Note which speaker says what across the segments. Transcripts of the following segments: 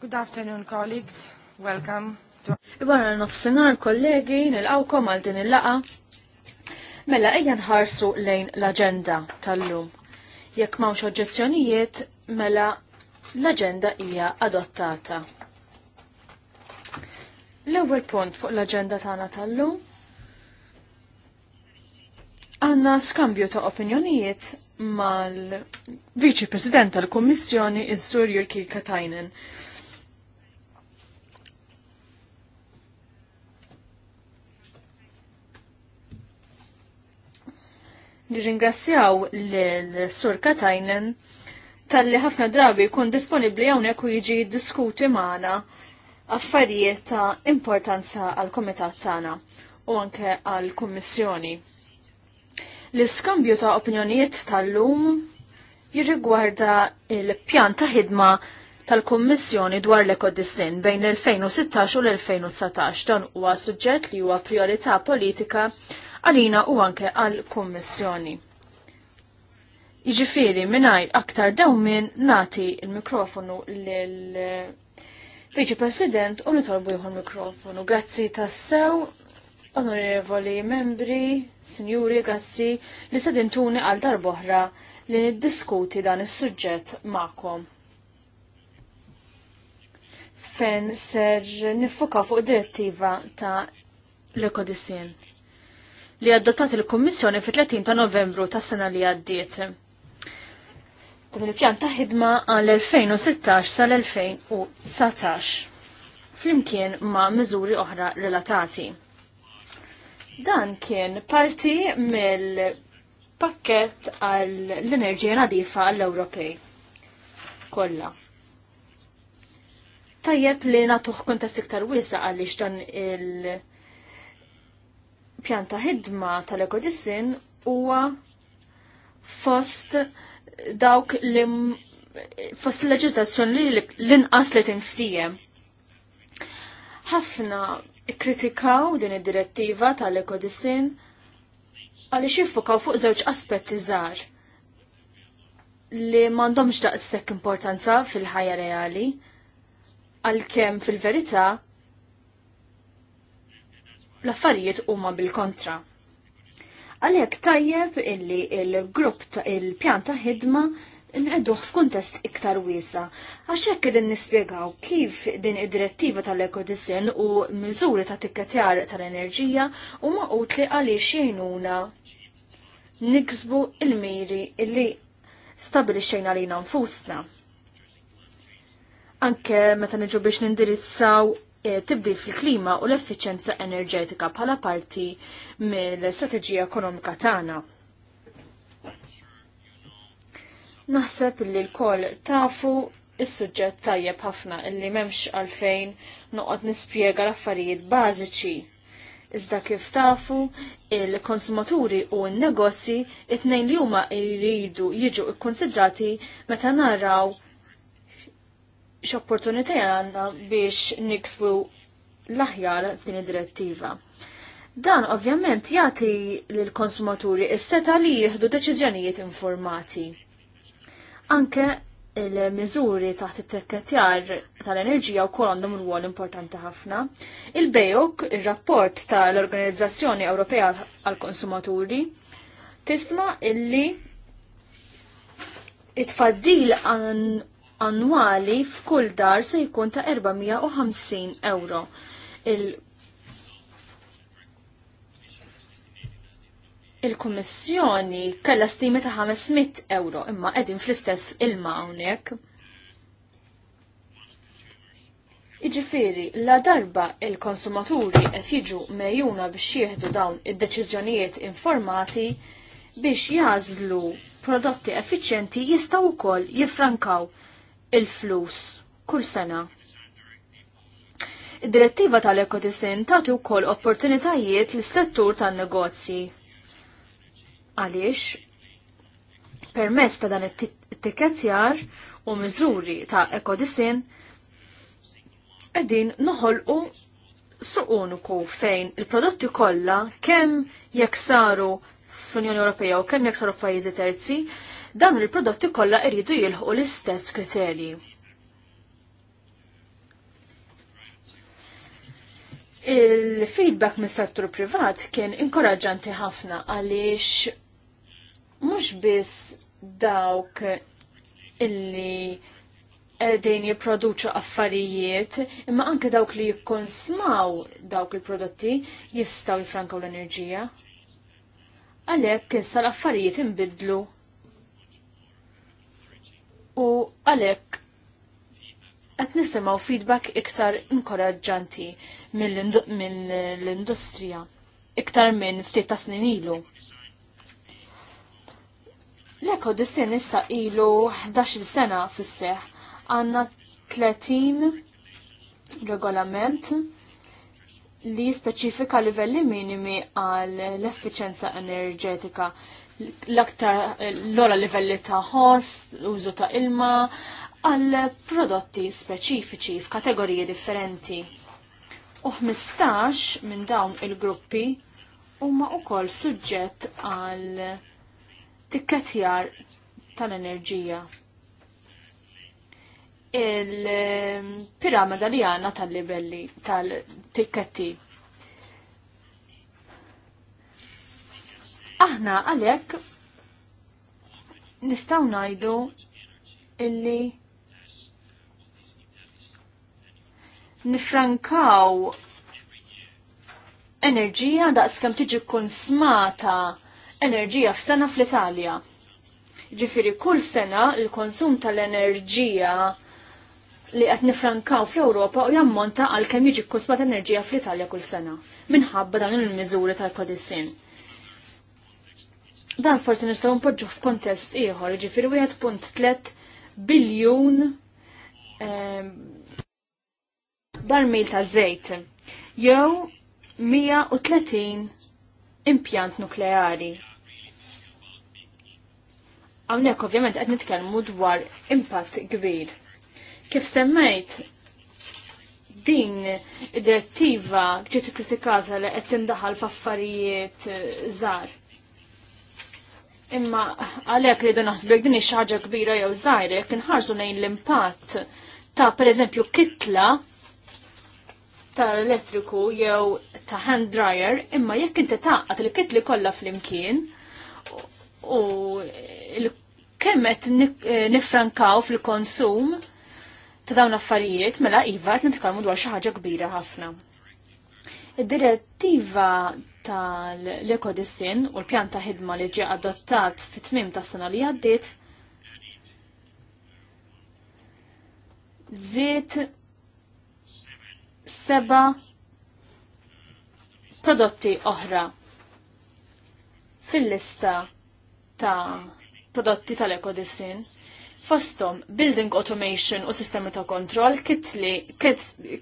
Speaker 1: Good afternoon, colleagues. Welcome.
Speaker 2: Iwara nofsenar, kollegi, nil-għawkom għal din il-laqa. Mela, ejja nħarsu lejn l-agenda tal-lum. Jekk mawx oġġezzjonijiet, mela l-agenda hija adottata. L-ewwel punt fuq l-agenda tagħna tal-lum għanna skambju ta' opinjonijiet mal-Viċi President tal-Kommissjoni, il-Sur Jurki Katajnen. nirringrazzjaw l-Sur Katajnen tal-li ħafna drabi jkun disponibli hawnhekk u jiġi diskuti magħna affarijiet ta' importanza għal komitat tagħna u anke għal kummissjoni. L-iskambju ta' opinjonijiet tal-lum jirrigwarda il-pjan ta' ħidma tal-Kummissjoni dwar l-ekodistin bejn l-2016 u l-2019 dan huwa suġġett li huwa priorità politika għalina u anke għal-Kummissjoni. Jiġifieri mingħajr aktar dewmien nati il-mikrofonu l Viċi President u nitolbu jieħu l-mikrofonu. Grazzi tassew, onorevoli membri, sinjuri, grazzi li sedintuni għal darboħra li niddiskuti dan is-suġġett magħkom. Fejn ser nifuka fuq direttiva ta' l-ekodisin li adottat il-Kommissjoni fit-30 ta' Novembru tas sena li għaddiet. Dan il-pjan ta' ħidma għal-2016 sal-2019 flimkien ma' miżuri oħra relatati. Dan kien parti mill-pakket għall-enerġija nadifa għall-Ewropej Kolla. Tajjeb li natuħ kontest iktar wiesa għaliex dan il- pjanta ħidma tal-ekodisin huwa fost dawk li fost leġislazzjoni li l-inqas li tinftijem. Ħafna kritikaw din id-direttiva tal-ekodisin għaliex jiffokaw fuq żewġ aspetti żgħar li m'għandhomx daqshekk importanza fil-ħajja reali għalkemm fil-verità l-affarijiet huma bil-kontra. Għalhekk tajjeb illi il-grupp ta' il-pjan ta' ħidma nqedduh f'kuntest iktar wiesa. Għax hekk din nispjegaw kif din id-direttiva tal-ekodisin u miżuri ta' tikketjar tal-enerġija huma utli għaliex jgħinuna niksbu il-miri illi stabilixxejna għalina nfusna. Anke meta niġu biex nindirizzaw Eh, tibdil fil-klima u l-effiċenza enerġetika bħala parti mill-strateġija ekonomika tagħna. Naħseb li l-koll tafu is-suġġett tajjeb ħafna illi m'hemmx għalfejn noqgħod nispjega l-affarijiet bażiċi. Iżda kif tafu il-konsumaturi u n-negozji it-tnejn li huma jridu jiġu kkonsidrati meta naraw x'opportunità għandna biex niksbu l-aħjar f'din id-direttiva. Dan ovvjament jagħti lill konsumaturi is-seta li jieħdu deċiżjonijiet informati. Anke il-miżuri taħt it-tekketjar tal-enerġija u kol għandhom rwol importanti ħafna. il bejok il-rapport tal-Organizzazzjoni Ewropea għal-Konsumaturi, tisma illi it-faddil annwali f'kull dar se jkun ta' 450 euro. Il il-Kummissjoni kalla stimi ta' 500 euro imma qegħdin fl-istess ilma hawnhekk. Iġifiri, la darba il-konsumaturi qed jiġu mejjuna biex jieħdu dawn id-deċiżjonijiet informati biex jażlu prodotti effiċjenti jistgħu wkoll jiffrankaw il-flus kull sena. Id-direttiva tal-ekodisin tagħti wkoll opportunitajiet lis settur tan-negozji. Għaliex permezz ta' dan it-tikkezzjar u miżuri ta' ekodisin qegħdin noħolqu u suqunuku fejn il-prodotti kollha kemm jekk saru fl-Unjoni Ewropea u kemm jekk saru f'pajjiżi terzi dawn il-prodotti kollha jridu jilħu l-istess kriterji. Il-feedback mis-settur privat kien inkoraġġanti ħafna għaliex mhux biss dawk illi din jipproduċu affarijiet, imma anke dawk li jikkonsmaw dawk il-prodotti jistaw jifrankaw l-enerġija. Għalhekk issa l-affarijiet inbidlu u għalhekk qed nisimgħu feedback iktar inkoraġġanti mill-industrija iktar minn ftit ta' snin ilu. L-Eko Dissin nista' ilu 11 sena fis-seħ għanna 30 regolament li speċifika livelli minimi għal l efficienza enerġetika l-aktar l-ora livelli ta' ħost, użu ta' ilma, għal prodotti speċifiċi f'kategoriji differenti. U 15 minn dawn il-gruppi huma wkoll suġġett għal tikketjar tal-enerġija. Il-piramida li għanna tal-livelli tal-tikketti Aħna għalhekk nistgħu ngħidu illi nifrankaw enerġija daqs kam tiġi konsmata enerġija f'sena fl-Italja. Ġifiri kull sena il-konsum tal-enerġija li qed nifrankaw fl-Ewropa u jammonta għal kemm jiġi konsmata enerġija fl-Italja kull sena minħabba dan il-miżuri tal-kodissin. Dan forsi nistgħu npoġġu f'kontest ieħor, ġifieri wieħed punt tlet biljun ehm, barmil ta' żejt jew 130 impjant nukleari. Hawnhekk ovvjament qed nitkellmu dwar impatt kbir. Kif semmejt, din id-direttiva ġiet kritikata li qed tindaħal f'affarijiet żgħar. Imma għalhekk rridu naħsbek din ix-xaġa kbira jew żgħirek inħarsu lejn l-impatt ta' pereżempju kitla ta' elettriku jew ta' hand dryer, imma jekk inti taqqat il-kitli kollha flimkien u kemm qed eh, nifrankaw fil-konsum ta' dawn affarijiet mela iva qed nitkellmu dwar xi ħaġa kbira ħafna. Id-direttiva tal-ekodissin u l-pjan ta' ħidma li ġie adottat fit tmim tas sena li għaddiet żied seba prodotti oħra fil-lista ta' prodotti tal-ekodissin Fostom, building automation u sistemi ta' kontrol, kitli,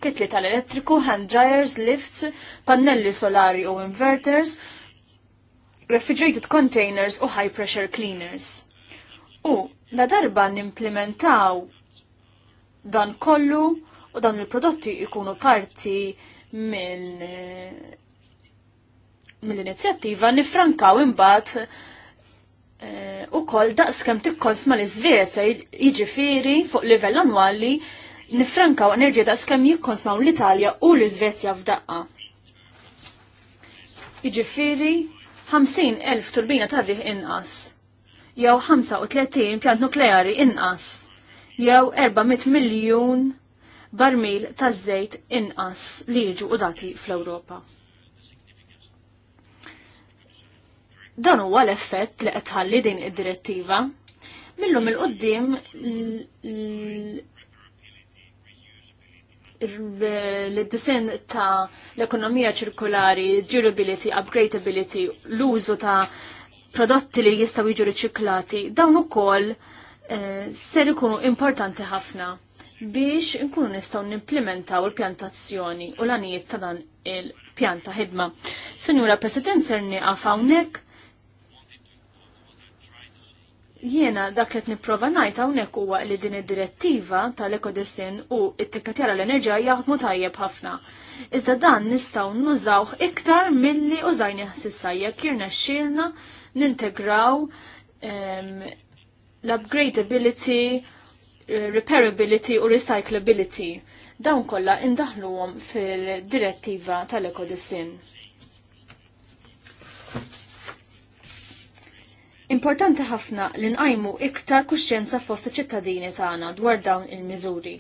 Speaker 2: kitli tal-elettriku, hand dryers, lifts, pannelli solari u inverters, refrigerated containers u high pressure cleaners. U la darba nimplementaw dan kollu u dan il-prodotti ikunu parti minn eh, mill-inizjattiva nifrankaw imbagħad Eh, u kol kem tikkons ma l-Svezja jiġifieri fuq livell annwali nifrankaw enerġija jikkons ma l-Italja u l-Svezja f'daqqa. Jiġifieri 50,000 turbina tarriħ inqas, jew 35 pjant nukleari inqas, jew 400 miljun barmil ta' żejt inqas li jiġu użati fl-Ewropa. Dan huwa l-effett li qed ħalli din id-direttiva. Millum il-qoddim l-disin ta' l-ekonomija ċirkolari, durability, upgradability, l-użu ta' prodotti li jistaw jiġu riċiklati, dawn ukoll eh, ser ikunu importanti ħafna biex nkunu nistaw nimplementaw il-pjantazzjoni u l għanijiet ta' dan il-pjanta ħidma. Sinjura President ser niqaf hawnhekk Jiena dak li nipprova ngħid hawnhekk huwa li din id-direttiva tal-ekodisin u t-tikkatjar l-enerġija jaħdmu tajjeb ħafna. Iżda dan nistgħu nużawh iktar milli użajni ħsissa jekk jirnexxielna nintegraw l-upgradability, eh, repairability u recyclability. Dawn kollha indaħluhom fil-direttiva tal-ekodisin. Importanti ħafna li nqajmu iktar kuxjenza fost iċ-ċittadini tagħna dwar dawn il-miżuri.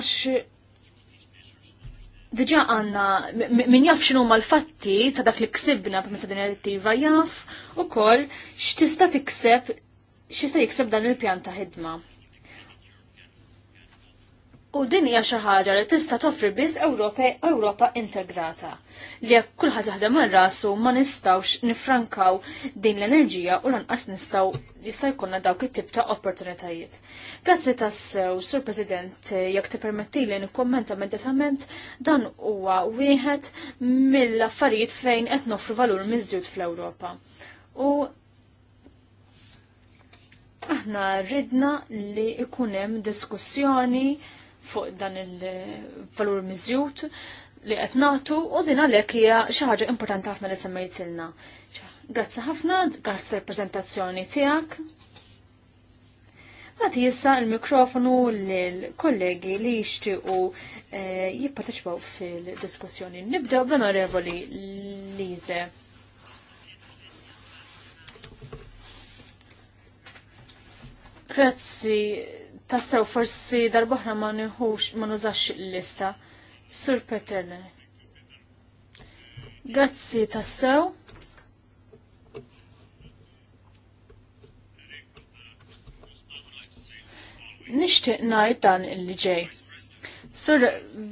Speaker 2: Għax diġa għanna min jaf x'inhu mal-fatti ta' dak li ksibna permezz din direttiva jaf ukoll x'tista' tikseb x'tista' jikseb dan il-pjan ta' ħidma. U din hija xi ħaġa li tista' toffri biss Ewropa Ewropa integrata. Li jekk kulħadd jaħdem għal rasu ma nistgħux nifrankaw din l-enerġija u lanqas nistgħu jista' jkollna dawk it-tip ta' opportunitajiet. Grazzi tassew, Sur President, jekk li nikkommenta immediatament dan huwa wieħed mill-affarijiet fejn qed nofru valur miżjud fl-Ewropa. U aħna ridna li ikunem diskussjoni fuq dan il-valur miżjut li qed nagħtu u din għalhekk hija xi ħaġa importanti ħafna li semmejtilna. Grazzi ħafna, grazzi l-prezentazzjoni tiegħek. Għati jissa il-mikrofonu l-kollegi li jishtiqu eh, jipparteċipaw fil-diskussjoni. Nibdew bl-onorevoli Lize. Grazzi, tassew forsi darbohra ma nħux ma nużax il-lista. Sur Peterle. Grazzi tassew. Nishtiq najt dan il-li ġej. Sur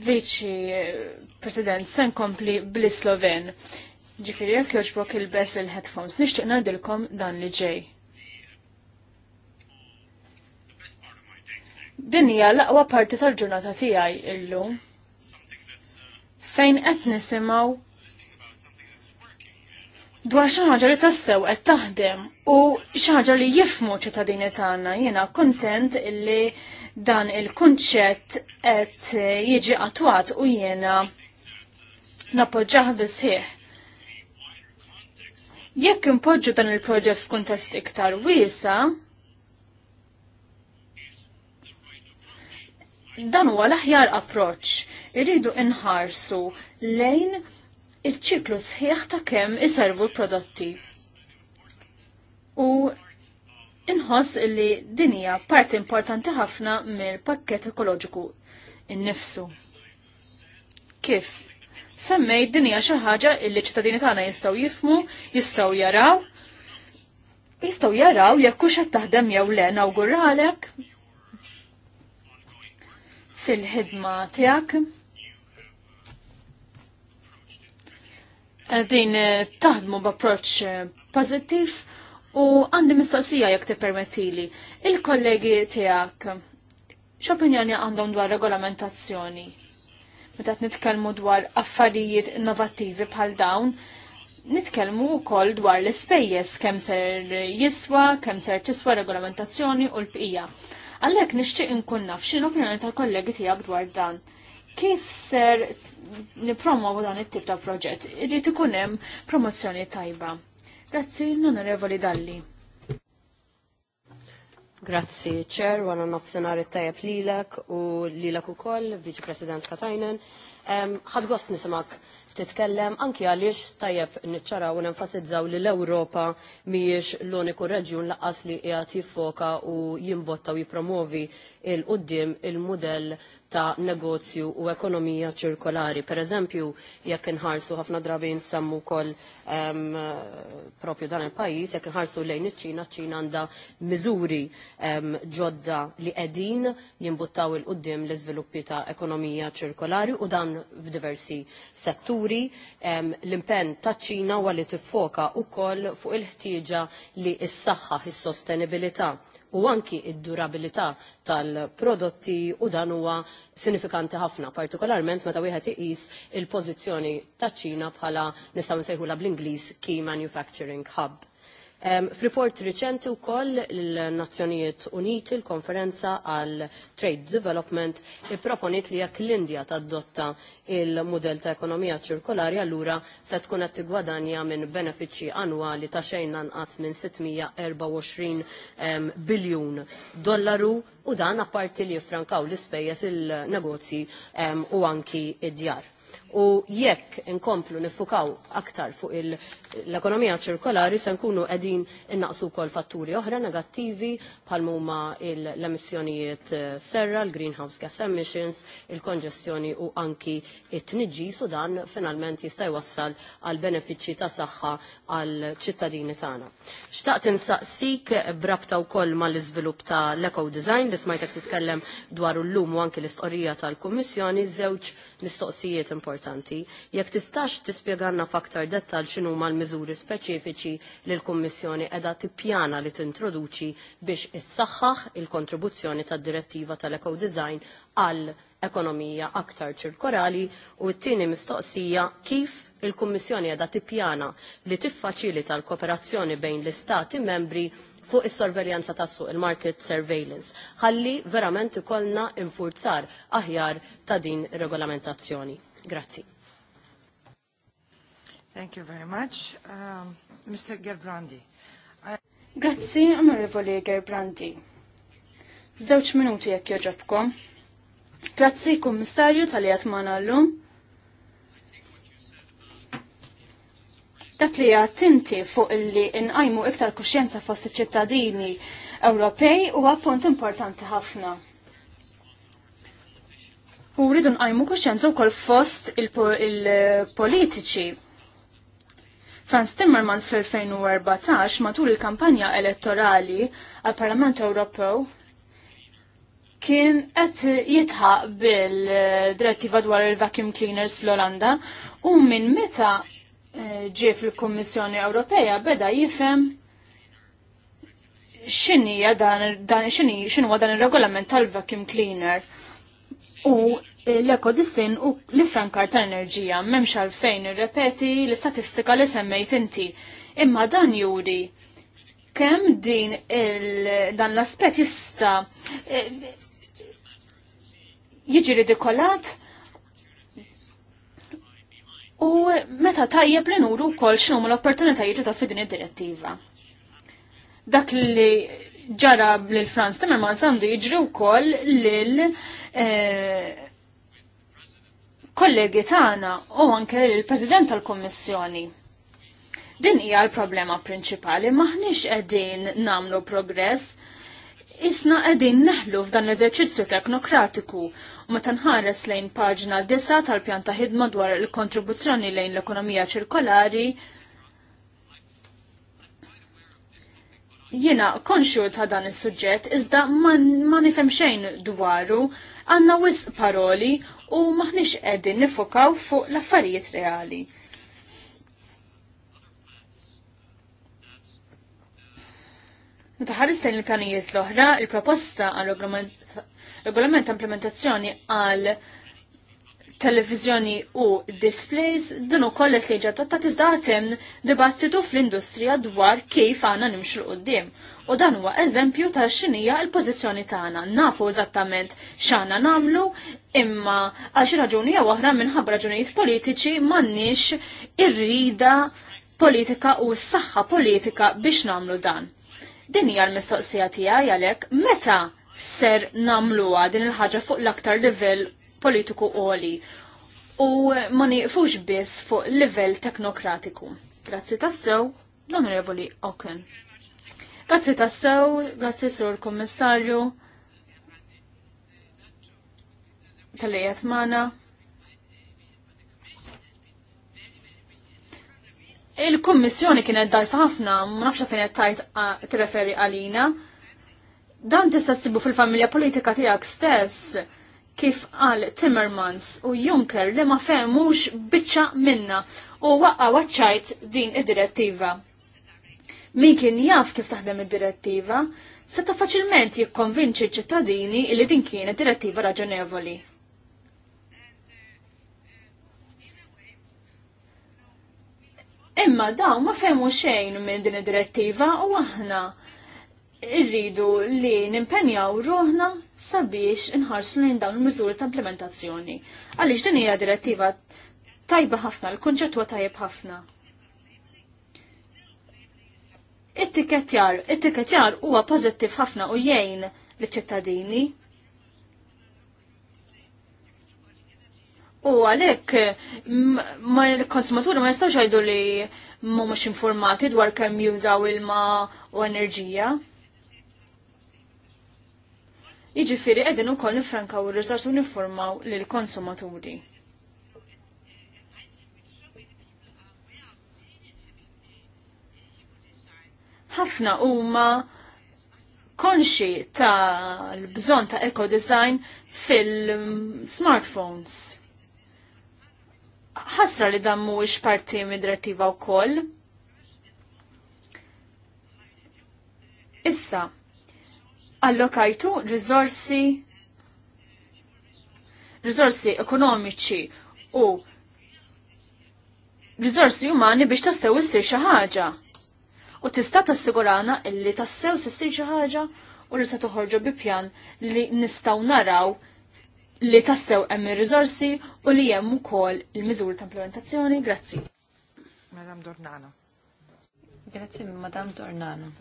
Speaker 2: Vici President, sen kompli bl-Sloven. Ġifiri, jek joġbok il-bess il-headphones, nishtiq najdilkom dan li ġej. Din hija l-aqwa parti tal-ġurnata tiegħi illum. Fejn qed nisimgħu dwar xi ħaġa li tassew qed taħdem u xi ħaġa li jifmu ċittadini tagħna. Jiena kuntent illi dan il-kunċett qed jiġi attwat u jiena nappoġġah bisħieħ. Jekk impoġġu dan il-proġett f'kuntest iktar wiesa, dan huwa l-aħjar approċċ Irridu inħarsu lejn il-ċiklu sħiħ ta' kemm iservu l-prodotti. U inħoss li dinija parti importanti ħafna mill-pakket ekoloġiku nnifsu. Kif? Semmej dinija xi ħaġa li ċittadini tagħna jistgħu jifmu, jistgħu jaraw, jistgħu jaraw jekk hux qed taħdem jew le nawguralek fil-ħidma tiegħek. Eh, din eh, taħdmu b'approċċ pożittiv u għandi mistoqsija jekk tippermettili. Il-kollegi tiegħek x'opinjoni għandhom dwar regolamentazzjoni? Meta nitkellmu dwar affarijiet innovattivi bħal dawn, nitkellmu wkoll dwar l-ispejjeż kemm ser jiswa, kemm ser tiswa regolamentazzjoni u l-bqija. Għalhekk nixtieq inkun naf x'inopinjoni tal-kollegi tiegħek dwar dan. Kif ser nipromovu dan it-tip ta' proġett? Irrid ikun hemm promozzjoni tajba. Grazzi l-Onorevoli Dalli.
Speaker 3: Grazzi, ċer, għana nofsenar it-tajab lilek u lilek u koll, viċi-president Katajnen. ħad gost nisimak titkellem anki għaliex tajjeb niċċaraw u nenfasizzaw li l-Ewropa mhijiex l-uniku reġjun laqas li qiegħed jiffoka u jimbotta u jipromovi il-qudiem il-mudell ta' negozju u ekonomija ċirkolari. Per eżempju, jekk inħarsu ħafna drabi nsemmu kol um, propju dan il-pajis, jekk inħarsu lejn iċ-ċina, ċina għanda miżuri um, ġodda li qegħdin jimbuttaw il qudiem l iżviluppi ta' ekonomija ċirkolari u dan f'diversi setturi. Um, l impenn ta' ċina huwa li tiffoka wkoll fuq il-ħtieġa li s-saħħa, is-sostenibilità u anki id-durabilità tal-prodotti u dan huwa sinifikanti ħafna, partikolarment meta wieħed iqis il-pożizzjoni taċ-Ċina bħala nistgħu nsejħula bl-Ingliż key manufacturing hub. F'report riċenti wkoll l-Nazzjonijiet Uniti l-Konferenza għal Trade Development ipproponiet li jekk l-Indja tadotta il-modell ta' ekonomija ċirkolari allura se tkun qed tiggwadanja minn benefiċċji annwali ta' xejn anqas minn 624 biljun dollaru u dan apparti li jiffrankaw l-ispejjeż il-negozji u anki id-djar. U jekk inkomplu nifukaw aktar fuq il l-ekonomija ċirkolari se nkunu qegħdin innaqsu wkoll fatturi oħra negattivi bħal huma l-emissjonijiet eh, serra, l-greenhouse gas emissions, il-konġestjoni u anki it-tniġġis su dan finalment jista' jwassal għal benefiċċji ta' saħħa għal ċittadini tagħna. Xtaqt insaqsik brabta wkoll mal-iżvilupp ta' l-eco design li smajtek titkellem dwar l-lum u anki l-istqorrija tal-Kummissjoni żewġ mistoqsijiet importanti. Jekk tistax tispjeganna f'aktar dettal x'inhuma l- miżuri speċifiċi li l-Kummissjoni qiegħda tippjana li tintroduċi biex issaħħaħ il-kontribuzzjoni tad-direttiva tal-eco design għal ekonomija aktar ċirkorali u t-tieni mistoqsija kif il-Kummissjoni qiegħda tippjana li tiffaċilita l-kooperazzjoni bejn l-Istati membri fuq is-sorveljanza tas-suq il-market surveillance. Ħalli verament ikollna infurzar aħjar ta' din regolamentazzjoni. Grazzi.
Speaker 1: Thank you very much. Um, Mr. Gerbrandi.
Speaker 2: Grazzi, Onorevoli Gerbrandi. Zewċ minuti jekk joġobkom. Grazzi, Kummissarju, tal jat maħna l-lum. dak li jattinti fuq illi inqajmu iktar kuxjenza fost iċ-ċittadini Ewropej u appunt importanti ħafna. U rridu nqajmu kuxjenza wkoll fost il-politiċi. Franz Timmermans fil-2014 matul il-kampanja elettorali għal Parlament Ewropew kien qed jitħaq bil-direttiva dwar il-vacuum cleaners fl-Olanda u minn meta eh, ġie fil-Kummissjoni Ewropea beda jifhem xinija dan, dan xini, dan il-regolament tal-vacuum cleaner u l-ekodisin u l-ifrankar ta' enerġija memx għalfejn irrepeti l-istatistika li semmejt inti. Imma dan juri kemm din dan l-aspet jista eh, jiġi ridikolat u meta tajjeb li nuru kol xnum l-opportunitajiet ta' fidin id-direttiva. Dak li ġara lil Franz Timmermans għandu jiġri wkoll lil eh, kollegi tagħna u anke l-President tal-Kummissjoni. Din hija l-problema prinċipali maħniex qegħdin nagħmlu progress Isna qegħdin neħlu f'dan l-eżerċizzju teknokratiku u meta nħares lejn paġna 9 tal-pjan ta' ħidma dwar il-kontribuzzjoni lejn l-ekonomija ċirkolari Jiena konxju ta' dan is-suġġett iżda ma nifhem xejn dwaru, għandna wisq paroli u maħniex qegħdin nifokaw fuq l-affarijiet reali. Meta ħaristen il-pjanijiet l-oħra, il-proposta għal regolament implementazzjoni għal televizjoni u displays din ukoll li ġa tatta iżda dibattitu fl-industrija dwar kif għana nimxu l U dan huwa eżempju ta' xinija l-pożizzjoni tagħna. Nafu eżattament x'għandna namlu, imma għal xi raġuni jew oħra minħabba raġunijiet politiċi m'għandniex irrida politika u s-saħħa politika biex namlu dan. Din hija l-mistoqsija tiegħi għalhekk meta ser namluwa din il-ħaġa fuq l-aktar livell politiku għoli u ma niqfux biss fuq livell teknokratiku. Grazzi tassew l-Onorevoli Oken. Grazzi tassew, grazzi sur kommissarju tal-lejet mana. Il-kommissjoni kienet dajfa ħafna, ma nafx fejn qed tirreferi għalina. Dan tista' ssibu fil-familja politika tiegħek stess kif qal Timmermans u Juncker li ma fehmux biċċa minna u waqqa waċċajt din id-direttiva. Min kien jaf kif taħdem id-direttiva, seta faċilment jikkonvinċi ċittadini li din kienet direttiva raġonevoli. Imma dawn ma fehmu xejn minn din id-direttiva u aħna irridu li nimpenjaw ruħna sabiex inħarsu lejn dawn il-miżuri ta' implementazzjoni. Għaliex din hija direttiva tajba ħafna, l-kunċett huwa tajjeb ħafna. It-tiketjar, it huwa pożittiv ħafna u jgħin l-ċittadini. U għalhekk ma l-konsumaturi ma jistgħux jgħidu li mhumiex informati dwar kemm jużaw ilma u enerġija. Iġifiri edin u koll nifrankaw il-rizors u nifurmaw l-konsumaturi. ħafna huma konxi ta' l-bżon ta' eco-design fil-smartphones. Ħasra li dan mhuwiex parti mid direttiva wkoll. Issa, allokajtu rizorsi rizorsi ekonomiċi u rizorsi umani biex tassew issir xi ħaġa. U tista' tassigurana illi tassew issir xi ħaġa u li se toħorġu bi pjan li nistgħu naraw li tassew hemm ir-riżorsi u li hemm ukoll il-miżuri ta' implementazzjoni. Grazzi.
Speaker 1: Madam Dornano.
Speaker 2: Grazzi Madam Dornano.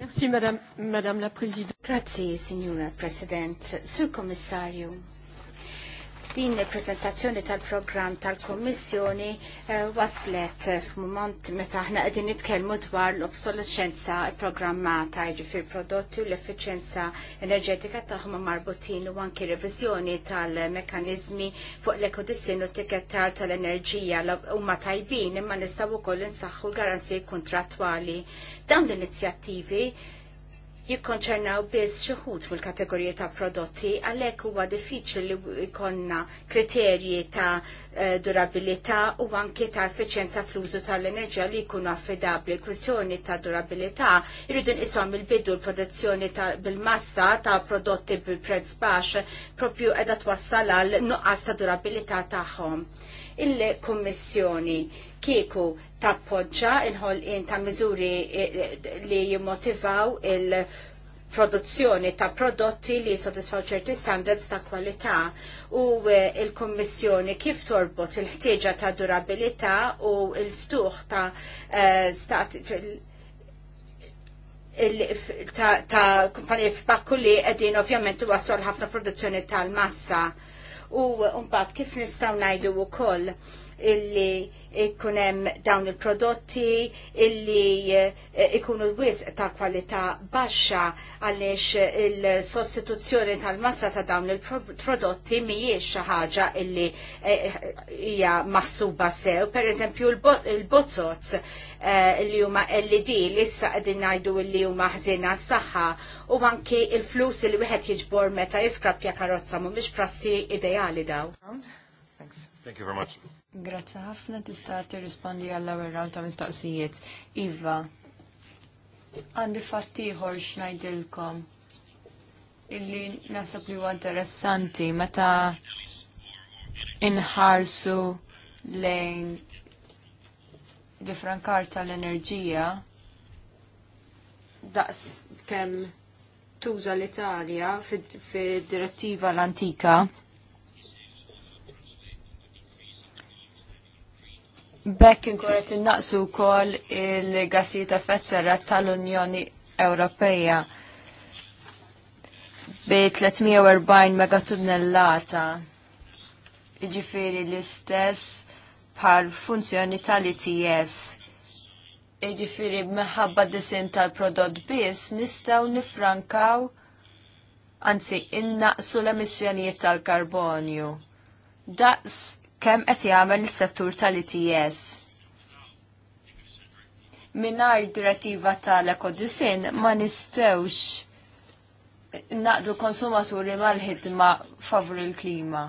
Speaker 4: Merci, Madame, la President. Grazie, Signora Presidente. Sur Commissario din il-prezentazzjoni tal-programm tal-Kommissjoni eh, waslet eh, f'mumont meta aħna qegħdin nitkellmu dwar l-obsolescenza programmata jiġifier prodotti u l-effiċenza enerġetika tagħhom marbutin u anki reviżjoni tal-mekkaniżmi fuq l-ekodissin u tikettar tal-enerġija huma tajbin imma nistgħu wkoll insaħħu l-garanziji kontrattwali. Dawn l-inizjattivi jikkonċernaw biss xi mill-kategoriji ta' prodotti għalhekk huwa diffiċli li jkollna kriterji ta' eh, durabilità u anke ta' effiċjenza fl-użu tal-enerġija li jkunu affidabbli. Kwistjoni ta' durabilità jridu nqishom il-bidu l-produzzjoni bil-massa ta' prodotti bil prezz baxx propju qiegħda twassal għal nuqqas ta' durabilità tagħhom il-Kommissjoni kieku tappoġġa il-ħolqien ta' miżuri eh, eh, li jimmotivaw il- produzzjoni ta' prodotti li jisodisfaw ċerti standards ta' kwalità u eh, il-Kommissjoni kif torbot il-ħtieġa ta' durabilità u il-ftuħ ta' ta', kumpanija f'pakku li qegħdin ovvjament waslu ħafna produzzjoni tal-massa u mbagħad kif nistgħu ngħidu wkoll koll illi ikunem dawn il-prodotti illi eh, ikunu wis ta' kwalità baxxa għaliex il-sostituzzjoni tal-massa ta' dawn il-prodotti mhijiex xi ħaġa illi eh, hija maħsuba sew. Per eżempju il-bozzozz eh, li huma LED li issa qegħdin ngħidu li huma ħżiena s-saħħa u anki il-flus li wieħed jiġbor meta jiskrappja karozza mhumiex prassi ideali daw.
Speaker 1: Thank you very much.
Speaker 5: Grazzi ħafna tista' tirrispondi għall ewwel round ta' mistoqsijiet. Iva, għandi fatt ieħor xnajdilkom illi nasab li huwa interessanti meta inħarsu lejn diffrankar tal-enerġija daqs kemm tuża l-Italja fid-direttiva l-antika Bekk inkuret innaqsu wkoll il-gassijiet effett serra tal-Unjoni Ewropeja bi 340 megatunnellata. Iġifiri l-istess bħal funzjoni tal-ITS. Iġifieri minħabba disin tal-prodott biss nistgħu nifrankaw anzi innaqsu l-emissjonijiet tal-karbonju. Daqs kemm qed jagħmel is-settur tal-ITS. Mingħajr direttiva tal-ekodisin ma nistewx naqdu konsumaturi mal-ħidma favur il-klima.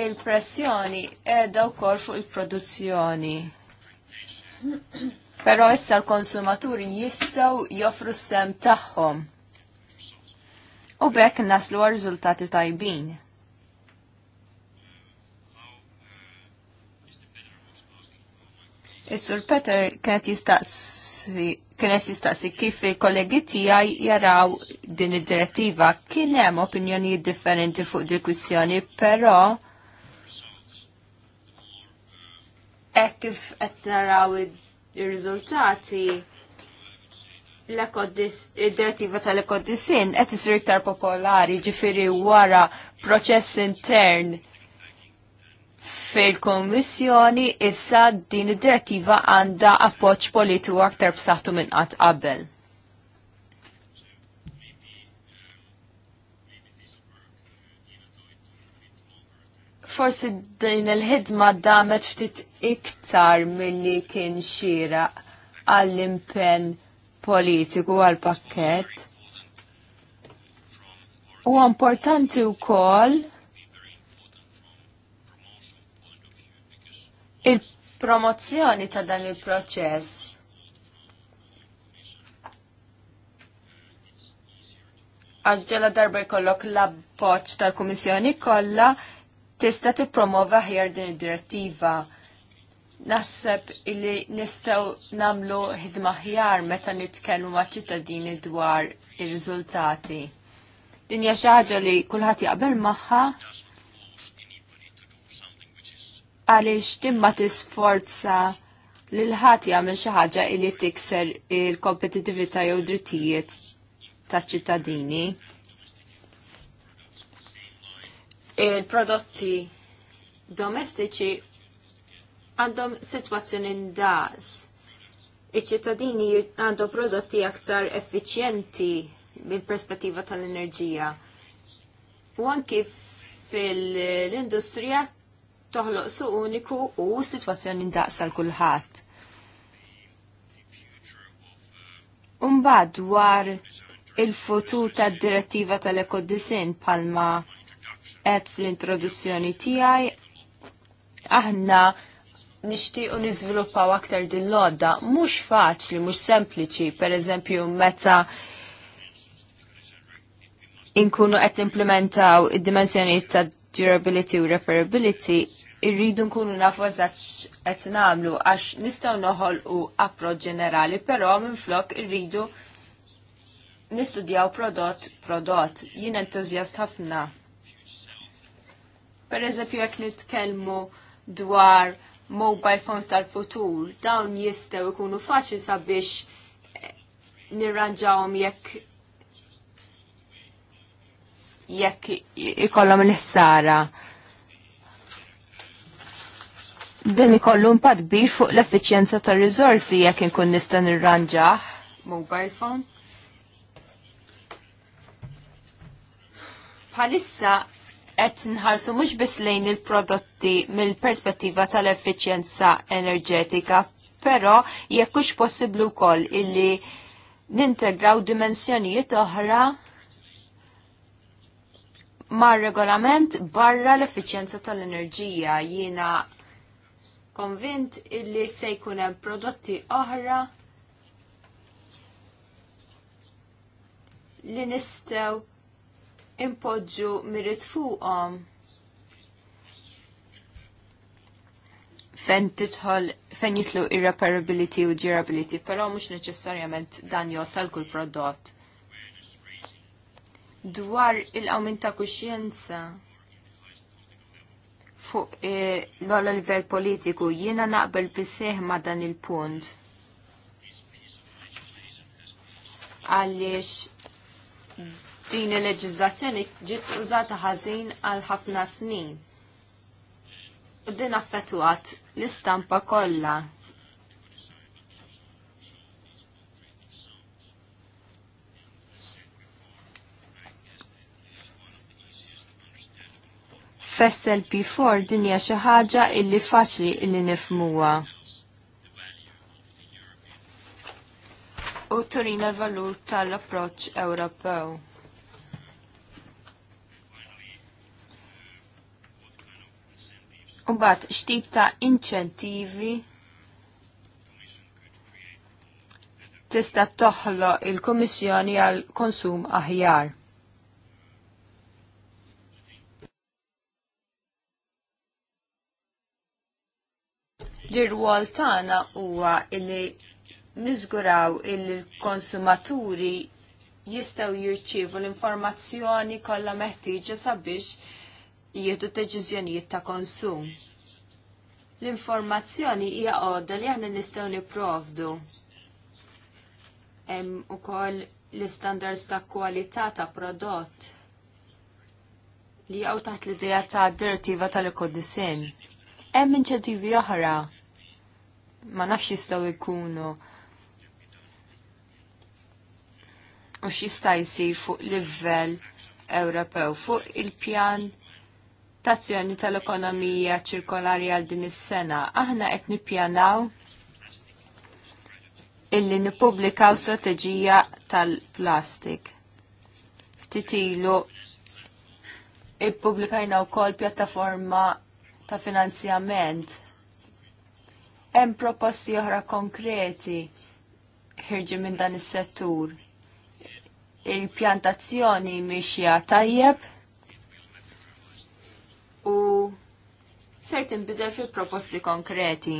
Speaker 5: Il-pressjoni edha wkoll fuq il-produzzjoni. Però issa l-konsumaturi jistgħu joffru s-sem tagħhom. U bekk naslu għal riżultati tajbin. Is-Sur Peter kienet jistaqsi kienet jistaqsi kif il-kollegi tiegħi jaraw din id-direttiva. Kien hemm opinjonijiet differenti fuq dil kwistjoni, però hekk kif qed naraw ir-riżultati id-direttiva tal-ekodisin qed isir iktar popolari ġifieri wara proċess intern fil-Kommissjoni issa din id-direttiva għandha appoġġ politiku aktar b'saħħtu minn qatt qabel. Forsi din il-ħidma damet ftit iktar milli kien xira għall-impenn politiku għal-pakket. U importanti wkoll il-promozzjoni ta' dan il-proċess. Għaxġela darba jkollok l-appoċ tal-Kummissjoni kollha tista' tippromova ħjar din id-direttiva. Naħseb illi nistgħu namlu ħidma ħjar meta nitkellmu ma' ċittadini dwar ir-riżultati. Din hija xi ħaġa li kulħadd jaqbel magħha għaliex timma tisforza lil ħadd jagħmel xi ħaġa li tikser il kompetitivita jew drittijiet taċ-ċittadini.
Speaker 3: Il-prodotti
Speaker 5: domestiċi għandhom situazzjoni ndaqs. Iċ-ċittadini għandhom prodotti aktar effiċjenti mill-perspettiva tal-enerġija. U anki fil-industrija toħloq suq uniku u situazzjoni daqsa l-kulħadd. Umbad dwar il-futur tad direttiva tal-ekodisin palma qed fl-introduzzjoni tiegħi aħna nixtiequ niżviluppaw aktar din l-odda mhux faċli, mhux sempliċi, pereżempju meta inkunu qed implementaw id-dimensjonijiet ta' durability u reparability irridu nkunu nafu eżatt qed nagħmlu għax nistgħu noħolqu approċ ġenerali, però minflok irridu nistudjaw prodott prodott. Jien entużjast ħafna. Per eżempju jekk nitkellmu dwar mobile phones tal-futur, dawn jistgħu jkunu faċli sabiex eh, nirranġawhom jekk jekk ikollhom il-ħsara. Din ikollu impatt kbir fuq l-effiċjenza tar rizorsi jekk inkun nista' irranġa. mobile phone. Bħalissa qed nħarsu mhux biss lejn il-prodotti mill-perspettiva tal-effiċjenza enerġetika, però jekk hux possibbli wkoll illi nintegraw dimensjonijiet oħra mar regolament barra l-effiċjenza tal-enerġija jiena konvint illi se jkun hemm prodotti oħra li nistgħu impoġġu mirid fuqhom. Fen titħol fejn jitlu irreparability u durability, però mhux neċessarjament dan jgħod kull prodott. Dwar il-qawmin ta' kuxjenza fuq eh, l-għala politiku jiena naqbel bisseħ ma dan il-punt. Għaliex din il-leġizlazzjoni ġiet użata ħażin għal ħafna snin. U din affettwat l-istampa kollha fessel P4 dinja xi ħaġa illi faċli illi nifmuha. U turina l-valur tal-approċċ Ewropew. bat, xtib ta' inċentivi tista' toħlo il-Komissjoni għal konsum aħjar. L-irwol tagħna huwa li niżguraw il-konsumaturi jistgħu jirċievu l-informazzjoni kollha meħtieġa sabiex jieħdu deċiżjonijiet ta' konsum. L-informazzjoni hija għodda li aħna nistgħu nipprovdu. Hemm ukoll l-istandards ta' kwalità ta' prodott li għaw taħt l-ideja ta' direttiva tal-ekodisin. Hemm inċentivi oħra ma nafx jistaw ikunu u xista jisir fuq livell Ewropew fuq il-pjan tazzjoni tal-ekonomija ċirkolari għal din is-sena. Aħna qed nippjanaw illi nippubblikaw strateġija tal-plastik. Ftit ilu ippubblikajna wkoll pjattaforma ta' finanzjament Hemm proposti oħra konkreti ħirġi minn dan is-settur. Il-pjantazzjoni mixja tajjeb u ser tinbidel fil proposti konkreti.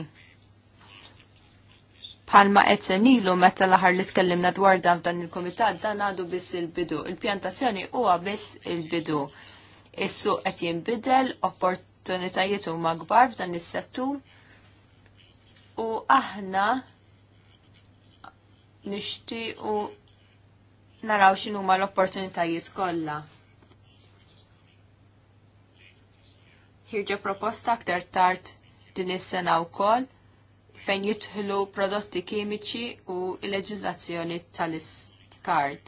Speaker 5: Palma qed senilu meta l-aħħar li tkellimna dwar dan f'dan il-kumitat dan għadu biss il-bidu. Il-pjantazzjoni huwa biss il-bidu. Is-suq qed jinbidel, opportunitajiet huma kbar f'dan is-settur u aħna nixtiequ naraw x'inhuma l-opportunitajiet kollha. Hirġa proposta aktar tard din is-sena wkoll fejn jidħlu prodotti kimiċi u l-leġiżlazzjoni tal-iskart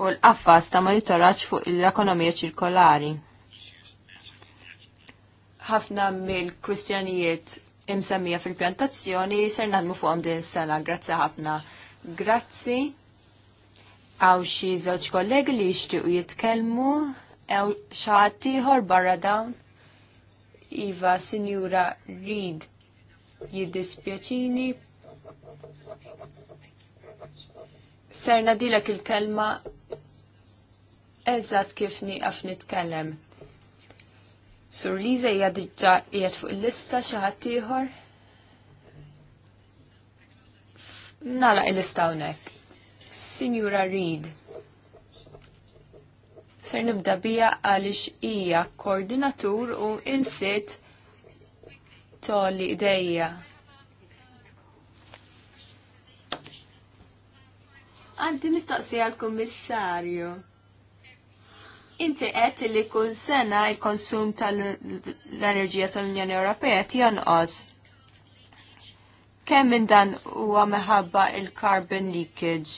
Speaker 5: u l-qaffas ta' monitoraġġ fuq l-ekonomija ċirkolari. Ħafna mill-kwistjonijiet imsemmija fil-pjantazzjoni ser nagħmlu fuqhom din sena. Grazzi ħafna. Grazzi. Għaw xi żewġ kollegi li jixtiequ jitkellmu għaw xaħat ieħor barra dawn. Iva, Sinjura Reed, jiddispjaċini. Serna dilek il-kelma eżat kif niqaf nitkellem. Sur Liza hija diġà qiegħed fuq il-lista xi ħadd ieħor. Nagħlaq il-lista hawnhekk. Sinjura Reed. Ser nibda bija għaliex hija koordinatur u insit toli idejja. Għandi mistaqsija l kommissarju Inti qed li kull sena il-konsum tal-enerġija tal-Unjoni Ewropea qed jonqos. Kemm minn dan huwa meħabba il-carbon leakage?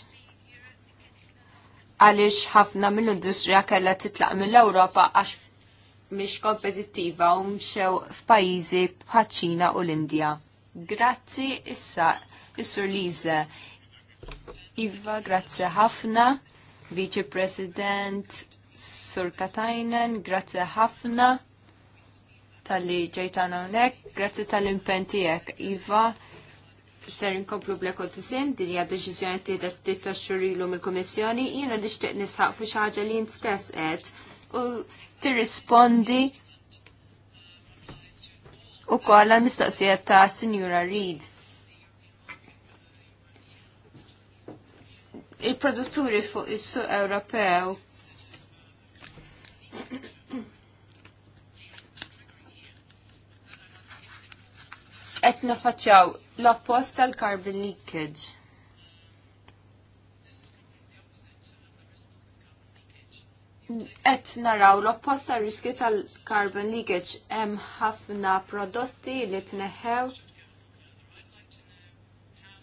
Speaker 5: Għaliex ħafna mill-industrija kellha titlaq mill-Ewropa għax mhix kompetittiva u mxew f'pajjiżi bħal ċina u l-Indja. Grazzi issa, Sur Lize. Iva, grazzi ħafna, Vice President Sur Katajnen, grazzi ħafna tal-li ġejtana unek, grazzi tal-impentijek. Iva, ser inkomplu blekotizim, din hija deċiżjoni tiedet titta xurilu il kummissjoni jiena nixtieq nisħaq fuq xi ħaġa li stess qed u tirrispondi U għall-mistoqsija ta' Sinjura Reid. il-produtturi fuq is-suq Ewropew qed nafaċċjaw l-appost tal-carbon leakage. Qed naraw l-oppost tar-riski tal-carbon leakage hemm ħafna prodotti li tneħħew.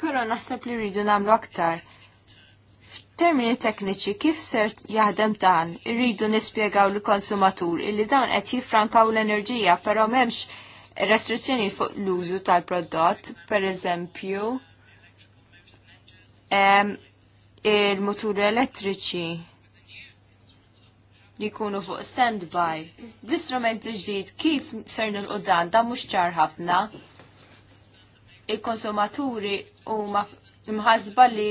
Speaker 5: Però naħseb li rridu nagħmlu aktar. Termini tekniċi kif ser jaħdem dan, irridu nispjegaw l konsumatur illi dawn qed jiffrankaw l-enerġija, però m'hemmx restrizzjonijiet fuq l-użu tal-prodott, per eżempju, il-muturi elettriċi li jkunu fuq standby. L-istrumenti ġdid kif ser nil-qoddan da mhux ċar ħafna. Il-konsumaturi huma mħazba li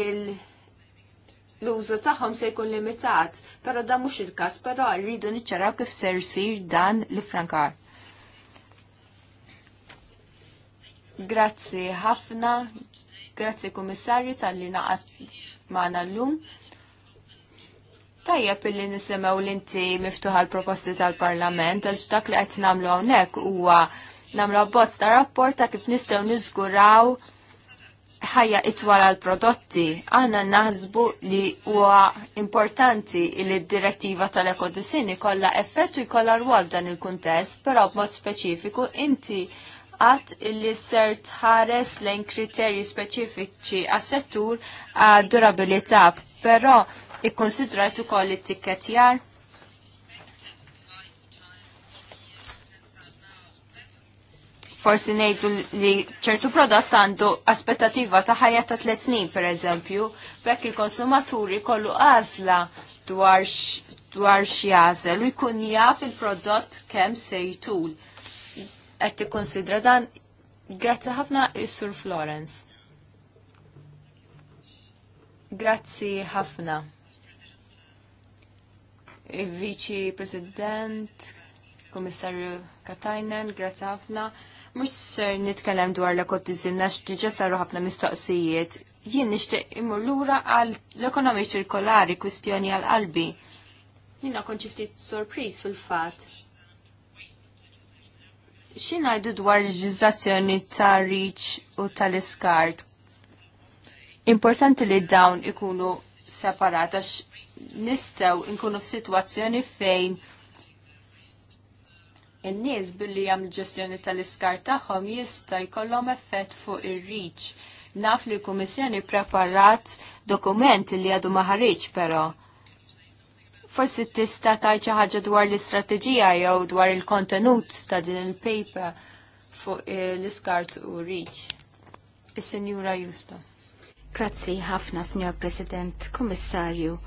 Speaker 5: il- l-użu tagħhom se jkun limitat, però da mhux il-każ, però rridu niċċaraw kif ser sir dan li frankar. Grazzi ħafna, grazzi kummissarju tal-li naqat maħna l-lum. Tajja pilli nisimaw l-inti miftuħa l-proposti tal-parlament, għax dak li għet namlu għonek huwa namlu għabbozz ta' rapport ta' kif nistaw nizguraw ħajja itwara l prodotti. Għana naħsbu li huwa importanti li d-direttiva tal ekodisini kolla effettu r rwol dan il-kuntest, però b'mod speċifiku inti għat illi ser tħares lejn kriterji speċifiċi għas-settur għad durabilità, però ikkonsidrat ukoll it-tikketjar. Forsi ngħidu li ċertu prodott għandu aspettativa ta' ħajja ta' tliet snin pereżempju, bekk il-konsumaturi kollu għażla dwar dwar x'jażel u jkun jaf il-prodott kemm se jtul qed tikkonsidra dan. Grazzi ħafna is-Sur Florence. Grazzi ħafna. Vici viċi President, Komissarju Katajnen, grazzi ħafna. Mux ser nitkellem dwar la kotizinna x'diġa saru ħafna mistoqsijiet. Jien nixtieq imur lura għal l-ekonomi ċirkolari kwistjoni għal qalbi. Jina konċiftit ftit sorpriż fil-fatt xinajdu dwar l-ġizzazzjoni ta' riċ u tal-iskart? Importanti li dawn ikunu separata nistaw inkunu f-situazzjoni fejn in-nies billi jam ġestjoni tal-iskart tagħhom jista' jkollhom effett fuq ir-riċ. Naf li l-Kummissjoni preparat dokument li għadu maħarriġ però Forsi tista' tajt xi ħaġa dwar l-istrateġija jew dwar il-kontenut ta' din il-paper fuq eh, l-iskart u riċ. Is-Sinjura Justo.
Speaker 4: Grazzi ħafna, Signor President, Kummissarju.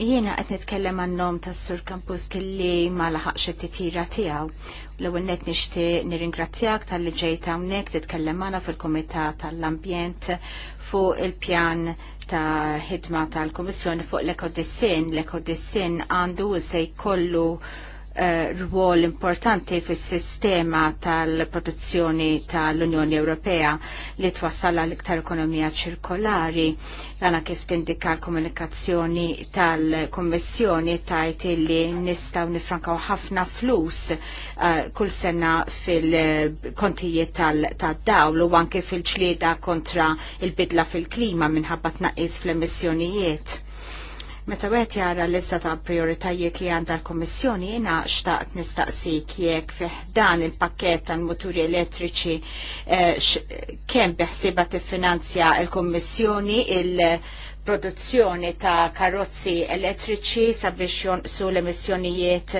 Speaker 4: Jiena qed nitkellem għan-nom tas-Sur Campus kelli ma laħaqx it-titira tiegħu. L-ewwel nixtieq nirringrazzjak tal-li ġejt hawnhekk titkellem magħna fil-Kumitat tal-Ambjent fuq il-pjan ta' ħidma tal-Komissjoni fuq l-ekodissin. L-ekodissin għandu se jkollu Eh, rwol importanti fis sistema tal-produzzjoni tal-Unjoni Ewropea li twassal għal iktar ekonomija ċirkolari. Għana kif tindika l-komunikazzjoni tal-Kommissjoni tajt li nistaw nifrankaw ħafna flus uh, kull sena fil-kontijiet tal-dawl u anke fil-ċlieda kontra il-bidla fil-klima minħabba tnaqqis fl-emissjonijiet Meta wieħed jara l-lista ta' prioritajiet li għandha l-Kummissjoni jiena xtaqt nistaqsik jekk fih dan il-pakkett tal-muturi elettriċi eh, kemm beħsiba tiffinanzja l-Kummissjoni il-produzzjoni ta' karozzi elettriċi sabiex jonqsu l-emissjonijiet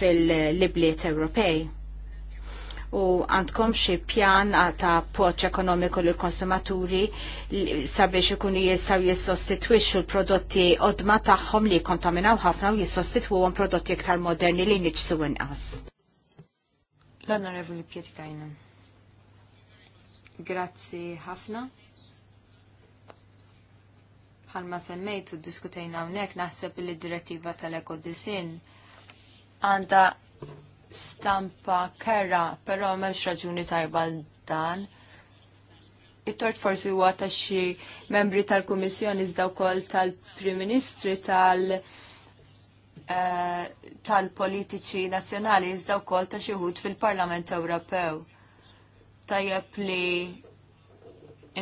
Speaker 4: fil-libliet Ewropej u għandkom xi pjan ta' poċ ekonomiku l konsumaturi sabiex ikunu jessaw jissostitwixxu l-prodotti odma tagħhom li kontaminaw ħafna u jissostitwuhom prodotti iktar moderni li niġsu inqas.
Speaker 5: L-Onorevoli Kajna. Grazzi ħafna. Bħalma semmejtu diskutejna hawnhekk naħseb li d-direttiva tal-ekodisin għandha stampa kera, pero memx raġuni tajba dan. It-tort forsi huwa ta' xi membri tal-Kummissjoni iżda wkoll tal-Prim Ministri tal- eh, tal-politiċi nazzjonali iżda wkoll ta' xi fil-Parlament Ewropew. Tajjeb li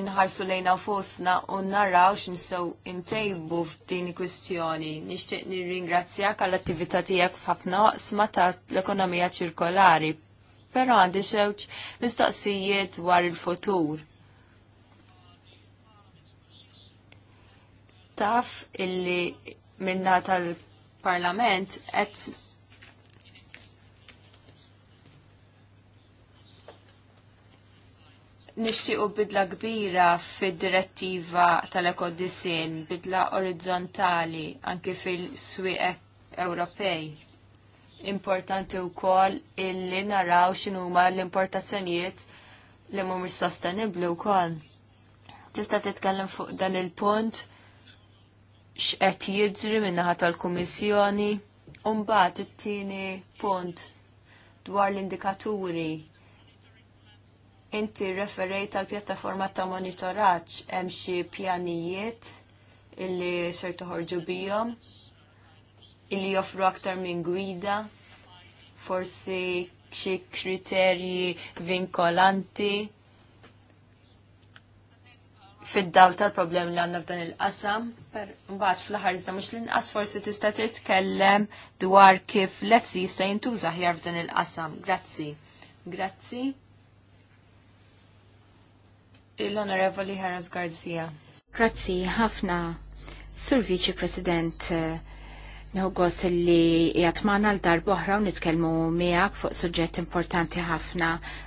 Speaker 5: inħarsu lejna fosna u narraw x'insew intejbu f'din kwistjoni. Nixtieq nirringrazzjak għall attività tiegħek f'ħafna oqsma ta' l-ekonomija ċirkolari. Però għandi xewġ mistoqsijiet dwar il-futur. Taf illi minna tal-Parlament qed nixtiequ bidla kbira fid-direttiva tal-ekodisin, bidla orizzontali anki fil-swieq Ewropej. Importanti wkoll illi naraw x'inhuma l-importazzjonijiet li mhumiex sostenibbli wkoll. Tista' titkellem fuq dan il-punt x'qed jiġri min-naħa tal-Kummissjoni u mbagħad it-tieni punt dwar l-indikaturi Inti referejt għal pjattaforma ta' monitoraċ, hemm xi pjanijiet illi ser toħorġu bihom illi joffru aktar minn gwida, forsi xi kriterji vinkolanti fid-dawl tal-problem li għandna f'dan il-qasam, per mbagħad fl-aħħar iżda mhux l-inqas forsi tista' titkellem dwar kif l-efsi jista' jintuża ħjar f'dan il-qasam. Grazzi. Grazzi
Speaker 4: l-Onorevoli Harris Garcia. Grazzi ħafna, Sur Vice President uh, Nħoggos li jatmana l-dar boħra u nitkelmu miegħek fuq suġġett importanti ħafna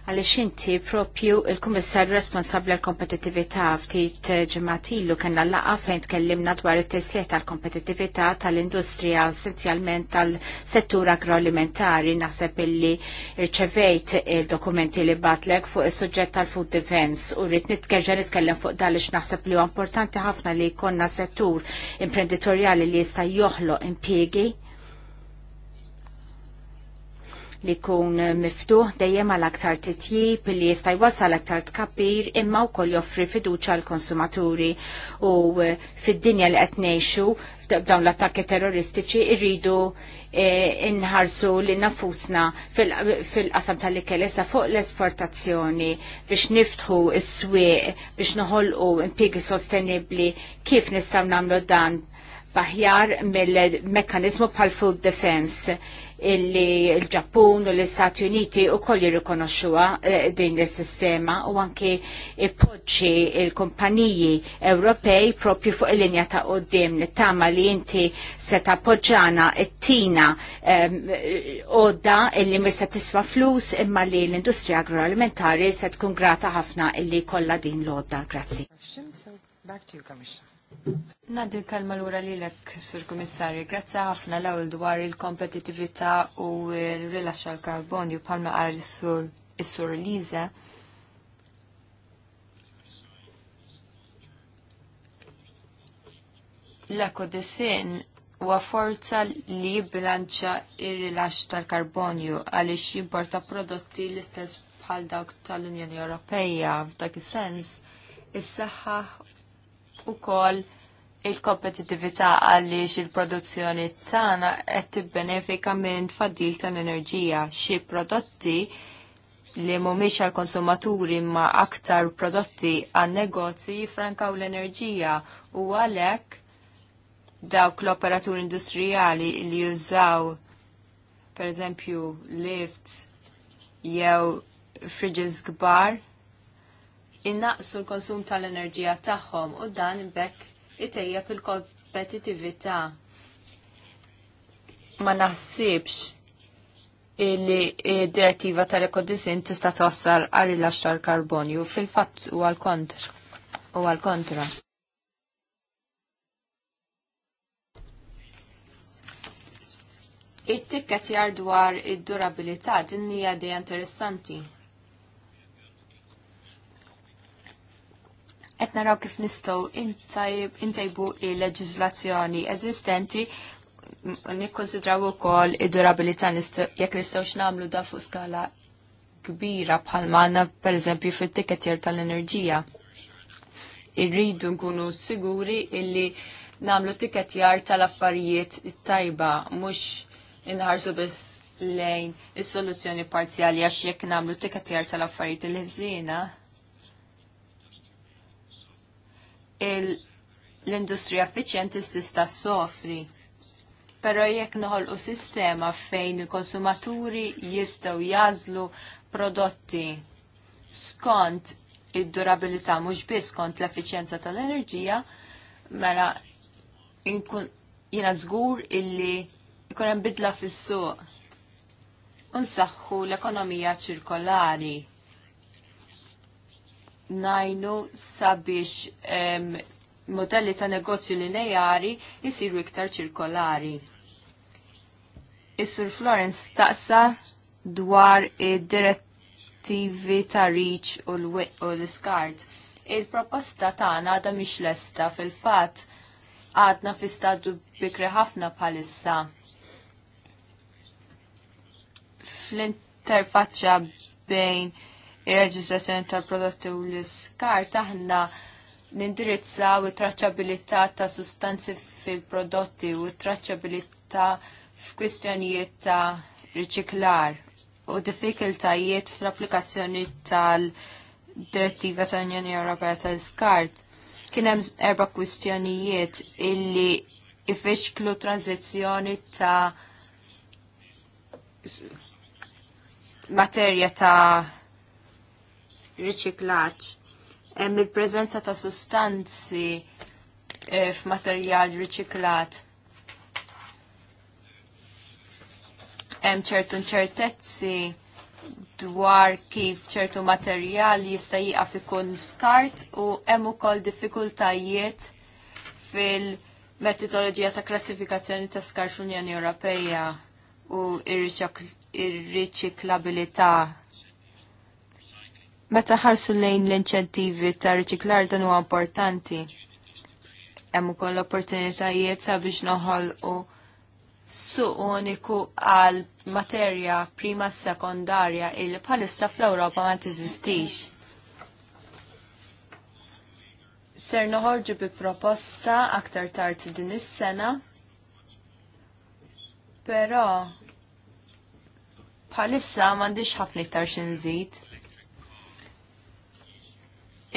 Speaker 4: għaliex inti propju il-Kummissar responsabbli għal kompetitivita ftit ġematilu kellna laqa fejn tkellimna dwar it-tisliet tal kompetitivita tal-industrija essenzjalment tal-settur agroalimentari naħseb illi rċevejt il-dokumenti li batlek fuq is-suġġett tal-food defense u rrid nitkerġa nitkellem fuq dalix naħseb li huwa importanti ħafna li jkollna settur imprenditorjali li jista' joħloq impi impjiegi li kun miftuħ dejjem għal aktar titjib li jista' jwassal aktar tkabbir imma wkoll joffri fiduċja għal konsumaturi u eh, fid-dinja li qed ngħixu f'dawn l-attakki terroristiċi rridu eh, inħarsu li nafusna fil-qasam tal-ikel issa fuq l-esportazzjoni biex niftħu s-swieq biex noħolqu impjiegi sostenibbli kif nistgħu nagħmlu dan baħjar mill-mekkanizmu pal food defense illi l-Ġappun u l-Istati Uniti u koll jirrikonoxxuha eh, din is-sistema u anke ippoġġi il-kumpaniji Ewropej propju fuq il-linja ta' qudiem nittama li inti se tappoġġana it-tina ehm, għodda illi ma se tiswa flus imma li l-industrija agroalimentari se tkun grata ħafna illi kollha din l-għodda. Grazzi.
Speaker 5: Naddi kalma l li l-ek, Sur Komissari, grazzi ħafna l dwar il-kompetitivita u l-rilaxa l-karbonju palma għar il-sur Liza. L-akodisin u forza li bilanċa il-rilax tal-karbonju għalix jimporta prodotti l-istess bħal dawk tal-Unjoni Ewropeja f'dak is-sens is-saħħa u koll il-kompetitività għaliex il-produzzjoni tagħna qed tibbenefika minn tfaddil tal-enerġija. Xi prodotti li mhumiex għall konsumaturi ma aktar prodotti għan negozji jifrankaw l-enerġija u għalhekk dawk l-operaturi industrijali li jużaw per eżempju lifts jew fridges kbar innaqsu l-konsum tal-enerġija tagħhom u dan bekk itejja il-kompetitività. Ma naħsibx li direttiva tal ekodizin tista' tossal għal rilax tal-karbonju fil-fatt u għal-kontra. U għal-kontra. It-tikket dwar id-durabilità din hija interessanti. qed naraw kif nistgħu intajbu il-leġiżlazzjoni eżistenti nikkonsidraw ukoll id-durabilità jekk nistgħux nagħmlu da fuq skala kbira bħal manna pereżempju fit tiketjer tal-enerġija. Irridu nkunu siguri illi nagħmlu tiketjar tal-affarijiet tajba mhux inħarsu biss lejn is-soluzzjoni parzjali għax jekk nagħmlu tiketjar tal-affarijiet il-ħżiena l-industrija effiċjenti tista' soffri. Però jekk u sistema fejn il-konsumaturi jistgħu jazlu prodotti skont id-durabilità mhux biss skont l-effiċjenza tal-enerġija, mela jiena żgur illi jkun hemm bidla fis-suq. Unsaħħu l-ekonomija ċirkolari najnu sabiex um, modelli ta' negozju lineari jisiru iktar ċirkolari. Is-Sur Florence taqsa dwar id-direttivi ta' Reach u l skart Il-proposta tagħna għadha mhix lesta fil-fatt għadna fi stadu bikri ħafna bħalissa. fl interfaċċa bejn il-reġistrazzjoni tal-prodotti u l-iskar taħna nindirizza u traċċabilità ta' sustanzi fil-prodotti u it-traċċabilità f'kwistjonijiet ta' riċiklar u diffikultajiet fl-applikazzjoni tal-Direttiva tal-Unjoni Ewropea tal iskar Kien hemm erba' kwistjonijiet illi ifixklu tranzizzjoni ta' materja ta' riċiklaġġ. Hemm il-preżenza ta' sustanzi eh, f'materjal riċiklat. Hemm ċertu nċertezzi dwar kif ċertu materjal jista' jieqaf ikun skart u hemm ukoll diffikultajiet fil-metodoloġija ta' klassifikazzjoni ta' skart fl-Unjoni Ewropea u ir-riċiklabilità Meta ħarsu lejn l-inċentivi ta' riċiklar dan huwa importanti. Hemm ukoll opportunitajiet sabiex noħolqu suq uniku għal materja prima sekondarja il bħalissa fl-Ewropa ma tiżistix. Ser noħorġu bi proposta aktar tard din is-sena, però bħalissa m'għandix ħafna iktar xi nżid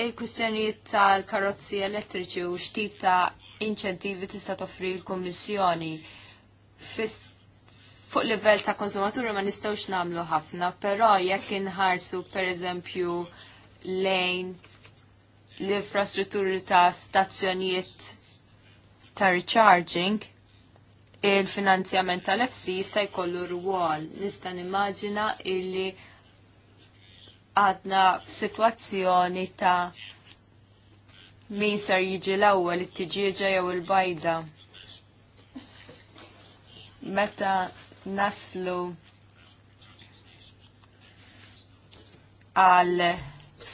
Speaker 5: il-kwistjonijiet tal-karozzi elettriċi u x'tip ta' inċentivi tista' toffri l-Kummissjoni fuq livell ta' konsumaturi ma nistgħux nagħmlu ħafna, però jekk inħarsu pereżempju lejn l-infrastrutturi ta' stazzjonijiet ta' recharging, il-finanzjament tal-FC jista' jkollu rwol. Nista' nimmaġina illi għadna situazzjoni ta' min sar jiġi l-ewwel it-tiġieġa jew il-bajda. Meta naslu għal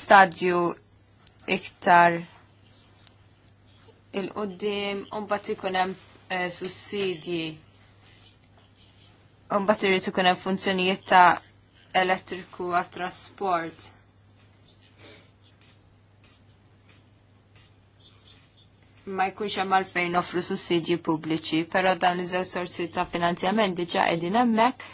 Speaker 5: stadju iktar il-qoddim un ikun hemm eh, sussidji un bat irid ikun hemm funzjonijiet ta' elettriku għat-trasport. ma jkunx hemm għalfejn offru sussidji pubbliċi, però dan iż-żewġ sorsi ta' finanzjament diġà qegħdin hemmhekk.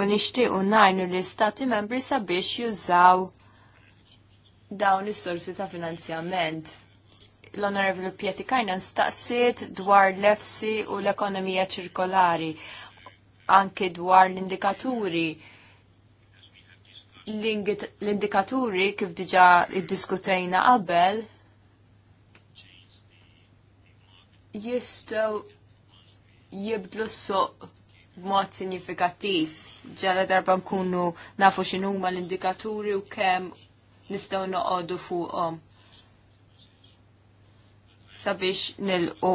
Speaker 5: U nixtiequ ngħinu l-istati membri sabiex jużaw dawn is-sorsi ta' finanzjament. L-Onorevoli Pieti Kajna staqsiet dwar l-EFSI u l-ekonomija ċirkolari anke dwar l-indikaturi l-indikaturi kif diġa diskutejna qabel jistaw jibdlu s-suq b'mod sinifikattiv. Ġala darba nkunu nafu x'inhuma l-indikaturi u kemm nistgħu noqogħdu fuqhom. Sabiex nilqu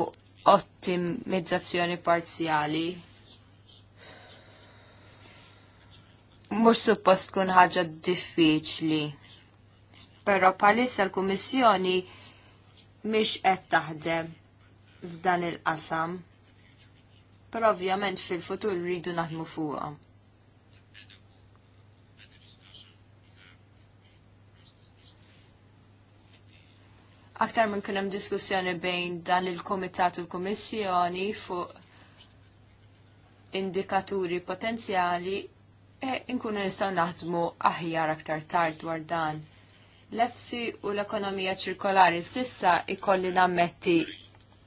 Speaker 5: ottimizzazzjoni parziali. mhux suppost tkun ħaġa diffiċli. Però palissa l-Kummissjoni mhix qed taħdem f'dan il-qasam. Però ovvjament fil-futur rridu naħdmu fuqha. Aktar minn kunem hemm diskussjoni bejn dan il-Kumitat u l-Kummissjoni fuq indikaturi potenzjali E, nkunu nistgħu naħdmu aħjar aktar tard dwar dan. L-efsi u l-ekonomija ċirkolari sissa ikolli nammetti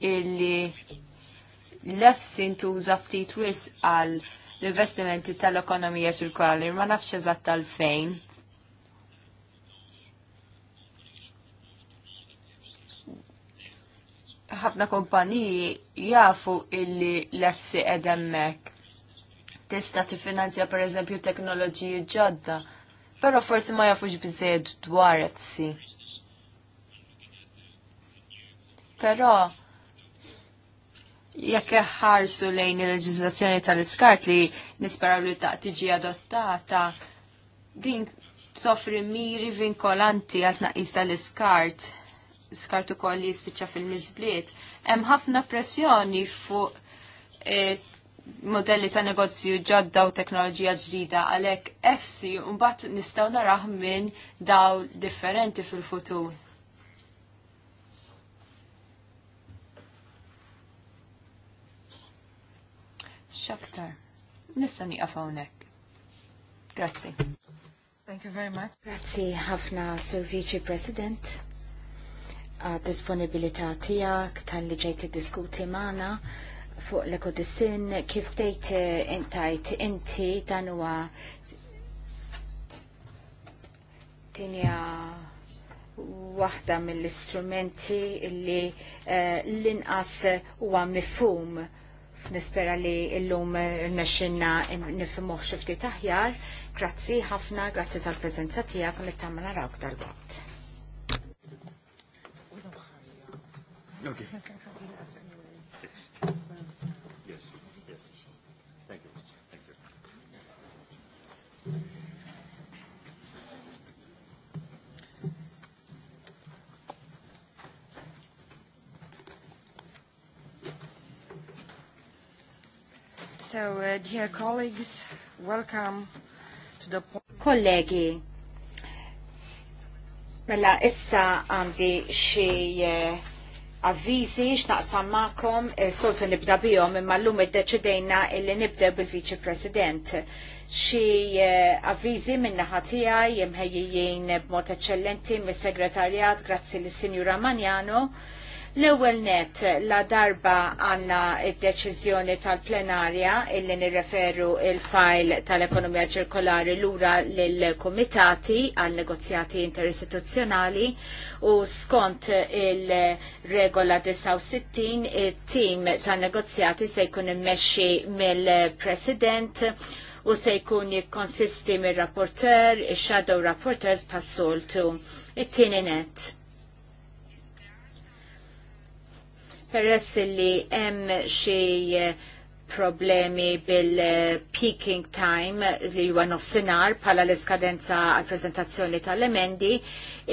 Speaker 5: illi l-efsi ntuża ftit wis għal l-investimenti tal-ekonomija ċirkolari ma nafx eżatt tal fejn. ħafna kompaniji jafu illi l-efsi edemmek tista' tiffinanzja pereżempju teknoloġiji ġodda, però forsi ma jafux biżejjed dwar FC. Però jekk ħarsu lejn il-leġiżlazzjoni tal-iskart li nisperaw li ta' tiġi adottata, din soffri miri vinkolanti għal tnaqqis tal-iskart, skart ukoll li jispiċċa fil mizbliet hemm ħafna pressjoni fuq eh, modelli ta' negozju ġodda u teknoloġija ġdida għalek FC unbat nistaw narah minn daw differenti fil-futur.
Speaker 4: Xaktar, nista niqaf hawnhekk. Grazzi.
Speaker 1: Thank you very much.
Speaker 4: Grazzi ħafna Sir Vice President għad disponibilità tijak tal-li diskuti maħna fuq l-ekodisin kif tejt eh, intajt inti dan huwa tinja waħda mill-istrumenti li uh, l-inqas huwa mifhum nispera li llum nexxinna nifhmuh xi ftit aħjar. Grazzi ħafna, grazzi tal-preżenza tiegħek u nittamma narawk dal-waqt.
Speaker 1: Okay. So, uh, dear colleagues, welcome to the...
Speaker 4: Kollegi, mela issa għandi xie eh, avvizi x'naqsam ma'kom eh, soltu nibda bihom imma llum iddeċidejna illi nibda bil-Viċi President. Xi eh, avvizi min-naħa tiegħi imħejjijin b'mod eċċellenti mis-Segretarjat grazzi lis-Sinjura Manjano L-ewwel net la darba għandna id-deċiżjoni tal-plenarja illi nirreferu il-fajl tal-ekonomija ċirkolari lura lill-kumitati għal negozjati interistituzzjonali u skont il-regola 69 it-tim tan-negozjati se jkun immexxi mill-President u se jkun jikkonsisti mir-rapporter, ix-shadow rapporters pas-soltu. It-tieni net Peress li hemm xi eh, problemi bil-peaking time li huwa nofsinhar bħala l-iskadenza għal prezentazzjoni tal-emendi,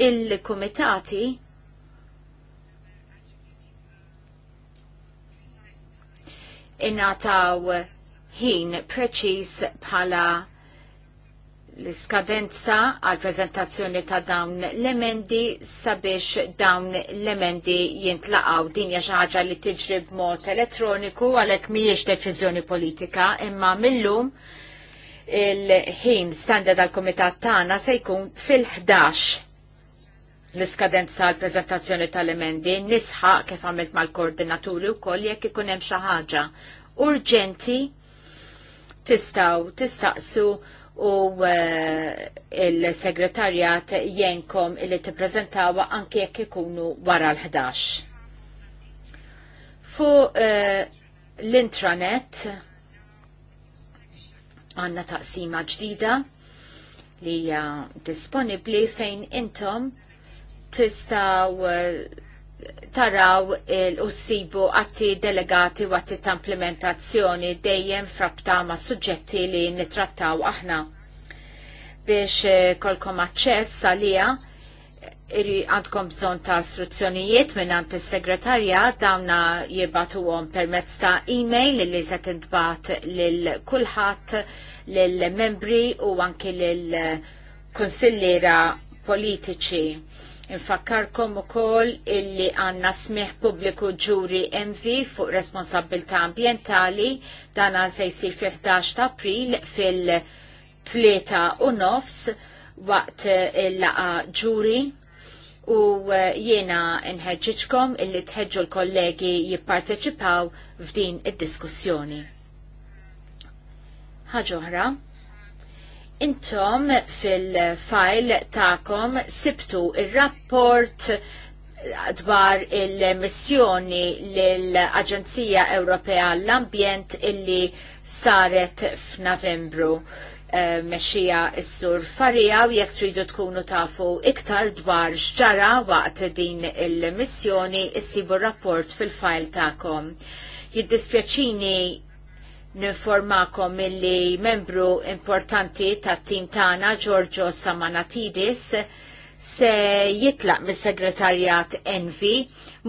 Speaker 4: il-kumitati inataw ħin preċis bħala l-skadenza għal prezentazzjoni ta' dawn l-emendi sabiex dawn l-emendi jintlaqaw din hija xi ħaġa li tiġri b'mod elettroniku għalhekk mhijiex deċiżjoni politika imma millum il-ħin standard għal komitat tagħna se jkun fil-11 l-iskadenza għal prezentazzjoni tal-emendi nisħa kif għamilt mal-koordinaturi wkoll jekk ikun hemm xi ħaġa urġenti tistaw tistaqsu u eh, il-segretarjat jenkom li t-prezentawa anki jekk ikunu wara l-11. Fu eh, l-intranet għanna taqsima ġdida li hija disponibbli fejn intom tistaw eh, taraw l-ussibu għatti delegati u għatti ta' implementazzjoni dejjem frabta ma' suġġetti li nitrattaw aħna biex eh, kolkom aċċess għalija għandkom bżon ta' istruzzjonijiet minn għand il-segretarja dawna jibbatu għom permezz ta' e-mail li se tintbat l-kulħat l-membri u anki l-konsillera eh, politiċi Infakkarkom ukoll illi għanna smieħ pubbliku ġuri MV fuq responsabilta ambientali dan se jsir fi 11 ta' april fil-3 u nofs waqt il-laqa ġuri u eh, jiena nħedġiġkom illi tħedġu l-kollegi jipparteċipaw f'din id-diskussjoni. Ħaġoħra, Intom fil-fajl ta'kom sibtu il-rapport dwar il-missjoni l-Aġenzija Ewropea l-Ambjent illi saret f'Novembru. Eh, mexija s-sur Farija u jekk tridu tkunu tafu iktar dwar xġara waqt din il-missjoni s-sibu rapport fil-fajl ta'kom. Jiddispjaċini Ninformakom illi membru importanti tat tim tagħna Giorgio Samanatidis se jitlaq mis-segretarjat Envi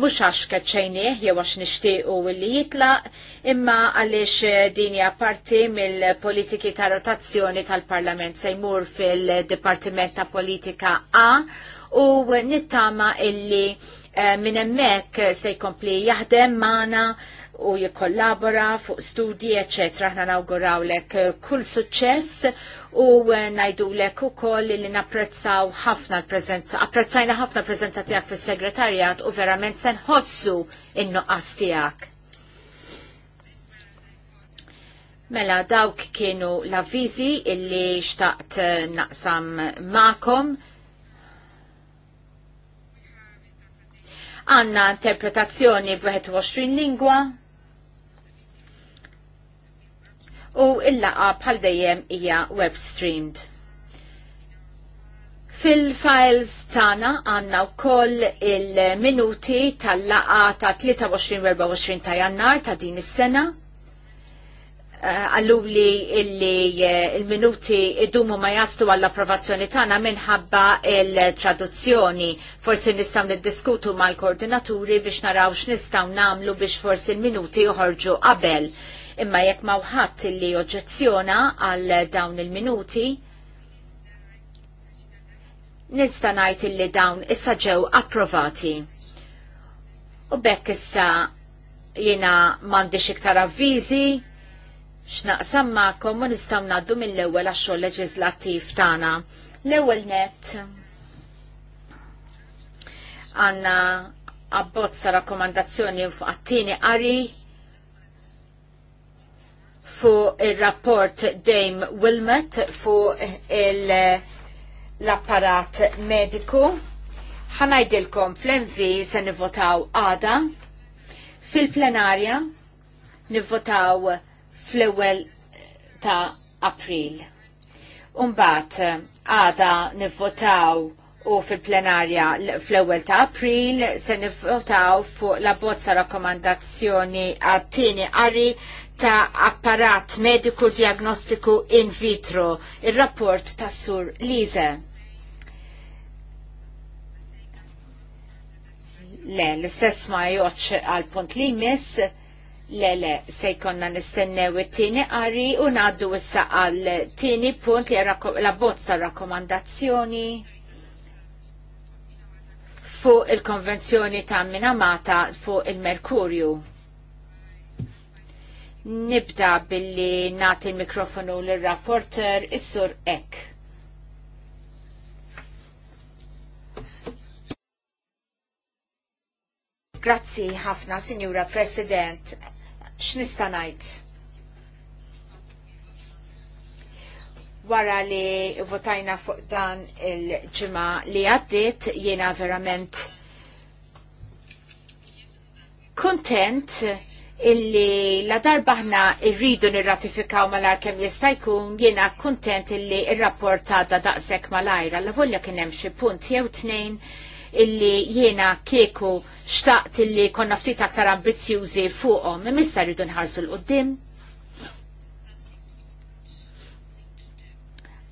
Speaker 4: mux għax kacċajni jew għax nishtiqu li jitlaq, imma għalix eh, dinja parti mill-politiki ta' rotazzjoni tal-Parlament se jmur fil-Dipartiment ta' Politika A u nittama illi eh, minn hemmhekk se jkompli jaħdem mana u jikollabora fuq studji, eccetera. Aħna nawgurawlek eh, kull suċċess u eh, najdulek u koll li napprezzaw ħafna l-prezenza, apprezzajna ħafna l-prezenza tijak fil-segretarjat u verament sen nħossu in-nuqqas tijak. Mela, dawk kienu l-avvizi illi xtaqt eh, naqsam ma'kom. Għanna interpretazzjoni b'21 lingwa. u il-laqa bħal dejjem hija web streamed. Fil-files tana għanna u koll il-minuti tal-laqa ta' 23-24 ta' jannar ta' din is-sena eh, għallu li illi eh, il-minuti id-dumu ma jastu għall-approvazzjoni tana minħabba il-traduzzjoni. Forsi nistaw niddiskutu mal-koordinaturi biex naraw x'nistaw namlu biex forsi il-minuti uħorġu qabel Imma jekk ma wħadd li oġġezzjona għal dawn il-minuti, nista' ngħid illi dawn issa ġew approvati. U bekk issa jiena m'għandix iktar avviżi x'naqsam magħkom u nistgħu ngħaddu mill-ewwel għax-xogħol leġislattiv tagħna. L-ewwel net għandna abbozza rakkomandazzjoni fuq għat-tieni qari fuq il-rapport Dame Wilmet fuq l-apparat mediku. Ħanajdilkom fl-envi se nivvotaw għada fil-plenarja nivvotaw fl-ewwel ta' April. Umbat għada nivvotaw u fil-plenarja fl-ewwel ta' April se nivvotaw fuq la bozza rakkomandazzjoni għat-tieni qari ta' apparat mediku diagnostiku in vitro, il-rapport ta' sur Lise. Le, l-istess ma joċ għal-punt li mis, le, le, sejkonna nistennew it-tini għari u naddu issa għal-tini punt li la bozz ta' rakkomandazzjoni fuq il-konvenzjoni ta' Minamata fuq il-Merkurju. Nibda billi nati l-mikrofonu l-rapporter Issur Ek. Grazzi ħafna, Signora President. X'nista' ngħid? Wara li votajna fuq dan il-ġimgħa li għaddiet jiena verament kontent illi la darba ħna irridu nirratifikaw mal-ar kem jista' jkun jiena kuntent illi ir-rapport għadda daqshekk mal-ajra la volja kien hemm xi punt jew tnejn illi jiena kieku xtaqt illi konna ftit aktar ambizjużi fuqhom missa rridu nħarsu l qudiem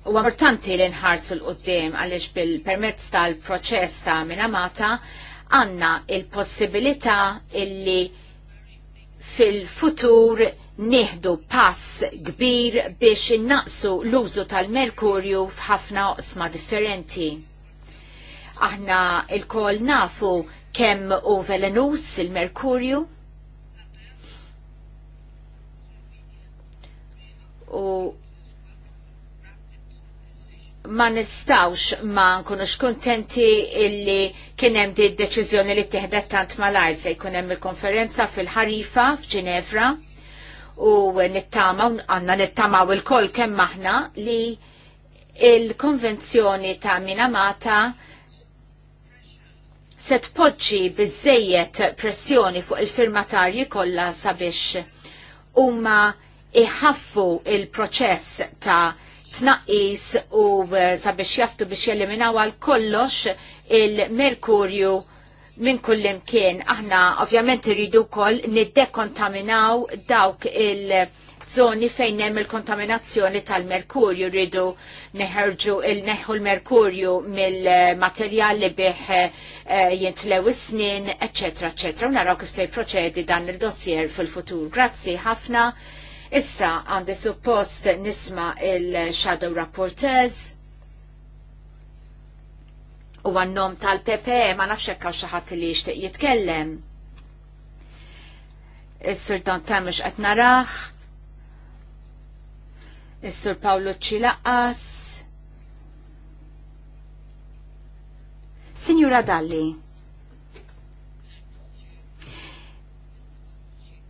Speaker 4: U importanti li nħarsu l-qoddim għaliex bil-permezz tal-proċess ta' minamata għanna il-possibilità illi fil-futur nieħdu pass kbir biex innaqsu l-użu tal-merkurju f'ħafna oqsma differenti. Aħna il-kol nafu kemm u velenus il-merkurju u ma nistawx ma nkunux kontenti illi kienem di deċizjoni li t-tihdet tant malar se jkunem il-konferenza fil-ħarifa f'Ġinevra u nittama, għanna nittama u l-koll kem maħna li il-konvenzjoni ta' Minamata se tpoġġi biżejjed pressjoni fuq il-firmatarji kollha sabiex huma iħaffu il-proċess ta' tnaqqis u eh, sabiex jastu biex jeliminaw għal kollox il-merkurju minn kullim kien. Aħna ovvjament rridu kol niddekontaminaw dawk il- zoni fejn hemm il-kontaminazzjoni tal-merkurju rridu neħerġu il-neħu l-merkurju mill-materjal li bih eh, jintlew is-snin, eċetera, eċetra. U naraw kif se jproċedi dan il-dossier fil-futur. Grazzi ħafna. Issa għandi suppost nisma il-Shadow Rapporteurs u għannom tal-PP e, ma nafxek għal xaħat li jishtiq jitkellem. Is-sur dan tamix qed naraħ, is-sur Pawlu Ċilaqqas, Signora Dalli.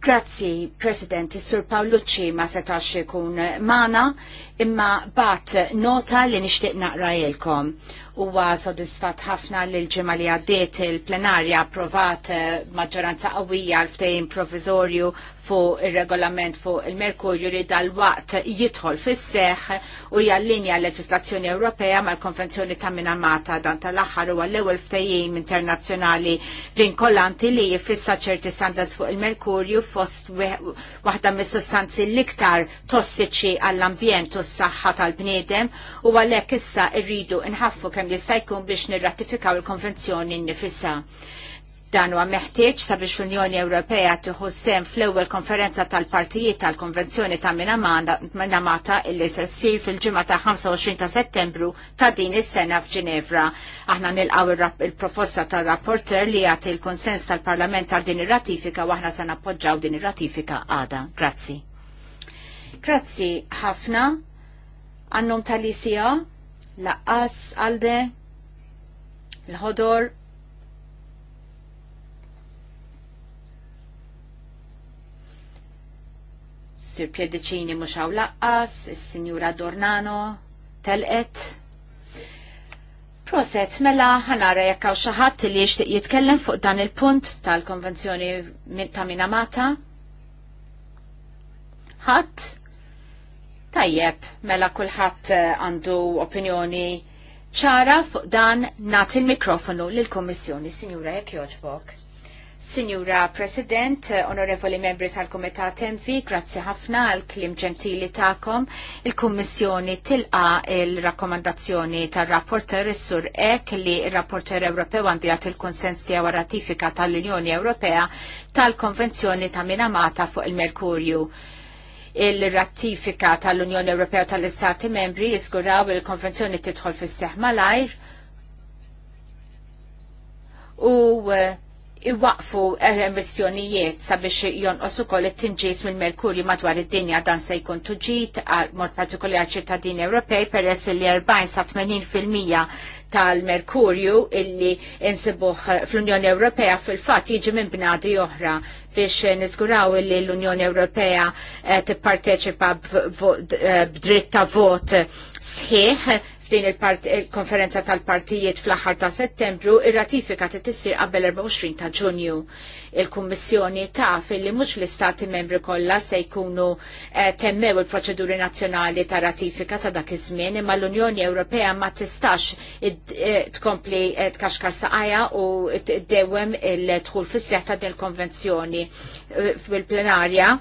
Speaker 4: Grazzi, President, Sur Paolucci ma setax ikun mana, imma bat nota li nixtieq naqrajilkom huwa sodisfat ħafna l-ġimgħa li għaddiet il-plenarja approvat eh, maġġoranza qawwija l ftehim provizorju fuq ir-regolament fuq il-Merkurju li dal-waqt jidħol fis-seħ u jallinja l-leġislazzjoni Ewropea mal-Konvenzjoni ta' Minamata dan tal-aħħar u għall ewwel ftehim internazzjonali vinkolanti li jfissa ċerti standards fuq il-Merkurju fost waħda mis-sustanzi l-iktar tossiċi għall-ambjent u s saxħa tal bnedem u għalhekk issa rridu nħaffu kemm jista' jkun biex nirratifikaw il-konvenzjoni nnifisha. Dan huwa meħtieġ sabiex l-Unjoni Ewropea tieħu sem fl-ewwel konferenza tal-partijiet tal-Konvenzjoni ta' Minamata illi se ssir fil-ġimgħa ta' 25 ta' Settembru ta' din is-sena f'Ġinevra. Aħna nilqgħu il-proposta tar-rapporter li jagħti l-konsens tal-Parlament għal din ir-ratifika u aħna se nappoġġaw din ir-ratifika għada. Grazzi. Grazzi ħafna Għannum tal lisija laqqas, għalde, l-ħodor, Sir Pjediċini mux għaw laqqas, il-Sinjura Dornano, telqet. Proset, mela ħanara jekk xaħat xi ħadd li jixtieq jitkellem fuq dan il-punt tal-Konvenzjoni ta' Minamata. Ħadd Tajjeb, mela kulħadd eh, għandu opinjoni ċara fuq dan nagħti l mikrofonu lill kummissjoni Signora jekk jogħġbok. President, eh, onorevoli membri tal-Komitat Envi, grazzi ħafna għal klim ġentili ta'kom. Il-Kummissjoni tilqa il-rakkomandazzjoni tal-rapporter Sur Ek li il-rapporter Ewropew għandu jagħti il-konsens tiegħu ratifika tal-Unjoni Ewropea tal-Konvenzjoni ta' Minamata fuq il-Merkurju il-rattifika tal-Unjoni Ewropea tal-Istati membri jiskuraw il-konvenzjoni titħol fis seħ malajr u eh, iwaqfu eh, emissjonijiet sabiex jonqos ukoll it-tinġis mill-merkurju madwar id-dinja dan se jkun tuġit mod partikolari għal ċittadini Ewropej peress li 40 sa 80 fil-mija tal-merkurju illi insibuh fl-Unjoni Ewropea fil-fatt jiġi minn bnadi oħra biex niżguraw li l-Unjoni Ewropea eh, tipparteċipa eh, b'dritt ta' vot sħiħ f'din il-konferenza tal-partijiet fl-aħħar ta' settembru ir-ratifika trid qabel 24 ta' Ġunju. Il-Kummissjoni taf li mhux l-istati membri kollha se jkunu eh, temmew il-proċeduri nazzjonali ta' ratifika sa' dak iż-żmien imma l-Unjoni Ewropea ma tistax eh, tkompli eh, tkaxkar saqajja u ddewwem il-dħul fis-seħħ ta' din il-konvenzjoni fil-plenarja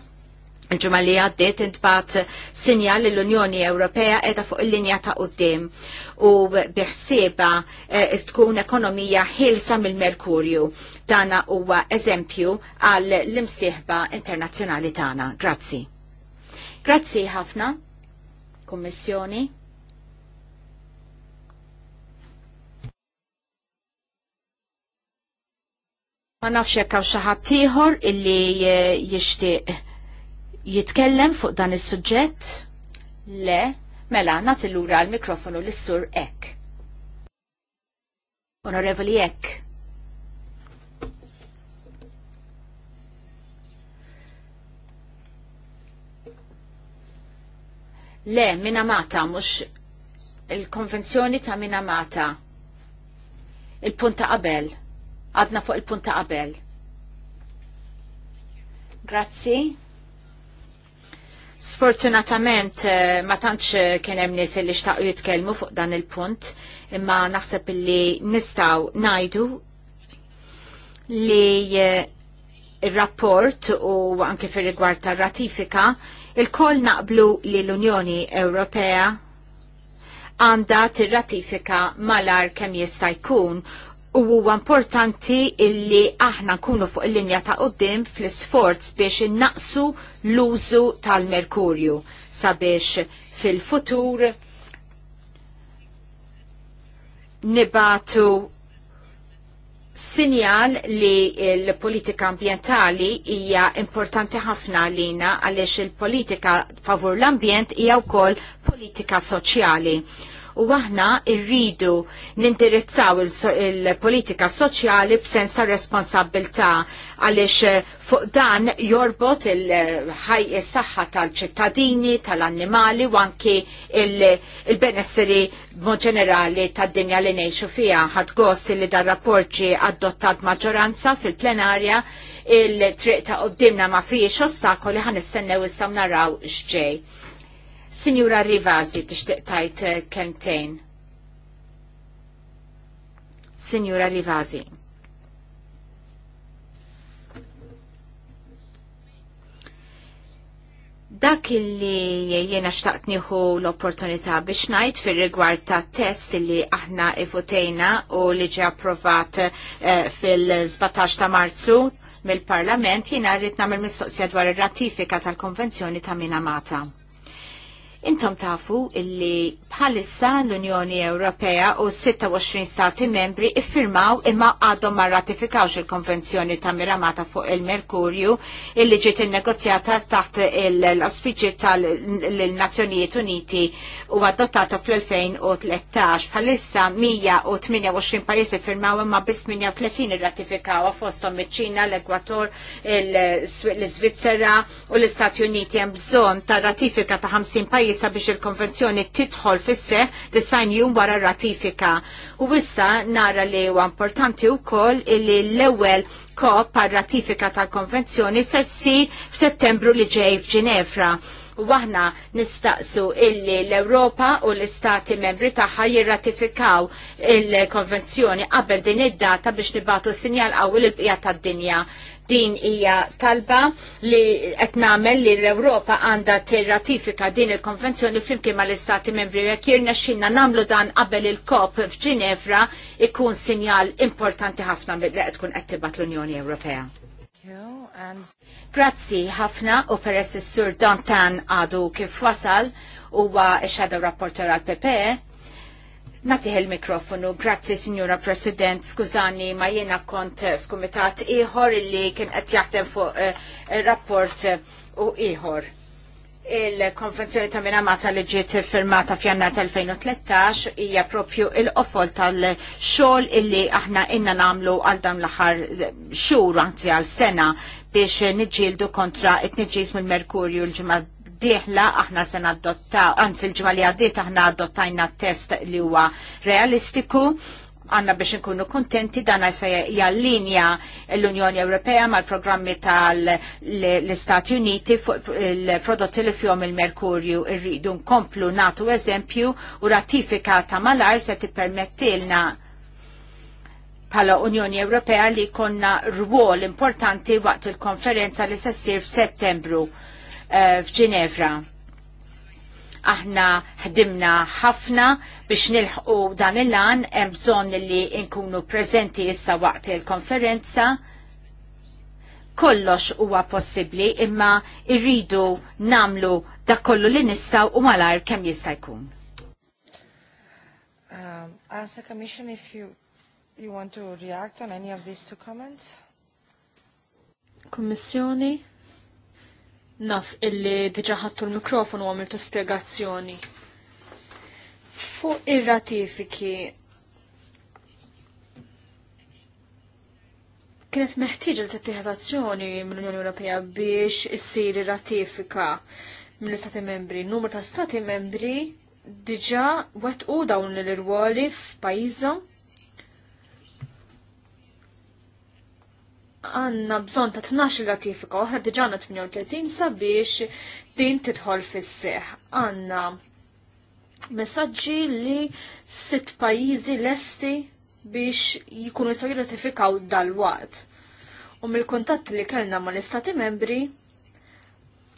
Speaker 4: Il-ġumma li għaddit intbat sinjal li l-Unjoni Ewropea edha fuq il-linja ta' qoddim u biħsieba eh, istkun ekonomija ħilsa mill-Merkurju. Dana huwa eżempju għal l-imsieħba internazzjonali tagħna. Grazzi. Grazzi ħafna, Kommissjoni. Ma nafx jekk hawn xi ħadd ieħor illi eh, jixtieq jitkellem fuq dan is-suġġett? Le, mela nagħti lura l-mikrofonu lis-sur Ek. Onorevoli Ek. Le, Minamata, mhux il-konvenzjoni ta' Minamata. Il-punta qabel. Għadna fuq il-punta qabel. Grazzi. Sfortunatament eh, ma tantx eh, kien hemm nies li xtaqgħu jitkellmu fuq dan il-punt, imma naħseb li nistgħu ngħidu li eh, il-rapport u anke fir rigward tar ratifika, il-koll naqblu li l-Unjoni Ewropea għanda tir-ratifika malar kemm jista' jkun U huwa importanti illi aħna nkunu fuq il-linja ta' qoddim fl-isforz biex innaqsu l-użu tal-merkurju sabiex fil-futur nibatu sinjal li l-politika ambientali hija importanti ħafna għalina għaliex il-politika favur l-ambjent hija wkoll politika soċjali u aħna irridu nindirizzaw il-politika soċjali b'sens ta' responsabilità għaliex eh, fuq dan jorbot il-ħaj is-saħħa tal-ċittadini, tal-annimali u anki il-benesseri b'mod ġenerali tad-dinja li ngħixu fiha ħad gost li dar rapport ġie adottat maġġoranza fil-plenarja il-triq ta' qoddimna ma fiex ostakoli ħan istennew issa naraw x'ġej Signora Rivasi tixtieq tajt eh, kentejn. Signora Rivasi. dak illi jiena xtaqt nieħu l-opportunità biex ngħid fir rigward ta' test li aħna ifutejna u li ġie approvat eh, fil-17 ta' Marzu mill-Parlament jiena rrid nagħmel mistoqsija dwar ir-ratifika tal-Konvenzjoni ta' Minamata. Intom tafu illi bħalissa l-Unjoni Ewropea u 26 stati membri iffirmaw imma għadhom ma ratifikawx il-Konvenzjoni ta' Miramata fuq il-Merkurju illi ġiet innegozjata taħt l ospiċi tal-Nazzjonijiet Uniti u adottata fl-2013. Bħalissa 128 pajis iffirmaw imma biss 38 irratifikaw fosthom iċ-Ċina, l-Ekwator, l-Svizzera u l-Istati Uniti hemm bżonn ta' ratifika ta' 50 pajjiż sabiex il-konvenzjoni titħol fisse design jum wara ratifika. U issa nara li huwa importanti wkoll illi l-ewwel kop par ratifika tal-konvenzjoni se ssir f'Settembru li ġej f'Ġinevra U nistaqsu illi l-Ewropa u l-Istati membri tagħha jirratifikaw il-konvenzjoni qabel din id-data biex nibatu sinjal qawwi l-bqija tad-dinja din hija talba li qed nagħmel li l-Ewropa għandha tirratifika din il-konvenzjoni flimkien mal-Istati Membri jekk jirnexxinna xinna nagħmlu dan qabel il-COP f'Ġinevra ikun sinjal importanti ħafna li qed tkun qed tibgħat l-Unjoni Ewropea. Grazzi ħafna u peress is-sur Dantan għadu kif wasal huwa x-shadow rapporter għal PPE. Natiħ il-mikrofonu, grazzi Signora President, skużani ma jena kont f'kumitat iħor illi kien qed jaħdem fuq eh, rapport eh, u uh, iħor. Il-konvenzjoni ta' Minamata li ġiet firmata f'jannar tal-2013 hija propju il-qofol tal-xogħol illi aħna inna namlu għal dan l-aħħar xhur anzi għal sena biex niġġieldu kontra it-niġġis mill-merkurju l-ġimgħa diħla aħna sena adotta, anzi l-ġimgħa li għaddiet aħna adottajna test li huwa realistiku għanna biex nkunu kontenti dan se jallinja l-Unjoni Ewropea mal-programmi tal-Istati Uniti fuq il-prodotti li fjom il-Merkurju irridu nkomplu natu eżempju u ratifika ta' malar se tippermettilna bħala Unjoni Ewropea li konna rwol importanti waqt il-konferenza li se ssir f'Settembru eh, f'Ġinevra. Aħna ħdimna ħafna biex nilħqu dan il-lan hemm li nkunu prezenti issa waqt il-konferenza. Kollox huwa possibbli imma irridu namlu dak kollu li nistaw u malajr kemm jista' jkun.
Speaker 1: Um, as a commission, if you, you want to react on any of these two comments?
Speaker 2: Commissioni? naf illi diġa ħattu l-mikrofonu għamiltu spiegazzjoni. Fuq ir-ratifiki kienet meħtieġa li tittieħed azzjoni mill-Unjoni Ewropea biex issir ratifika mill-Istati Membri. Numru ta' Stati Membri diġa u dawn l-irwoli f'pajjiżhom għanna bżon ta' 12 ratifika oħra diġana 38 sabiex din titħol fis-seħ. Għanna messaġġi li sitt pajjiżi lesti biex jikunu jistgħu jirratifikaw dal-waqt. U mill kontatt li kellna ma' l-istati membri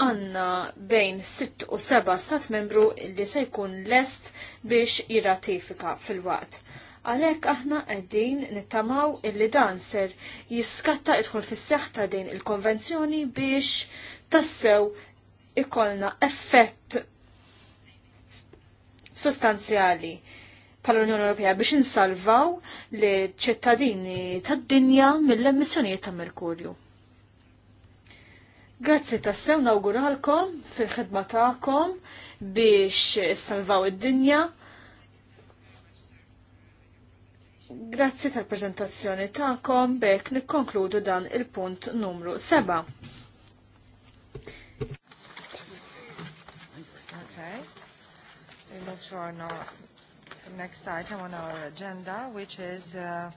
Speaker 2: għanna bejn 6 u 7 stat membru li se jkun lest biex jirratifika fil-waqt. Għalhekk aħna qegħdin nittamaw illi dan ser jiskatta idħol fis-seħħ ta' din il-konvenzjoni biex tassew ikollna effett sostanzjali pal-Unjoni Ewropea biex insalvaw li ċittadini tad-dinja mill-emissjonijiet ta' merkurju. Grazzi tassew nawguralkom fil-ħidma ta'kom biex salvaw id-dinja Grazzi tal-prezentazzjoni ta'kom bekk nikkonkludu dan il-punt numru 7.
Speaker 1: move to our next item on our agenda, which is uh,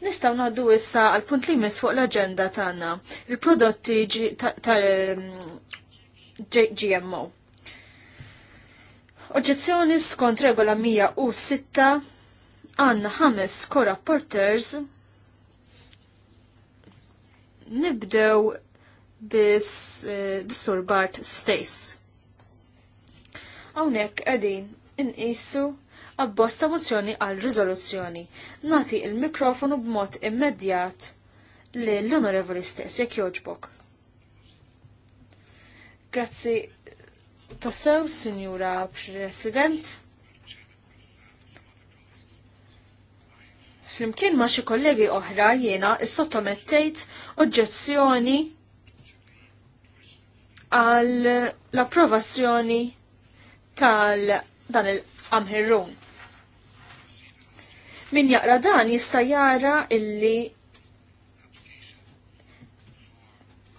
Speaker 2: Nistaw naħdu issa għal punt li mis fuq l-agenda tagħna il-prodotti tal-GMO. Oġġezzjoni skont regola 106 għanna ħames porters nibdew eh, bis sur Bart Stace. Hawnhekk qegħdin inqisu għabbosta mozzjoni għal riżoluzzjoni. Nati il-mikrofonu b'mod immedjat li l-onorevoli stess jekk joġbok. Grazzi tassew, signora President. Flimkien ma' xi kollegi oħra jiena sottomettejt oġġezzjoni għal l-approvazzjoni tal dan il-amherrun. Min jaqra dan jista' jara illi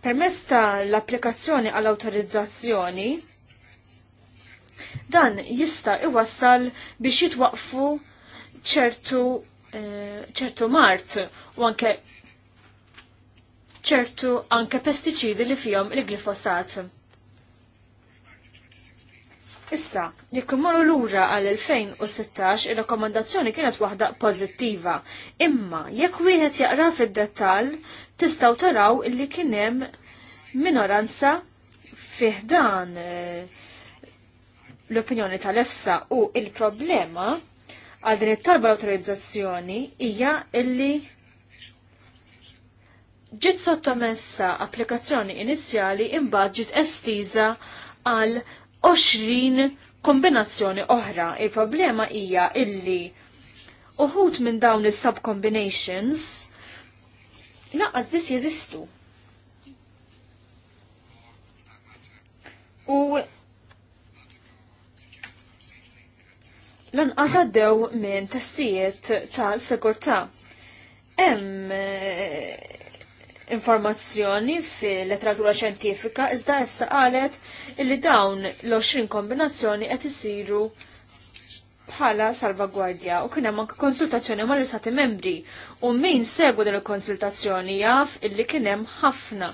Speaker 2: permess tal-applikazzjoni għall-autorizzazzjoni dan jista' iwassal biex jitwaqfu ċertu Eh, ċertu mart u anke ċertu anke pestiċidi li fihom il-glifosat. Issa, jekk imorru lura għal 2016 ir-rakkomandazzjoni kienet waħda pożittiva, imma jekk wieħed jaqra fid-dettall tistgħu taraw illi kien hemm minoranza fiħdan eh, l-opinjoni tal-EFSA u il-problema għal din it-talba l-autorizzazzjoni hija illi ġiet sottomessa applikazzjoni inizjali imbagħad ġiet estiża għal 20 kombinazzjoni oħra. Il-problema hija illi uħut minn dawn is-subcombinations naqqas biss jeżistu. U lanqas għaddew minn testijiet ta' sekurta. Hemm eh, informazzjoni fil-letteratura xjentifika iżda issa qalet li dawn l-20 kombinazzjoni qed isiru bħala salvagwardja u kien hemm anke konsultazzjoni mal istati membri u min segwu din il-konsultazzjoni jaf illi kien hemm ħafna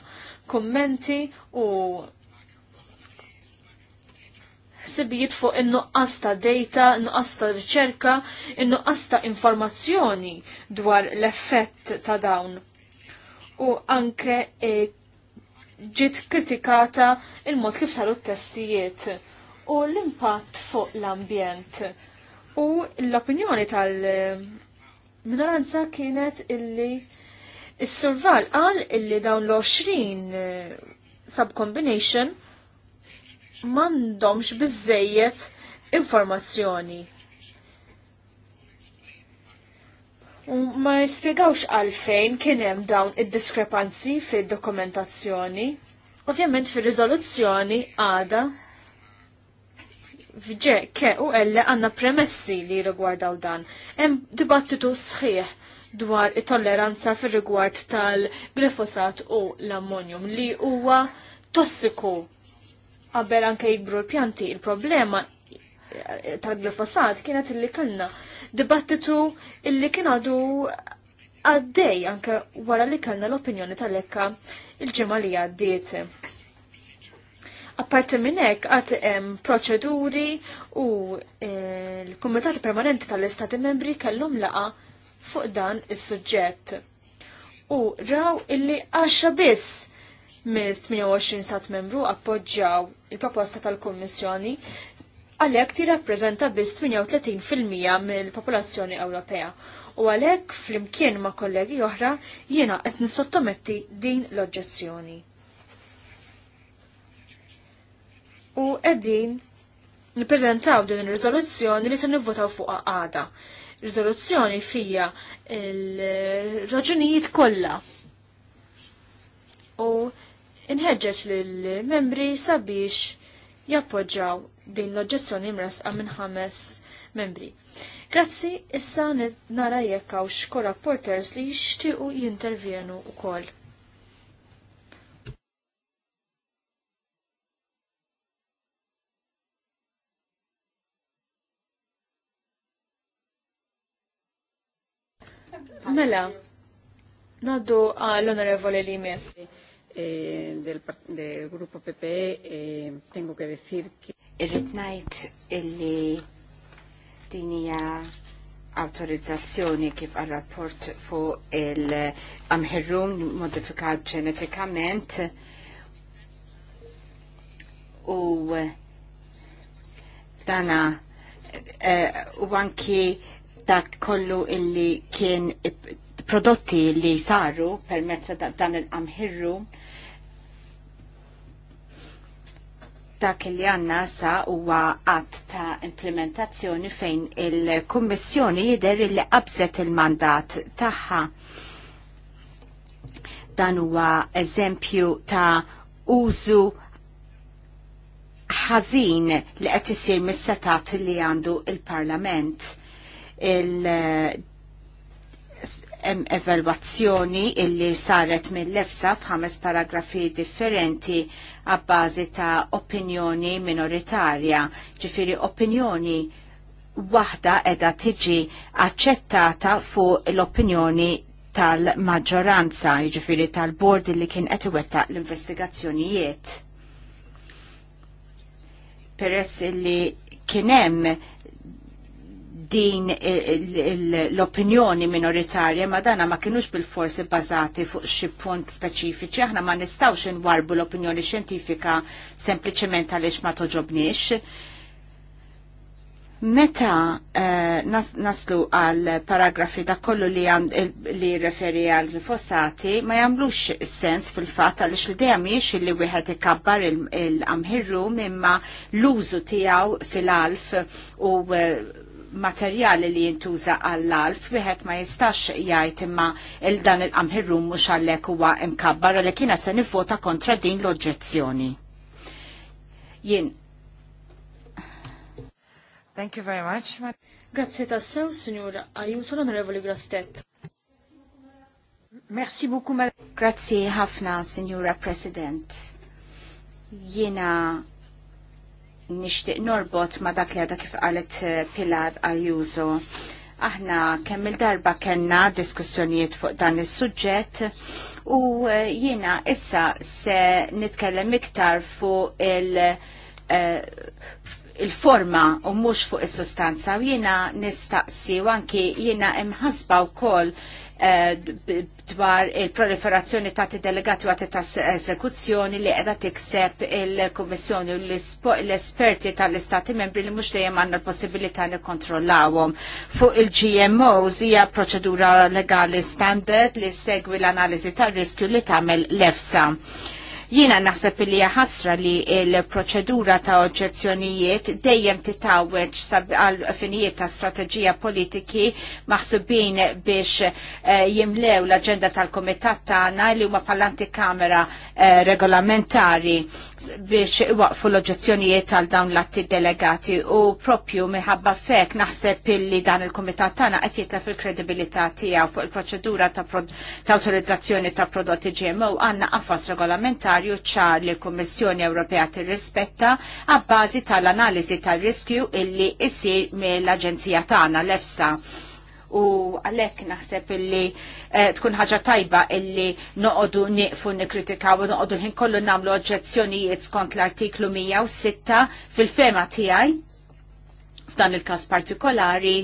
Speaker 2: kummenti u ħsibijiet fuq in-nuqqas ta' data, nuqqas ta' riċerka, in-nuqqas ta' informazzjoni dwar l-effett ta' dawn. U anke e, ġiet kritikata il-mod kif saru t-testijiet u l-impatt fuq l-ambjent. U l-opinjoni tal-minoranza kienet illi is-surval qal illi dawn l-20 eh, subcombination mandomx bizzejiet informazzjoni. U ma jispiegawx għalfejn kien hemm dawn id-diskrepanzi fid-dokumentazzjoni. Ovvjament fir-riżoluzzjoni għada fġe ke u elle għanna premessi li rigwardaw dan. Hemm dibattitu sħiħ dwar it-tolleranza fir rigward tal-glifosat u l-ammonium li huwa tossiku qabel anke jikbru l-pjanti. Il-problema tal-glifosat kienet illi kellna dibattitu illi kien għadu għaddej anke wara li kellna l-opinjoni tal-ekka il-ġimgħa li għaddiet. Apparti minn hekk għad hemm proċeduri u eh, l-Kumitat Permanenti tal-Istati Membri kellhom laqa fuq dan is-suġġett. U raw illi għaxa biss minn 28 stat membru appoġġjaw il-proposta tal-Kommissjoni għalhekk tirrappreżenta biss 38% mill-popolazzjoni Ewropea. U għalhekk flimkien ma' kollegi oħra jiena qed nissottometti din l-oġġezzjoni. U qegħdin nippreżentaw din ir-riżoluzzjoni li se nivvotaw fuqha għada. Riżoluzzjoni fija l raġunijiet kollha. U inħeġġeġ lill-membri sabiex jappoġġaw din l-oġġezzjoni mresqa minn ħames membri. Grazzi, issa nara jekk hawnx korrapporters li jixtiequ jintervjenu
Speaker 3: wkoll.
Speaker 6: Mela,
Speaker 2: naddu għall-onorevoli li messi eh, del, del gruppo PPE
Speaker 4: eh, tengo che decir che Irrit najt illi dinija autorizzazzjoni kif għal rapport fu l amherrum um, modifikat ġenetikament u dana eh, u uh, anki dak kollu illi kien prodotti li saru permezz dan l amherrum dak kelli għanna sa huwa għat ta' implementazzjoni fejn il-Kummissjoni jider li qabżet il-mandat tagħha. Dan huwa eżempju ta' użu ħażin li qed isir mis-setat li għandu il-Parlament. il evalwazzjoni illi saret mill-lefsa f'ħames paragrafi differenti għabbażi ta' opinjoni minoritarja, ġifiri opinjoni waħda edha tiġi accettata fuq l-opinjoni tal-maġġoranza, ġifiri tal-bord li kien qed iwettaq l-investigazzjonijiet. Peress li kienem din l-opinjoni minoritarja ma dana ma kienux bil-forsi bazati fuq xi punt speċifiċi, aħna ma nistawx inwarbu l-opinjoni xjentifika sempliċement għaliex ma toġobniex. Meta eh, nas naslu għal paragrafi da kollu li, li referi għal glifosati, ma jamlux sens fil-fat għalix li dejjem miex li wieħed ikabbar il-amħirru il imma l-użu tiegħu fil-alf u eh, materjali li jintuża għall-alf wieħed ma jistax jgħid imma il dan il-qamħirrum mhux għalhekk huwa imkabbar li kien se nivvota kontra din l-oġġezzjoni.
Speaker 2: Jien. Thank you very much. Grazie tassew, Signor Ayuso, l-onorevoli Grastet. Merci
Speaker 4: beaucoup, Grazie ħafna, signora President. Jiena nixtieq norbot ma dak li kif qalet eh, Pilar Ayuso. Aħna kemm il-darba kellna diskussjonijiet fuq dan is-suġġett u eh, jiena issa se nitkellem iktar fuq il- eh, il-forma u mhux fuq is-sustanza u jiena nistaqsi u anki jiena imħasba wkoll eh, dwar il-proliferazzjoni ta' delegati u ta' eżekuzzjoni li qiegħda tikseb il-Kummissjoni u l-esperti tal-Istati membri li mhux dejjem għandna l-possibilità nikkontrollawhom. Fuq il-GMOs hija proċedura legali standard li segwi l-analiżi tar-riskju li tagħmel l-EFSA Jiena naħseb li jaħasra li l-proċedura ta' oġġezzjonijiet dejjem titawweġ għal finijiet ta' strateġija politiki maħsubin biex eh, jimlew l-aġenda tal-komitat tagħna li huma pallanti kamera eh, regolamentari biex waqfu l-oġezzjonijiet għal dawn l-atti delegati u propju minħabba fek naħseb illi dan il-komitat tagħna qed jitlef il-kredibilità tiegħu fuq il-proċedura ta', ta autorizzazzjoni ta' prodotti GMO għandna qafas regolamentarju ċar li l-Kummissjoni Ewropea tirrispetta għabbażi tal-analiżi tal-riskju illi isir mill-Aġenzija tagħna l-EFSA u għalhekk naħseb illi eh, tkun ħaġa tajba illi noqogħdu nieqfu nikkritikaw u noqogħdu ħin kollu nagħmlu oġġezzjonijiet skont l-artiklu 106 fil-fema tiegħi f'dan il-każ partikolari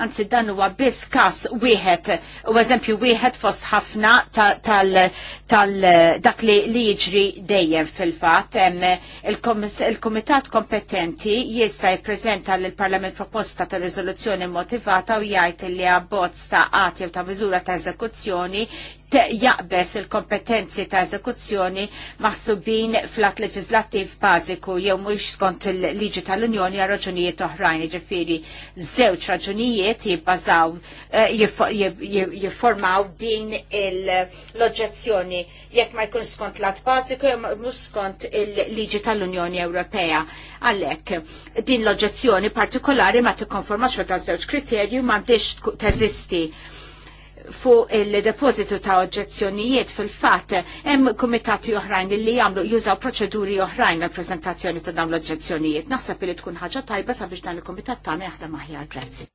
Speaker 4: anzi dan huwa biss każ wieħed u eżempju wieħed fost ħafna tal-dak li jiġri dejjem fil-fatt hemm il-kumitat kompetenti jista' jippreżenta l parlament proposta ta' riżoluzzjoni motivata u jgħid li abbozz ta' qatja u ta' miżura ta' eżekuzzjoni jaqbes il-kompetenzi ta' eżekuzzjoni maħsubin flat leġislattiv bażiku jew mhux skont il-liġi tal-Unjoni għal raġunijiet oħrajn, ġifieri żewġ raġunijiet jibbażaw eh, jiffurmaw din l-oġġezzjoni jekk ma jkun skont lat bażiku jew mhux skont il-liġi tal-Unjoni Ewropea. Għalhekk din l-oġġezzjoni partikolari ma tikkonformax ma ta' żewġ kriterju m'għandix teżisti fuq il-depozitu ta' oġġezzjonijiet fil-fatt hemm kumitati oħrajn li jagħmlu jużaw proċeduri oħrajn għal preżentazzjoni ta' dawn l-oġġezzjonijiet. Naħseb li tkun ħaġa tajba sabiex dan il-kumitat tagħna jaħdem aħjar. Grazzi.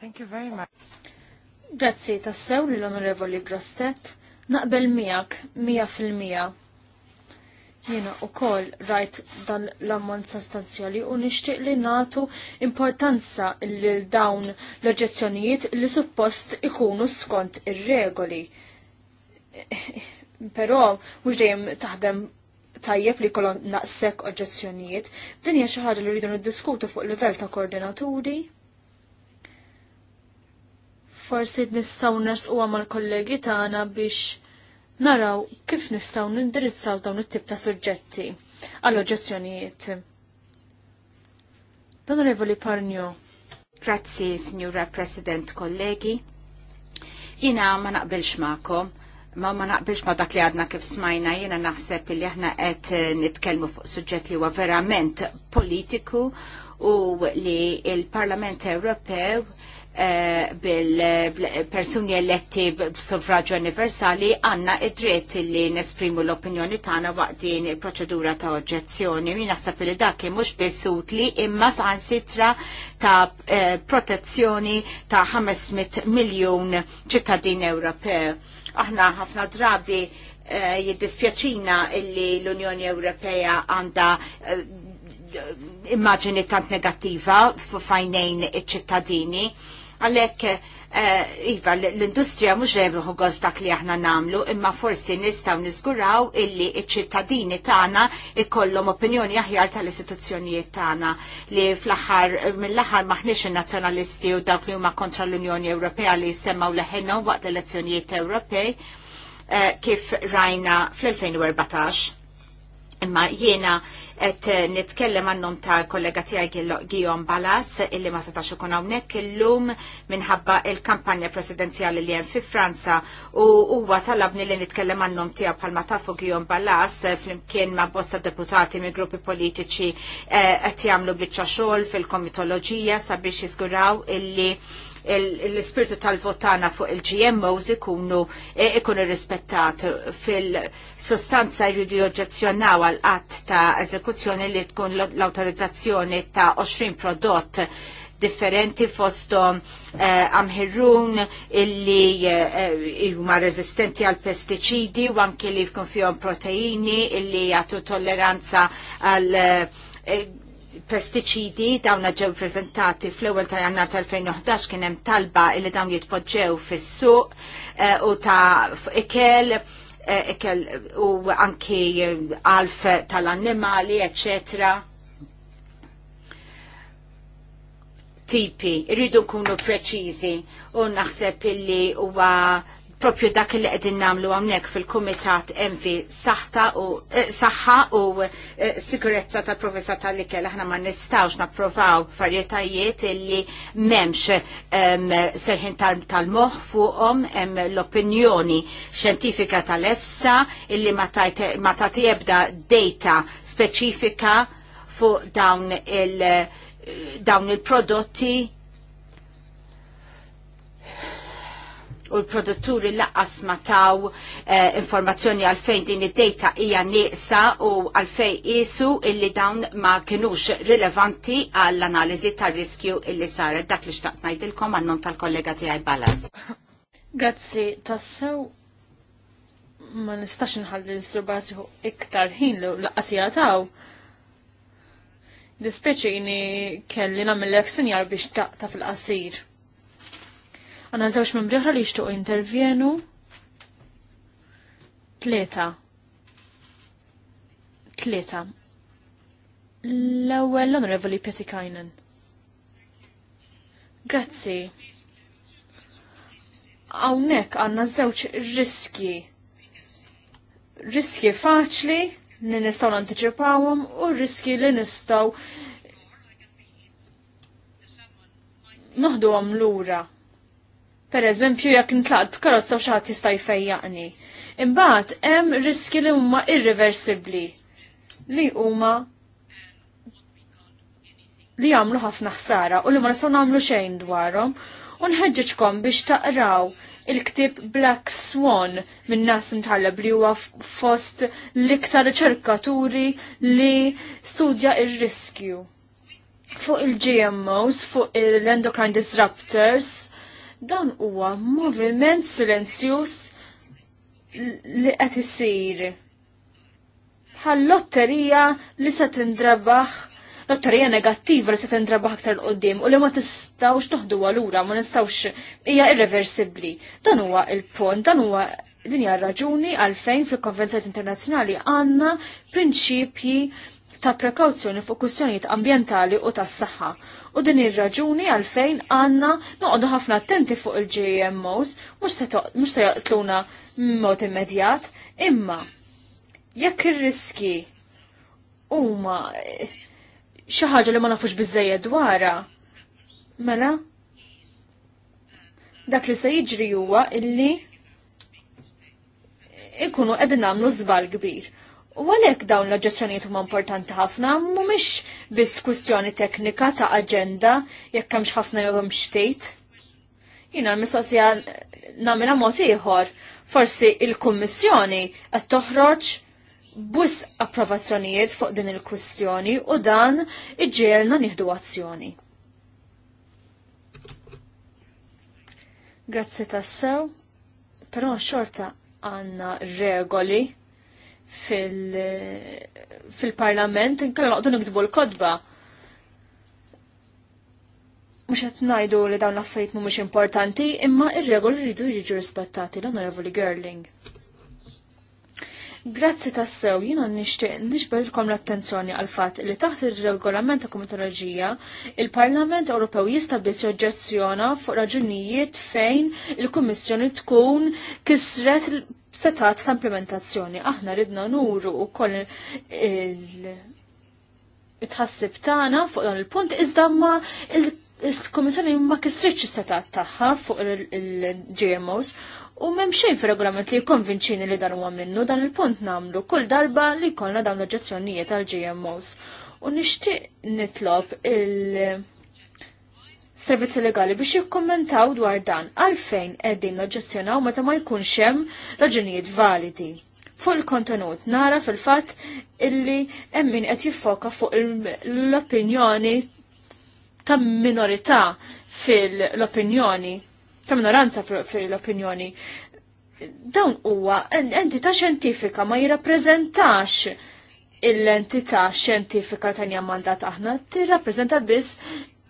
Speaker 1: Thank you very much.
Speaker 2: Grazzi tassew lill-Onorevoli Grostet. Naqbel miegħek mija fil-mija. Jena u kol rajt dan l-ammont sostanzjali u nixtieq li natu importanza lil dawn l-oġezzjonijiet li suppost ikunu skont ir-regoli. Però mhux dejjem taħdem tajjeb li kolon naqsek oġezzjonijiet, din hija xi ħaġa li rridu niddiskutu fuq livell ta' koordinaturi. Forsi nistgħu nersquha mal-kollegi tagħna biex naraw kif nistaw nindirizzaw dawn it-tip ta' suġġetti għal oġġezzjonijiet. L-Onorevoli Parnio.
Speaker 4: Grazzi, Signora President, kollegi. Jina ma naqbilx ma'kom. Ma ma naqbilx ma dak li għadna kif smajna jina naħseb li aħna qed nitkellmu fuq suġġett li huwa verament politiku u li il-Parlament Ewropew Eh, bil-persuni eletti b'suffraġġju universali għanna id-dritt li nesprimu l-opinjoni tagħna waqt din il-proċedura ta' oġġezzjoni. Min naħseb li dak mhux biss utli imma san sitra ta' eh, protezzjoni ta' 500 miljun ċittadin Ewropew. Aħna ħafna drabi eh, jiddispjaċina illi l-Unjoni Ewropea għandha immaġini tant negattiva fajnejn iċ-ċittadini Għalhekk eh, iva l-industrija mhux rebruħu għoż dak li aħna nagħmlu, imma forsi nistgħu nizguraw illi iċ-ċittadini tagħna ikollhom opinjoni aħjar tal-istituzzjonijiet tagħna li fl-aħħar mill-aħħar maħniex in-nazzjonalisti u dawk li huma kontra l-Unjoni Ewropea li jsemmaw u waqt l-elezzjonijiet Ewropej eh, kif rajna fl-2014 Imma jiena et nitkellem għannum ta' kollega tijaj Gijom Balas illi ma setax ikun hawnhekk illum minħabba il-kampanja presidenzjali li hemm fi Franza u huwa talabni li nitkellem għannum tiegħu bħalma tafu Gijom Balas flimkien ma' bosta deputati minn gruppi politiċi eh, qed jagħmlu biċċa xogħol fil-komitoloġija sabiex jiżguraw illi l-ispirtu tal-votana fuq il-GMOs ikunu eh, ikunu rispettat fil-sostanza jridu joġġezzjonaw għal qatt ta' eżekuzzjoni li tkun l-autorizzazzjoni ta' 20 prodott differenti fostom eh, amherun illi eh, huma eh, resistenti għal pesticidi u anke li fkun fihom proteini illi jagħtu tolleranza għal eh, pestiċidi dawn ġew prezentati fl-ewwel ta' jannar tal-2011 kien hemm talba li dawn jitpoġġew fis-suq eh, u ta' ikel eh, ikel u anki alf tal-annimali, eccetera. Tipi, irridu nkunu preċiżi u naħseb illi huwa propju dak li qegħdin nagħmlu hawnhekk fil-Kumitat MV Saħta u Saħħa u eh, eh, Sikurezza tal Professa tal-Ikel aħna ma nistgħux napprovaw varjetajiet illi m'hemmx serħin tal-moħħ fuqhom hemm l-opinjoni xjentifika tal-EFSA illi ma tagħti ebda data speċifika fuq dawn il- dawn il-prodotti u l-produtturi laqqas ma taw eh, informazzjoni għalfejn din id-data hija nieqsa u għalfejn qisu illi dawn ma kinux rilevanti għall-analiżi tar-riskju illi saret dak li xtaqt ngħidilkom għannom tal-kollega tiegħi Balas.
Speaker 2: Grazzi tassew ma nistax nħalli l-surbazzi iktar ħin l laqqasija taw. jini kelli namillek sinjar biex taqta fil-qasir. Għanna żewġ minn oħra li jixtuq intervjenu. Tleta. Tleta. L-ewwel l-Onorevoli Pietikajnen. Grazzi. Hawnhekk għandna żewġ riski. Riski faċli li nistgħu nantiċipawhom u riski li nistgħu noħdu għam lura. Per eżempju, jekk nitlaqt b'karozza u xaħat jista' jfejjaqni. Imbagħad hemm riski li huma irreversibbli li huma li jagħmlu ħafna ħsara u li ma nistgħu nagħmlu xejn dwarhom u nħeġġeġkom biex taqraw il-ktib Black Swan minn nas mtħallab li huwa fost l-iktar riċerkaturi li studja ir-riskju. Fuq il-GMOs, fuq il-endocrine disruptors, Dan huwa moviment silenzjus li qed isir. Bħal lotterija li se tindrabaħ lotterija negattiva li se tindrabaħ aktar l-qoddim u li ma tistawx toħdu għalura, ma nistawx hija irreversibbli. Dan huwa il-punt, dan huwa din hija raġuni għalfejn fil-konvenzjoni internazzjonali għandna prinċipji ta' prekawzjoni fuq kwistjonijiet ambjentali u tas saħħa U din ir-raġuni għalfejn għandna noqogħdu ħafna attenti fuq il-GMOs mhux se joqtluna mod immedjat, imma jekk ir-riski huma eh, xi ħaġa li ma nafux biżejjed dwara. mela dak li se jiġri huwa illi ikunu qegħdin nagħmlu żball kbir U għalhekk dawn l-oġġezzjonijiet huma importanti ħafna, mhumiex biss kwistjoni teknika ta' aġenda jekk hemmx ħafna jew xtejt. Jiena l-mistoqsija nagħmilha mod ieħor, forsi il-Kummissjoni qed toħroġ bus approvazzjonijiet fuq din il-kwistjoni u dan iġġielna nieħdu azzjoni. Grazzi tassew, però xorta għanna regoli fil-parlament, fil nkella noqdu nikdbu l-kodba. Mux qed ngħidu li dawn l-affarijiet mhumiex importanti, imma ir-regoli rridu jiġu rispettati l-Onorevoli Girling. Grazzi tassew, jina nishtiq nixbedilkom l-attenzjoni għal fatt li taħt il-regolament ta' komitoloġija, il-Parlament Ewropew jistabbis oġġezzjona fuq raġunijiet fejn il-Kummissjoni tkun kisret setat sa' implementazzjoni. Aħna ridna nuru u koll il-tħassib tagħna fuq dan il-punt iżda ma il-Komissjoni ma kistriċ setat tagħha fuq il-GMOs u m'hemm xejn fir-regolament li jikkonvinċini li dan huwa minnu dan il-punt namlu kull darba li jkollna dawn l-oġġezzjonijiet għal-GMOs. U nixtieq nitlob il- servizzi legali biex jikkommentaw dwar dan għalfejn qegħdin noġġezzjonaw meta ma jkunx hemm raġunijiet validi. Fuq il-kontenut nara fil-fatt illi hemm min qed jiffoka fuq l-opinjoni ta' minorità fil-opinjoni, ta' minoranza fil-opinjoni. Dawn huwa entità xjentifika ma jirrappreżentax il entità xjentifika ta' tanja mandat aħna tirrappreżenta biss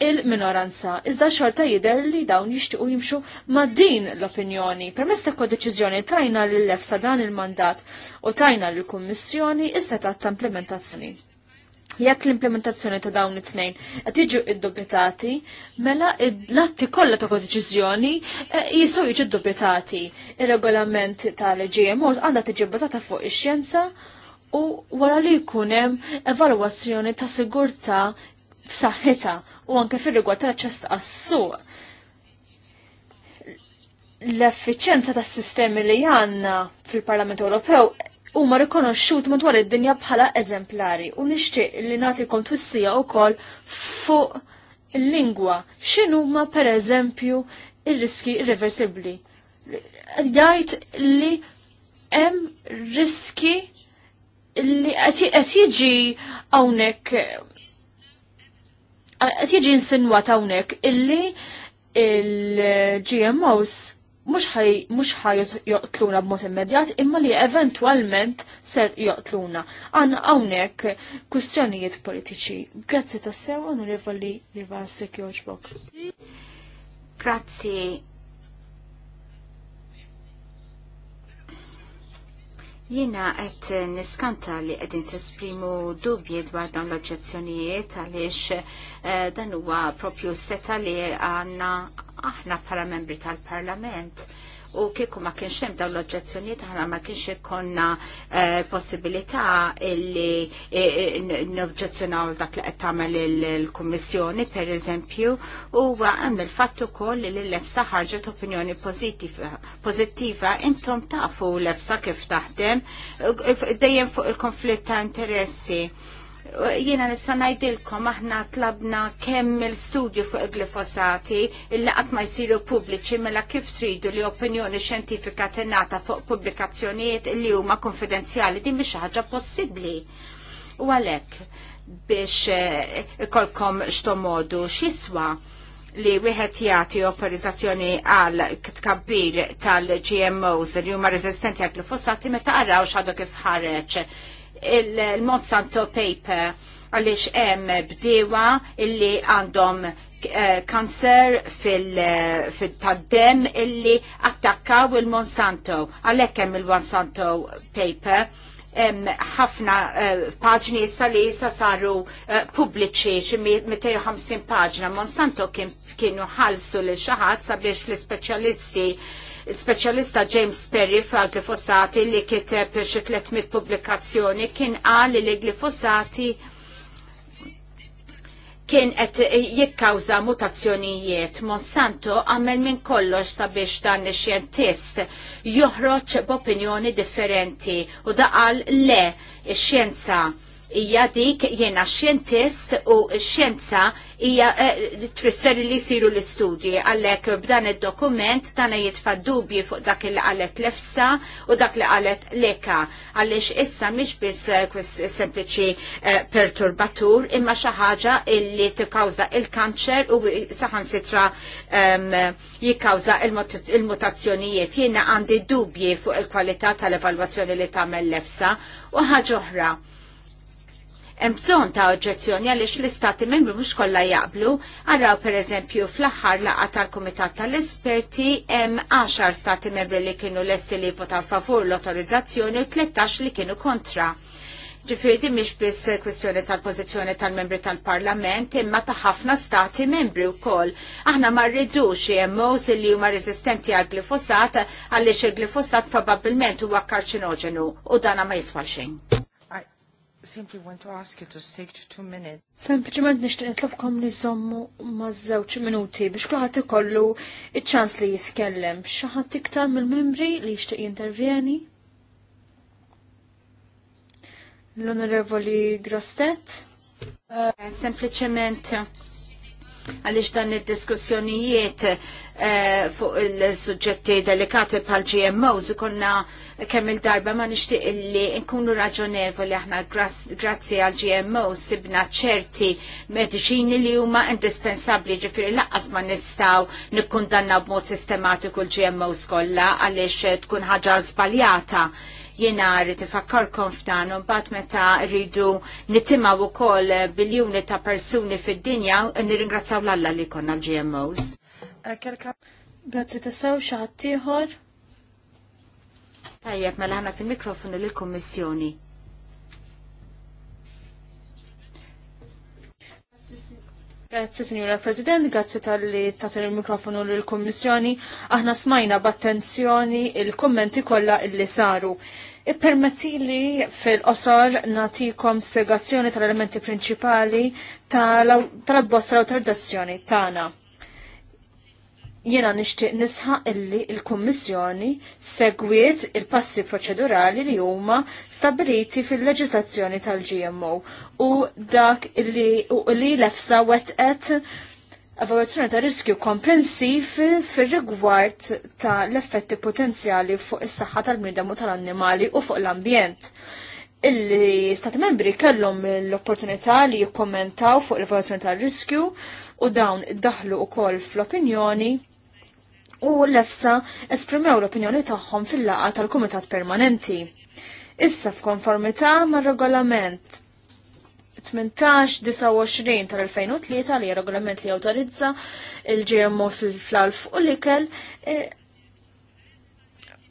Speaker 2: il-minoranza. Iżda xorta jider li dawn u jimxu ma' din l-opinjoni. Permess ta' kodeċizjoni tajna l-lefsa dan il-mandat u tajna l-Kummissjoni iżda ta' implementazzjoni. Jekk l-implementazzjoni ta' dawn it-tnejn qed jiġu iddubitati, mela l-atti kollha ta' kodeċiżjoni eh, jisu jiġu iddubitati. Ir-regolament tal gmo għandha tiġi bbażata fuq ix-xjenza u wara li jkun hemm evalwazzjoni ta' sigurtà f'saħħitha u anke fir-rigward tal-aċċess għas-suq. L-effiċenza tas-sistemi li għandna fil-Parlament Ewropew huma rikonoxxut madwar id-dinja bħala eżemplari u nixtieq li nagħtikom twissija wkoll fuq il-lingwa. X'inhuma pereżempju ir-riski irreversibbli? Jgħid li hemm riski li qed jiġi hawnhekk qed jiġi insinwa hawnhekk illi il-GMOs mhux ħaj joqtluna b'mod immedjat imma li eventwalment ser joqtluna. Għan hawnhekk kwistjonijiet politiċi. Grazzi tassew onorevoli Rivas Sekjoġbok. Grazzi
Speaker 4: Jina qed niskanta li qegħdin tesprimu dubji dwar dan l-oġġezzjonijiet għaliex eh, dan huwa propju seta li għandna aħna bħala membri tal-Parlament u kieku ma kienx hemm dawn l-oġġezzjonijiet aħna ma kienx ikonna eh, possibilità li eh, eh, noġġezzjonaw dak li qed tagħmel il-Kummissjoni pereżempju u hemm il-fatt ukoll li l-EFSA ħarġet opinjoni pożittiva intom tafu l-EFSA kif taħdem dejjem fuq il-konflitt ta' interessi. Jiena nista' ngħidilkom aħna tlabna kemm il-studju fuq il-glifosati illi qatt ma jsiru pubbliċi mela kif tridu li opinjoni xjentifika tingħata fuq pubblikazzjonijiet li huma konfidenzjali din mhix ħaġa possibbli. U għalhekk biex eh, ikolkom x'tomodu x'iswa li wieħed jagħti autorizzazzjoni għal tkabbir tal-GMOs li huma resistenti għal glifosati meta qaraw x'għadu kif ħareġ il-Monsanto Paper għalix hemm bdewa illi għandhom kanser eh, eh, fil-taddem illi attakkaw il-Monsanto. Għalek hemm il-Monsanto paper ħafna eh, paġni issa li issa saru pubbliċi xi 250 paġna. Monsanto kienu ħalsu li xaħat sabiex l-speċjalisti il-speċjalista James Perry fal glifosati li kiteb xi 300 pubblikazzjoni kien qal li glifosati kien qed jikkawża mutazzjonijiet. Monsanto għamel minn kollox sabiex dan ix-xjentist joħroġ b'opinjoni differenti u daqal le ix-xjenza hija dik jiena xjentist u x-xjenza hija eh, tfisser li jsiru l-istudji għalhekk b'dan id-dokument tana jitfa' dubji fuq dak li qalet lefsa u dak li qalet leka għaliex issa mhix biss eh, sempliċi eh, perturbatur imma xi ħaġa t tikkawża il-kanċer u saħansitra ehm, jikkawża il-mutazzjonijiet. Jiena għandi dubji fuq il-kwalità tal-evalwazzjoni li tagħmel lefsa u ħaġa oħra Hemm bżonn ta' oġġezzjoni għaliex l-istati membri mhux kollha jaqblu. Araw pereżempju fl-aħħar laqgħa tal-Kumitat tal-Esperti hemm 10 stati membri li kienu lesti li votaw favur l-autorizzazzjoni u 13 li kienu kontra. Ġifieri din mhix biss kwistjoni tal-pożizzjoni tal-membri tal-Parlament imma ta' ħafna stati membri wkoll. Aħna ma rridux e MOs li huma resistenti għal glifosat għaliex il-glifosat probabbilment huwa karċinoġenu u dana ma jiswa xejn
Speaker 1: simply want to ask you to stick to two minutes.
Speaker 2: Sempliciment nixtieq nitlobkom li żommu ma' żewġ minuti biex kulħadd ikollu iċ-ċans li jitkellem. Xi ħadd iktar mill-membri li jixtieq jintervjeni? L-Onorevoli Grostet?
Speaker 4: Eh, Sempliciment għaliex dan id-diskussjonijiet eh, fuq il-suġġetti delikati bħal GMOs ikonna kemm il-darba ma nixtieq illi nkunu raġonevoli aħna grazzi għal GMOs sibna ċerti mediċini li huma indispensabbli ġifieri laqqas ma nistgħu nikkundannaw b'mod sistematiku l-GMOs kollha għaliex tkun ħaġa żbaljata Jena tifakkar konftan f'dan bat meta rridu u kol biljuni ta' persuni fid-dinja nirringrazzaw l-Alla li konna l-GMOs.
Speaker 2: Eh, Grazie tassew xi ħadd ieħor. Tajjeb
Speaker 4: mela ħanat il-mikrofonu lill-Kummissjoni.
Speaker 2: Grazzi, Signora President, grazzi tal-li tatur il-mikrofonu l-Kommissjoni. Aħna smajna b'attenzjoni il-kommenti kollha li saru. Ippermetti li fil-qosor natikom spiegazzjoni tal-elementi prinċipali tal-abbozza tal-autorizzazzjoni tagħna. Jiena nixtieq nisħa illi il-Kummissjoni segwiet il-passi proċedurali li huma stabiliti fil-leġislazzjoni tal-GMO u dak illi u li lefsa wetqet evaluazzjoni ta' riskju komprensiv fir-rigward ta' l-effetti potenzjali fuq is-saħħa tal-bniedem u tal-annimali u fuq l-ambjent illi stati membri kellhom l-opportunità li jikkommentaw fuq il-valutazzjoni tal-riskju u dawn iddaħlu wkoll fl-opinjoni u l-EFSA esprimew l-opinjoni tagħhom fil-laqa tal-Kumitat Permanenti. Issa f'konformità mar-regolament 18-29 tal-2003 li regolament li autorizza il-GMO fil-flalf u l-ikel e,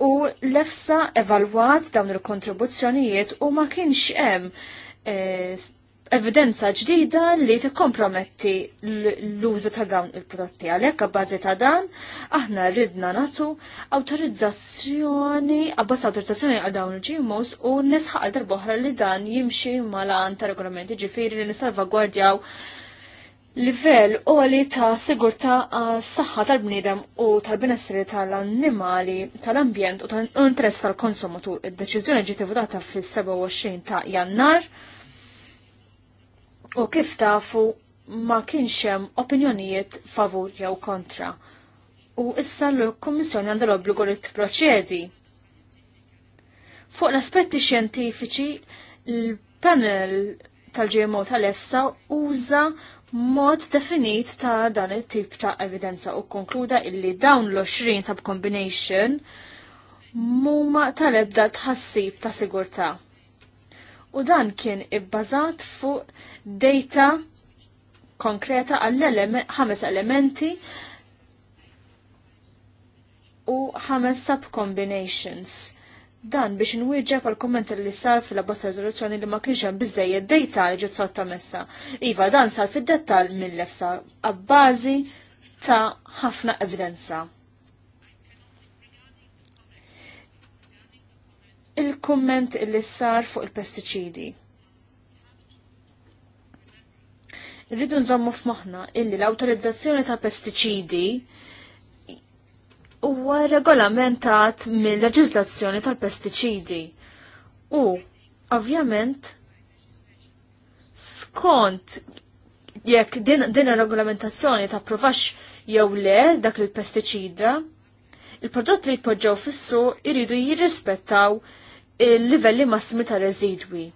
Speaker 2: u l-efsa evalwat dawn il-kontribuzzjonijiet u ma kienx hemm e, evidenza ġdida li tikkomprometti l-użu ta' dawn il-prodotti għalhekk għabbażi ta' dan aħna ridna nagħtu awtorizzazzjoni għabbaż awtorizzazzjoni għal dawn il ġimus u nisħaq għal darboħra li dan jimxi mal-għan ta' regolamenti ġifieri li nisalvagwardjaw livell għoli ta' sigurta s-saħħa tal-bniedem u tal-benessri tal-annimali, tal-ambjent u tal-interess tal-konsumatur. Id-deċiżjoni ġitivu data fis-27 ta' Jannar U kif tafu ma kienx hemm opinjonijiet favur jew kontra. U issa l-Kummissjoni għandha l-obbligu li tipproċedi. Fuq l-aspetti xjentifiċi, l-panel tal-GMO tal-EFSA uża mod definit ta' dan it-tip ta' evidenza u konkluda illi dawn l-20 sub-combination muma tal-ebda tħassib ta' sigurta' u dan kien ibbażat fuq data konkreta għall ħames elementi u ħames sub combinations. Dan biex nwieġeb għal komment li sar fil bosta rezoluzzjoni li ma kienx hemm biżejjed data li ġiet messa. Iva dan sar fid dettall mill-lefsa għabbażi ta' ħafna evidenza. il-komment li sar fuq il-pestiċidi. Rridu nżommu f'moħħna illi l-autorizzazzjoni ta' pestiċidi huwa regolamentat mill-leġiżlazzjoni tal-pestiċidi u ovvjament skont jekk din, din regolamentazzjoni ta' provax jew le dak il-pestiċida, il prodotti li jpoġġew fissu irridu jirrispettaw il-livelli massimi ta' residwi.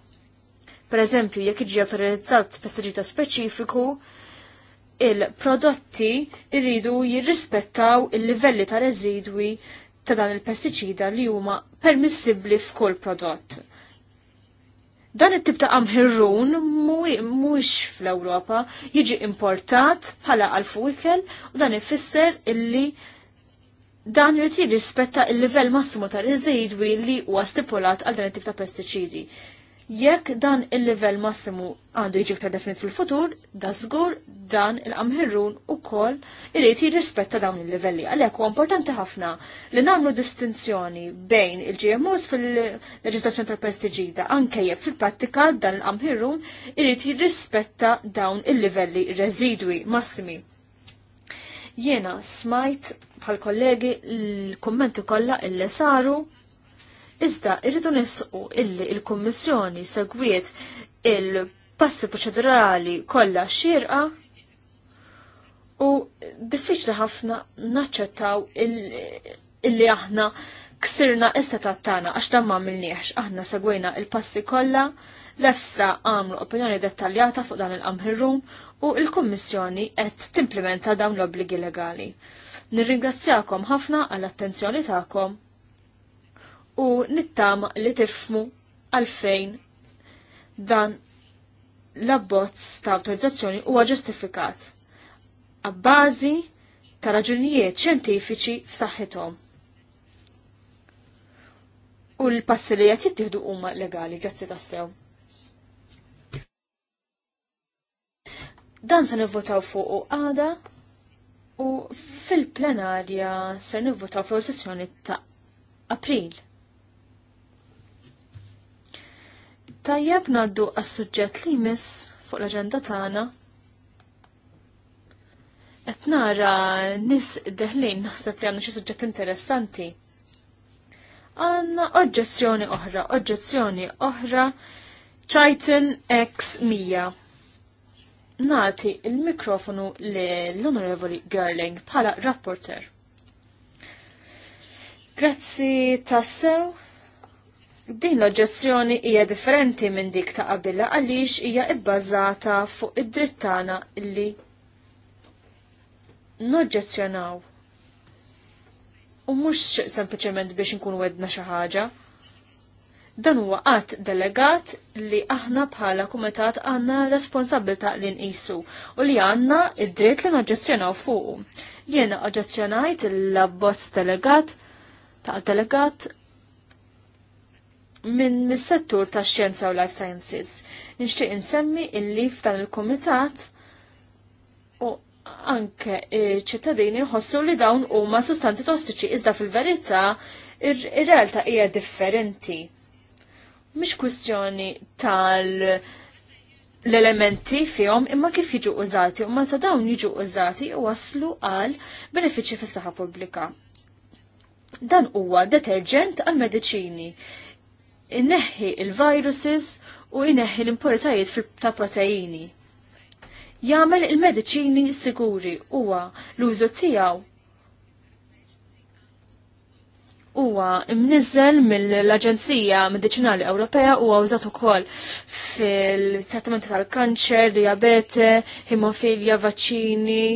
Speaker 2: Per eżempju, jekk iġi autorizzat pestiċida speċifiku, il-prodotti irridu jirrispettaw il-livelli ta' residwi ta' dan il-pestiċida li huma permissibbli f'kull prodott. Dan it-tip ta' amħirrun mhuwiex fl-Ewropa jiġi importat bħala għal ikel u dan ifisser illi dan irid jirrispetta il-livell massimu ta' residwi li huwa stipulat għal dan it-tip ta' pestiċidi. Jekk dan il-livell massimu għandu jiġi ktar definit fil-futur, da żgur dan il-qamħirrun ukoll irid jirrispetta dawn il-livelli. Għalhekk huwa importanti ħafna li nagħmlu distinzjoni bejn il-GMOs fil-leġislazzjoni tal-pestiċida anke jekk fil-prattika dan il-qamħirrun irid jirrispetta dawn il-livelli residwi massimi. Jiena smajt bħal kollegi l-kommenti kollha illi saru iżda irridu nisqu illi il-Kummissjoni segwiet il-passi proċedurali kollha xirqa u diffiċli ħafna naċċettaw illi aħna ksirna istatat tagħna għax dan ma aħna segwejna il-passi kollha l-EFSA għamlu opinjoni dettaljata fuq dan il-qamħirrum u il-Kummissjoni qed timplementa dawn l-obbligi legali. Nirringrazzjakom ħafna għall-attenzjoni tagħkom u nittama li tifmu għalfejn dan l-abbozz ta' autorizzazzjoni huwa ġustifikat għabbażi ta' raġunijiet xjentifiċi f'saħħithom. U l-passi li qed jittieħdu huma legali, grazzi tassew. Dan se nivvotaw fuq għada u fil-plenarja ser nivvotaw fl sessjoni ta' April. Tajjeb naddu għas-suġġett li jmiss fuq l-aġenda tagħna qed nara nis deħlin naħseb li għandna xi suġġett interessanti. Għandna oġġezzjoni oħra, oġġezzjoni oħra Triton X100 nati il-mikrofonu l-Onorevoli Gerling bħala rapporter. Grazzi tassew. Din l-oġġezzjoni hija differenti minn dik ta' qabilla għaliex hija bbażata fuq id-dritt tagħna li noġġezzjonaw. U mhux sempliċement biex inkunu wedna xi ħaġa. Dan huwa qatt delegat li aħna bħala kumitat għandna responsabilta li nqisu u li għandna id-dritt li naġġezzjonaw fuq. Jiena oġġezzjonajt l-abbozz delegat ta' delegat minn mis-settur ta' xjenza u life sciences. Nixtieq insemmi l-lif f'dan il-kumitat u anke ċittadini ħossu li dawn huma sustanzi tossiċi iżda fil-verità ir-realtà hija differenti. Mhix kwistjoni tal- l-elementi fihom imma kif jiġu użati u meta dawn jiġu użati waslu għal benefiċċji fis-saħħa pubblika. Dan huwa detergent għal mediċini inneħħi il-viruses u inneħħi l-impuritajiet ta' proteini. Jagħmel il-mediċini siguri huwa l-użu tiegħu huwa imniżżel mill-Aġenzija Mediċinali Ewropea huwa użat ukoll fil-trattamenti tal-kanċer, diabete, hemofilja, vaċċini.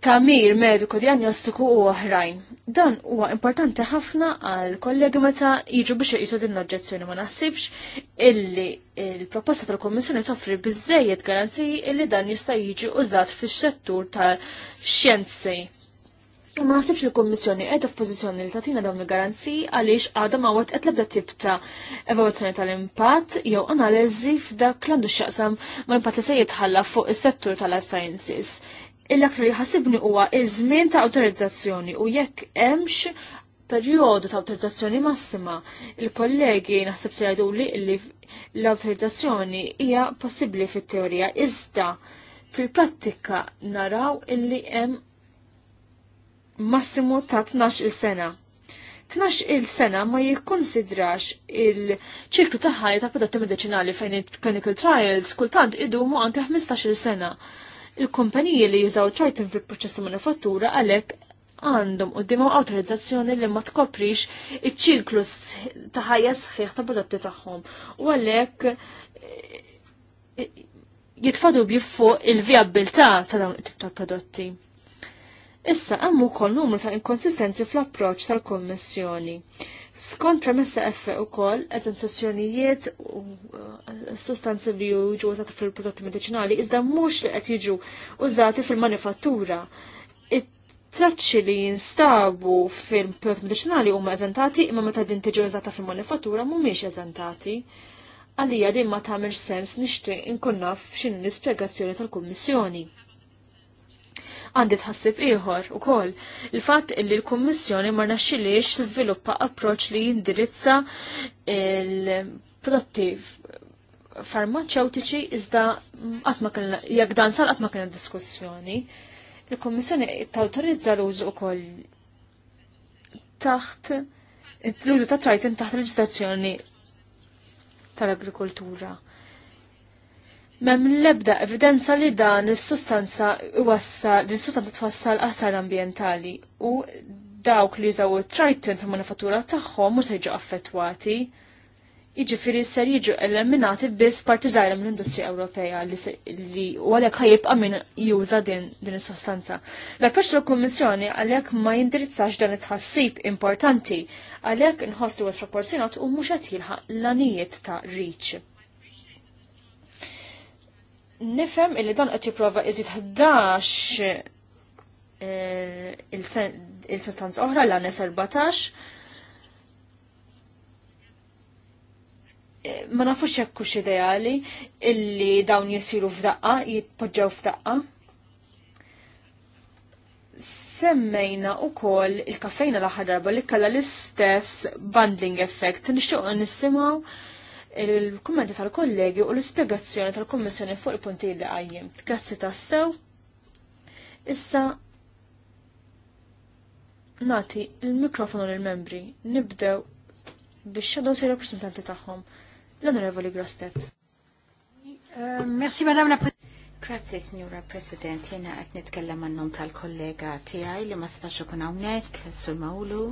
Speaker 2: tamir mediku diagnostiku u oħrajn. Dan huwa importanti ħafna għal kollegi meta jiġu biex jisu din l-oġġezzjoni ma naħsibx illi il-proposta tal-Kommissjoni toffri biżejjed garanziji illi dan jista' jiġi użat fix-settur tal-xjenzi. Ma nasibx il l-Kommissjoni qiegħda f'pożizzjoni li tagħtina dawn il-garanziji għaliex għadha ma wet qed tibta tip ta' evalwazzjoni tal-impatt jew analiżi f'dak l għandu x'jaqsam mal-impatt li se jitħalla fuq is-settur tal-life sciences. Il-aktar li ħassibni huwa iż-żmien ta' awtorizzazzjoni u jekk hemmx perjodu ta' awtorizzazzjoni massima. Il-kollegi naħseb se jgħidu li l-awtorizzazzjoni hija possibbli fit-teorija iżda fil-prattika naraw illi hemm massimu ta' 12 il-sena. 12 il-sena ma jikkonsidrax il-ċiklu ta' ħajja ta' prodotti medicinali fejn clinical trials kultant idumu anke 15 il-sena. Il-kumpaniji li jużaw triton fil-proċess ta' manifattura għalhekk għandhom dimaw awtorizzazzjoni li ma tkoprix iċ-ċiklu ta' ħajja sħiħ ta' prodotti tagħhom. U għalhekk eh, jitfadu fuq il-vjabbiltà ta' dawn it-tip ta' prodotti. Issa hemm ukoll numru ta' inkonsistenzi fl-approċċ tal-Kommissjoni. Skont premessa F ukoll eżenzjonijiet u eh, sostanzi li jiġu użati fil-prodotti medicinali iżda mhux li qed jiġu użati fil-manifattura. It-traċċi li jinstabu fil-prodotti medicinali huma eżentati imma meta din tiġi użata fil-manifattura mhumiex eżentati. Għalija din ma tagħmel sens nixtieq inkun naf x'inhi l-ispjegazzjoni tal-Kummissjoni għandi tħassib ieħor ukoll. Il-fatt li l-Kummissjoni ma naxxilix tiżviluppa approċċ li jindirizza il-prodotti farmaceutiċi iżda qatt jekk dan sal għatma ma diskussjoni. Il-Kummissjoni tawtorizza l-użu ukoll taħt l-użu ta' trajtin taħt leġislazzjoni tal-agrikoltura. Mem ebda evidenza li dan is-sustanza iwassal li sustanza twassal għasar ambjentali u dawk li jużaw it-triton fil-manifattura tagħhom mhux jiġu affettwati. Jiġifieri ser jiġu eliminati biss partizajra mill-industrija Ewropea li u għalhekk ħajibqa' min juża din is-sostanza. L-approċċ tal-Kummissjoni għalhekk ma jindirizzax dan it-tħassib importanti għalhekk inħossli was proporzjonat u mhux qed jilħaq l-anijiet ta' reach nifhem illi dan qed jipprova jżid 11 eh, il sustanza oħra l-anes 14 eh, ma nafux jekk hux ideali illi dawn jisiru f'daqqa, jitpoġġaw f'daqqa. Semmejna u koll il kafejna l-aħħar darba li kalla l-istess bundling effect. Nixtieq nissimaw il-kummenti tal-kollegi u l-ispiegazzjoni tal-Kommissjoni fuq il-punti li għajjimt. Grazzi tassew. Issa nati il-mikrofonu lill-membri nibdew biex xadow si rappresentanti tagħhom. L-Onorevoli Grostet. Eh, merci Madame la Grazie, Signora President.
Speaker 4: Jena għet nitkellem għannum tal-kollega tijaj li ma setax ikun hawnhekk sul mawlu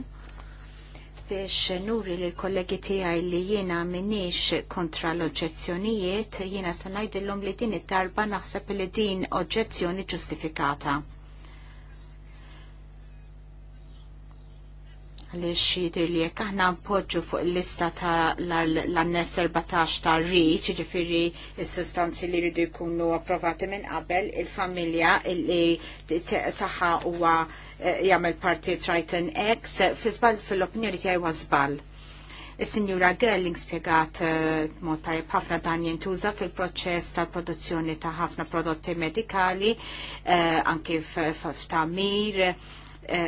Speaker 4: biex nuri li l-kollegi tijaj li jiena minix kontra l-oġezzjonijiet, jiena sanajdillom li din it-tarba naħseb li din oġezzjoni ġustifikata. li xidir li jekk aħna npoġġu fuq il-lista ta' l-annes 14 ta' riċ, ġifiri il-sustanzi li rridu jkunu approvati minn qabel, il-familja li taħħa huwa Eh, Jammel parti Triton X eh, fiżbal fil-opinjoni tijaj wasbal. Is-Sinjura Gerling spjegat eh, mota ħafna dan jintuża fil-proċess tal-produzzjoni ta' ħafna prodotti medikali, anke f'tamir,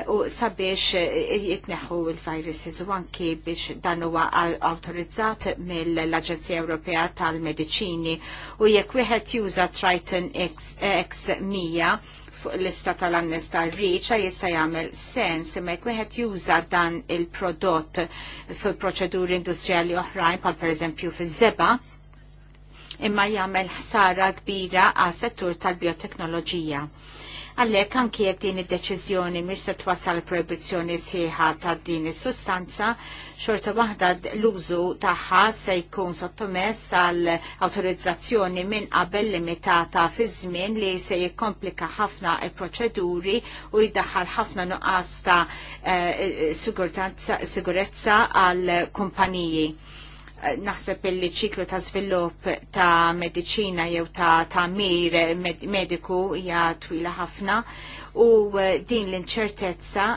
Speaker 4: u sabiex jitneħu il-viruses u anki biex dan huwa autorizzat mill-Aġenzija Ewropea tal-Mediċini u jekk wieħed juża Triton X100 fuq l-lista tal-annes tal-riċa jista' jagħmel sens imma jekk wieħed juża dan il-prodott fil-proċeduri industrijali oħrajn bħal pereżempju fiż-żeba imma jagħmel ħsara kbira għas settur tal-bioteknoloġija Għallek anki jek din id-deċizjoni mis se twassal proibizzjoni sħiħa ta' din is-sustanza, xorta waħda l-użu tagħha se jkun sottomess għal autorizzazzjoni minn qabel limitata fi żmien li se jikkomplika ħafna il-proċeduri u jiddaħħal ħafna nuqqas ta' eh, eh, sigurezza għal kumpaniji Eh, naħseb illi ċiklu ta' svilupp ta' medicina jew ta' tamir med mediku hija twila ħafna u eh, din l-inċertezza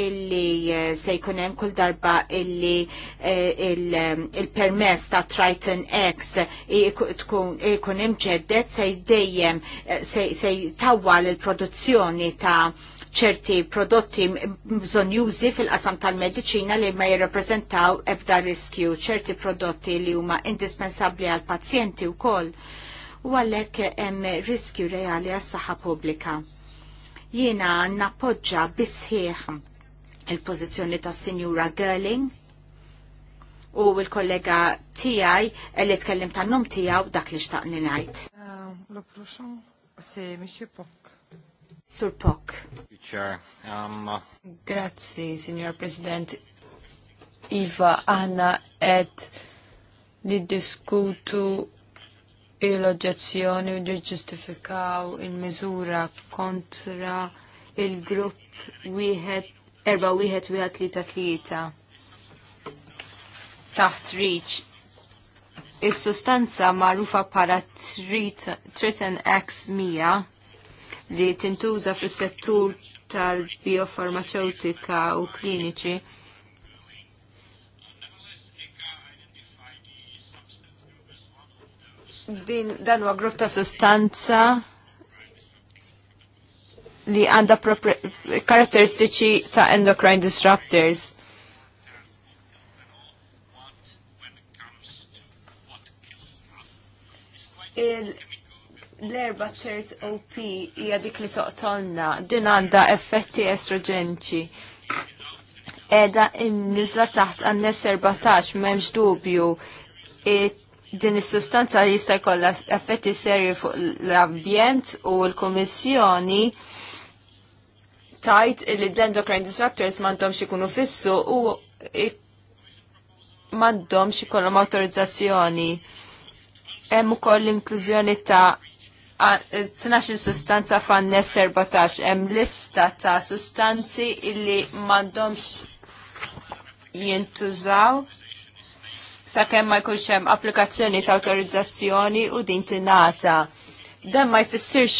Speaker 4: illi eh, se jkun hemm kull darba illi il-permess ta' Triton X ikun hemm ġeddet se dejjem se tawwal il-produzzjoni ta' ċerti prodotti bżonjużi fil-qasam tal-medicina li ma jirrepreżentaw ebda riskju, ċerti prodotti li huma indispensabbli għal pazjenti wkoll u għalhekk hemm riskju reali għas-saħħa pubblika. Jiena nappoġġa bisħieħ il-pożizzjoni tas-Sinjura Girling u l kollega tijaj li tkellim tan-num tijaw dak li xtaqni najt. Sur Pok. Um, uh, Grazzi, Signor
Speaker 5: President. Iva, aħna qed niddiskutu il-oġġezzjoni u ġustifikaw il-miżura kontra il-grupp wieħed erba' wieħed wieħed tlieta tlieta taħt reach il-sustanza marufa para Triton x Mija li tintuża fis-settur tal-biofarmaceutika u kliniċi. Din dan huwa grupp ta' sostanza li għandha karakteristiċi ta' endocrine disruptors. il l-erba ċert OP hija dik li toqtolna, din għandha effetti estrogenċi. Edha nizla taħt għannes 14 m'hemmx dubju din is-sustanza jista' jkollha effetti serji fuq l-ambjent u l-Kummissjoni tajt li l-endocrine disruptors m'għandhomx ikunu fissu u m'għandhomx ikollhom awtorizzazzjoni. Hemm ukoll l-inklużjoni ta' 12 e, sustanza fan nesser batax, hemm lista ta' sustanzi illi m'għandhomx jintużaw sakemm ma jkunx hemm applikazzjoni ta' autorizzazzjoni u din tingħata. Dan ma jfissirx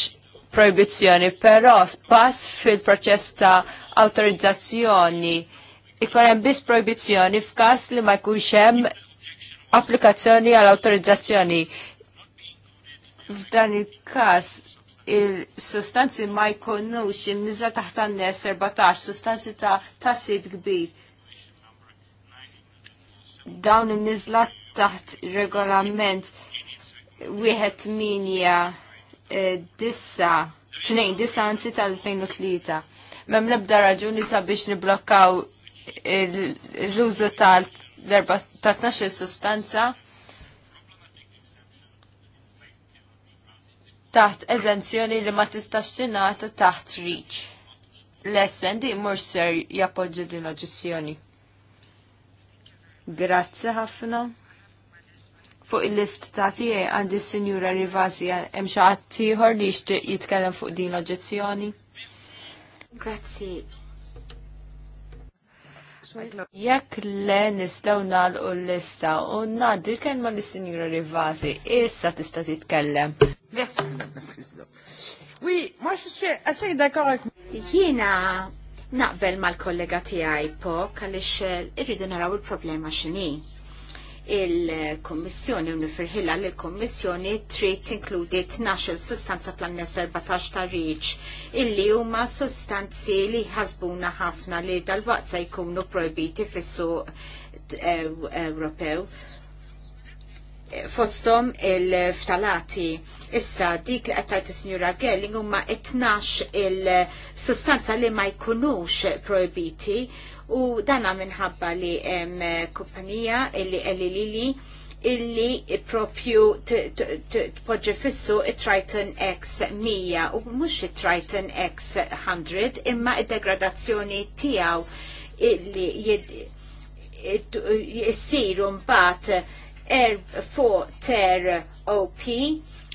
Speaker 5: proibizzjoni, però pass fil-proċess ta' autorizzazzjoni ikun hemm biss proibizzjoni f'każ li ma jkunx hemm applikazzjoni għall autorizzazzjoni f'dan il-kas il-sustanzi ma jkunux imniża taħt għannes 14 sustanzi ta' tasib kbir. Dawn il imniżla taħt regolament 1-8-9, eh, dissa, tnejn dissa 2003 Mem lebda raġuni sabiex niblokkaw l-użu tal-12 sustanza taħt eżenzjoni li ma tistax tingħata taħt reach. l di mur ser jappoġġi din l-oġġezzjoni. Grazzi ħafna. Fuq il-list ta' tiegħi għandi s-Sinjura Rivasi hemm xi ħadd ieħor li jixtieq jitkellem fuq din l-oġġezzjoni. Grazzi Jekk le nistaw nalqu l-lista u nadir ma l-Sinjura Rivasi, issa tista' titkellem.
Speaker 4: Merci, Oui, moi je suis assez d'accord avec Jiena naqbel mal-kollega tiegħi kalli xel, irridu naraw il-problema x'inhi il-Kommissjoni u nifirħilla li l-Kommissjoni trid tinkludi il sustanza plan-nes ta' riċ illi huma sustanzi li ħasbuna ħafna li dal-waqt jkunu projbiti fis-suq eh, Ewropew fostom il-ftalati. Issa dik li qed is Sinjura Gelling huma 12 il-sustanza li ma jkunux projbiti u dana minħabba li eh, kumpanija illi elilili illi propju t-podġi fissu il-Triton X 100 u mux il-Triton X 100 imma il degradazzjoni tijaw illi jissiru mbat er ter OP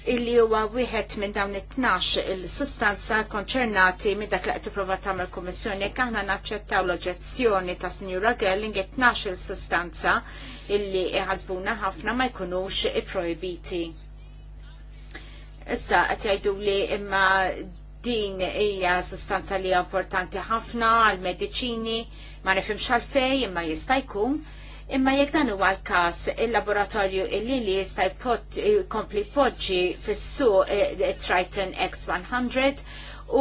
Speaker 4: illi huwa wieħed minn dawn it tnax il-sustanza konċernati minn dak li qed tipprova tagħmel kummissjoni jekk aħna naċċettaw l-oġezzjoni ta' Sinjura Gelling it tnax il-sustanza illi iħasbuna ħafna ma jkunux ipprojbiti. Issa qed jgħidu li imma din hija sustanza li importanti ħafna għal mediċini ma nifhimx għalfejn imma jista' jkun Imma jekk dan huwa l-każ il-laboratorju illi li jista' jkompli poġġi fis-suq eh, eh, Triton X100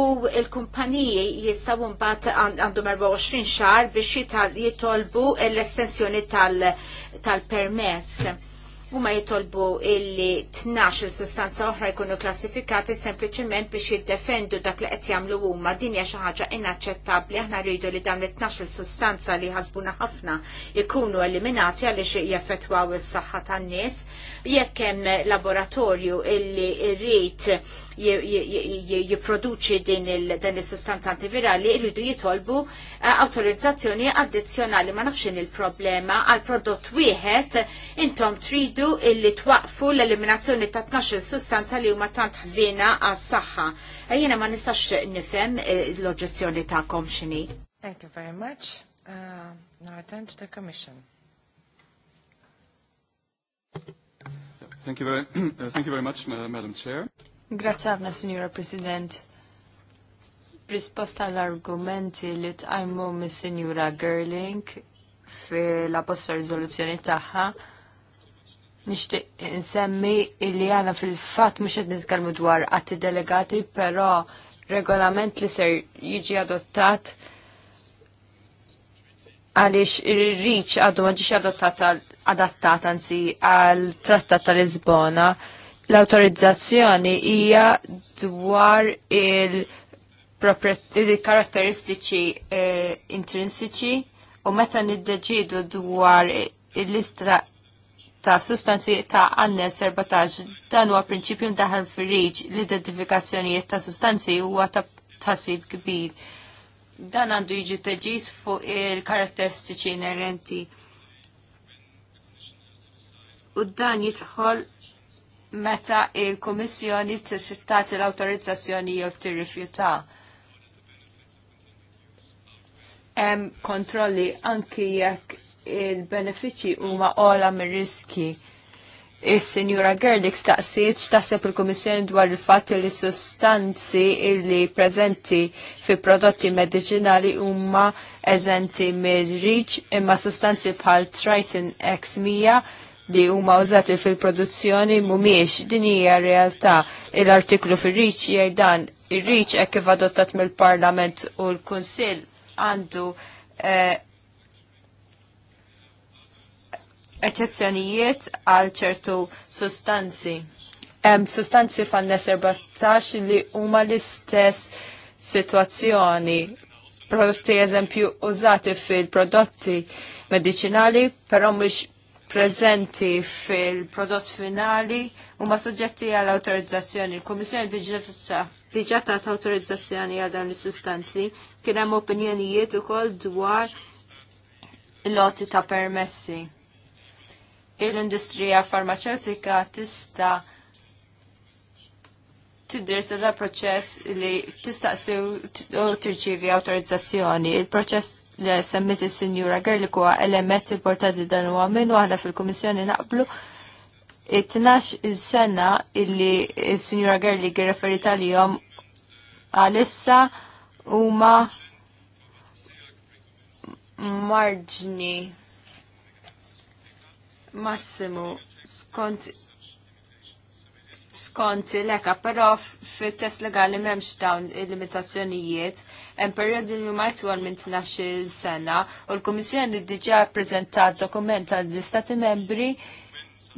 Speaker 4: u l-kumpaniji jistgħu mbagħad għandhom 24 xahar biex jitolbu l-estensjoni tal-permess. Tal huma jitolbu illi 12 sustanza oħra jkunu klassifikati sempliċement biex jiddefendu dak li qed jagħmlu huma din hija xi ħaġa inaċċettabbli aħna rridu li dawn it-12 sustanza li ħasbuna ħafna jkunu eliminati għaliex jaffettwaw is-saħħa tan-nies jekk hemm laboratorju illi rrid jipproduċi din il-sustanza antivirali jridu jitolbu eh, autorizzazzjoni addizzjonali ma nafxin il-problema għal prodott wieħed intom tridu illi twaqfu l-eliminazzjoni ta' 12 sustanza li huma tant ħżiena għas-saħħa. Ejjena eh, ma nistax nifhem eh, l-oġġezzjoni tagħkom x'inhi.
Speaker 1: Thank you very much. Uh, now I turn to the Commission.
Speaker 6: Thank you very, uh, thank you very much, uh, Madam Chair.
Speaker 1: Grazie Signora President.
Speaker 5: Risposta l-argumenti li tqajmu mis Signora Gerling fil posta rizoluzzjoni tagħha nixtieq insemmi illi għana fil-fatt mhux qed nitkellmu dwar għatti delegati, però regolament li ser jiġi adottat għaliex ir-riċ għadu ma adottat adottat adattat anzi għal trattat ta' lisbona l-autorizzazzjoni hija dwar il- karatteristiċi eh, intrinsiċi u meta niddeċidu dwar il-lista ta' sustanzi ta' għannes 14 dan huwa prinċipju daħal fir l-identifikazzjonijiet ta' sustanzi huwa ta' tasib kbir. Dan għandu jiġi teġis fuq il-karatteristiċi inerenti u dan jidħol meta il-Komissjoni tirfittati l-autorizzazzjoni jew tirrifjuta. Hemm kontrolli anki jekk il-benefiċċji huma ola mir-riski. Is-Sinjura Gerdik staqsiet x'taħseb il-Kummissjoni dwar il-fatt li sustanzi li preżenti fi prodotti mediċinali huma eżenti mill riġ imma sustanzi bħal Triton x li huma użati fil-produzzjoni mhumiex din hija realtà l-artiklu fir-riċ jgħid dan ir-riċ hekk kif adottat mill-Parlament u l-Kunsill għandu eh, eċezzjonijiet għal ċertu sustanzi. Hemm sustanzi fan-nes li huma l-istess sitwazzjoni, prodotti eżempju użati fil-prodotti medicinali, però mhux prezenti fil-prodott finali u ma soġġetti għal autorizzazzjoni. Il-Komissjoni Diġata ta' autorizzazzjoni għal dawn is-sustanzi kien hemm opinjonijiet ukoll dwar loti ta' permessi. Il-industrija farmaceutika tista' tiddirsa da' proċess li tista' u tirċivi autorizzazzjoni. Il-proċess li semmit il-Sinjura Gerlik huwa element importanti dan huwa minn aħna fil-Kummissjoni naqblu it-tnax is-sena illi il-Sinjura Gerlik referi tal-jom għalissa huma marġni massimu skont skont l-eka, però fit-test legali memx dawn il-limitazzjonijiet, hemm periodi li ma jitwal minn 12 sena, u l-Kummissjoni diġà ppreżentat dokument għall-Istati membri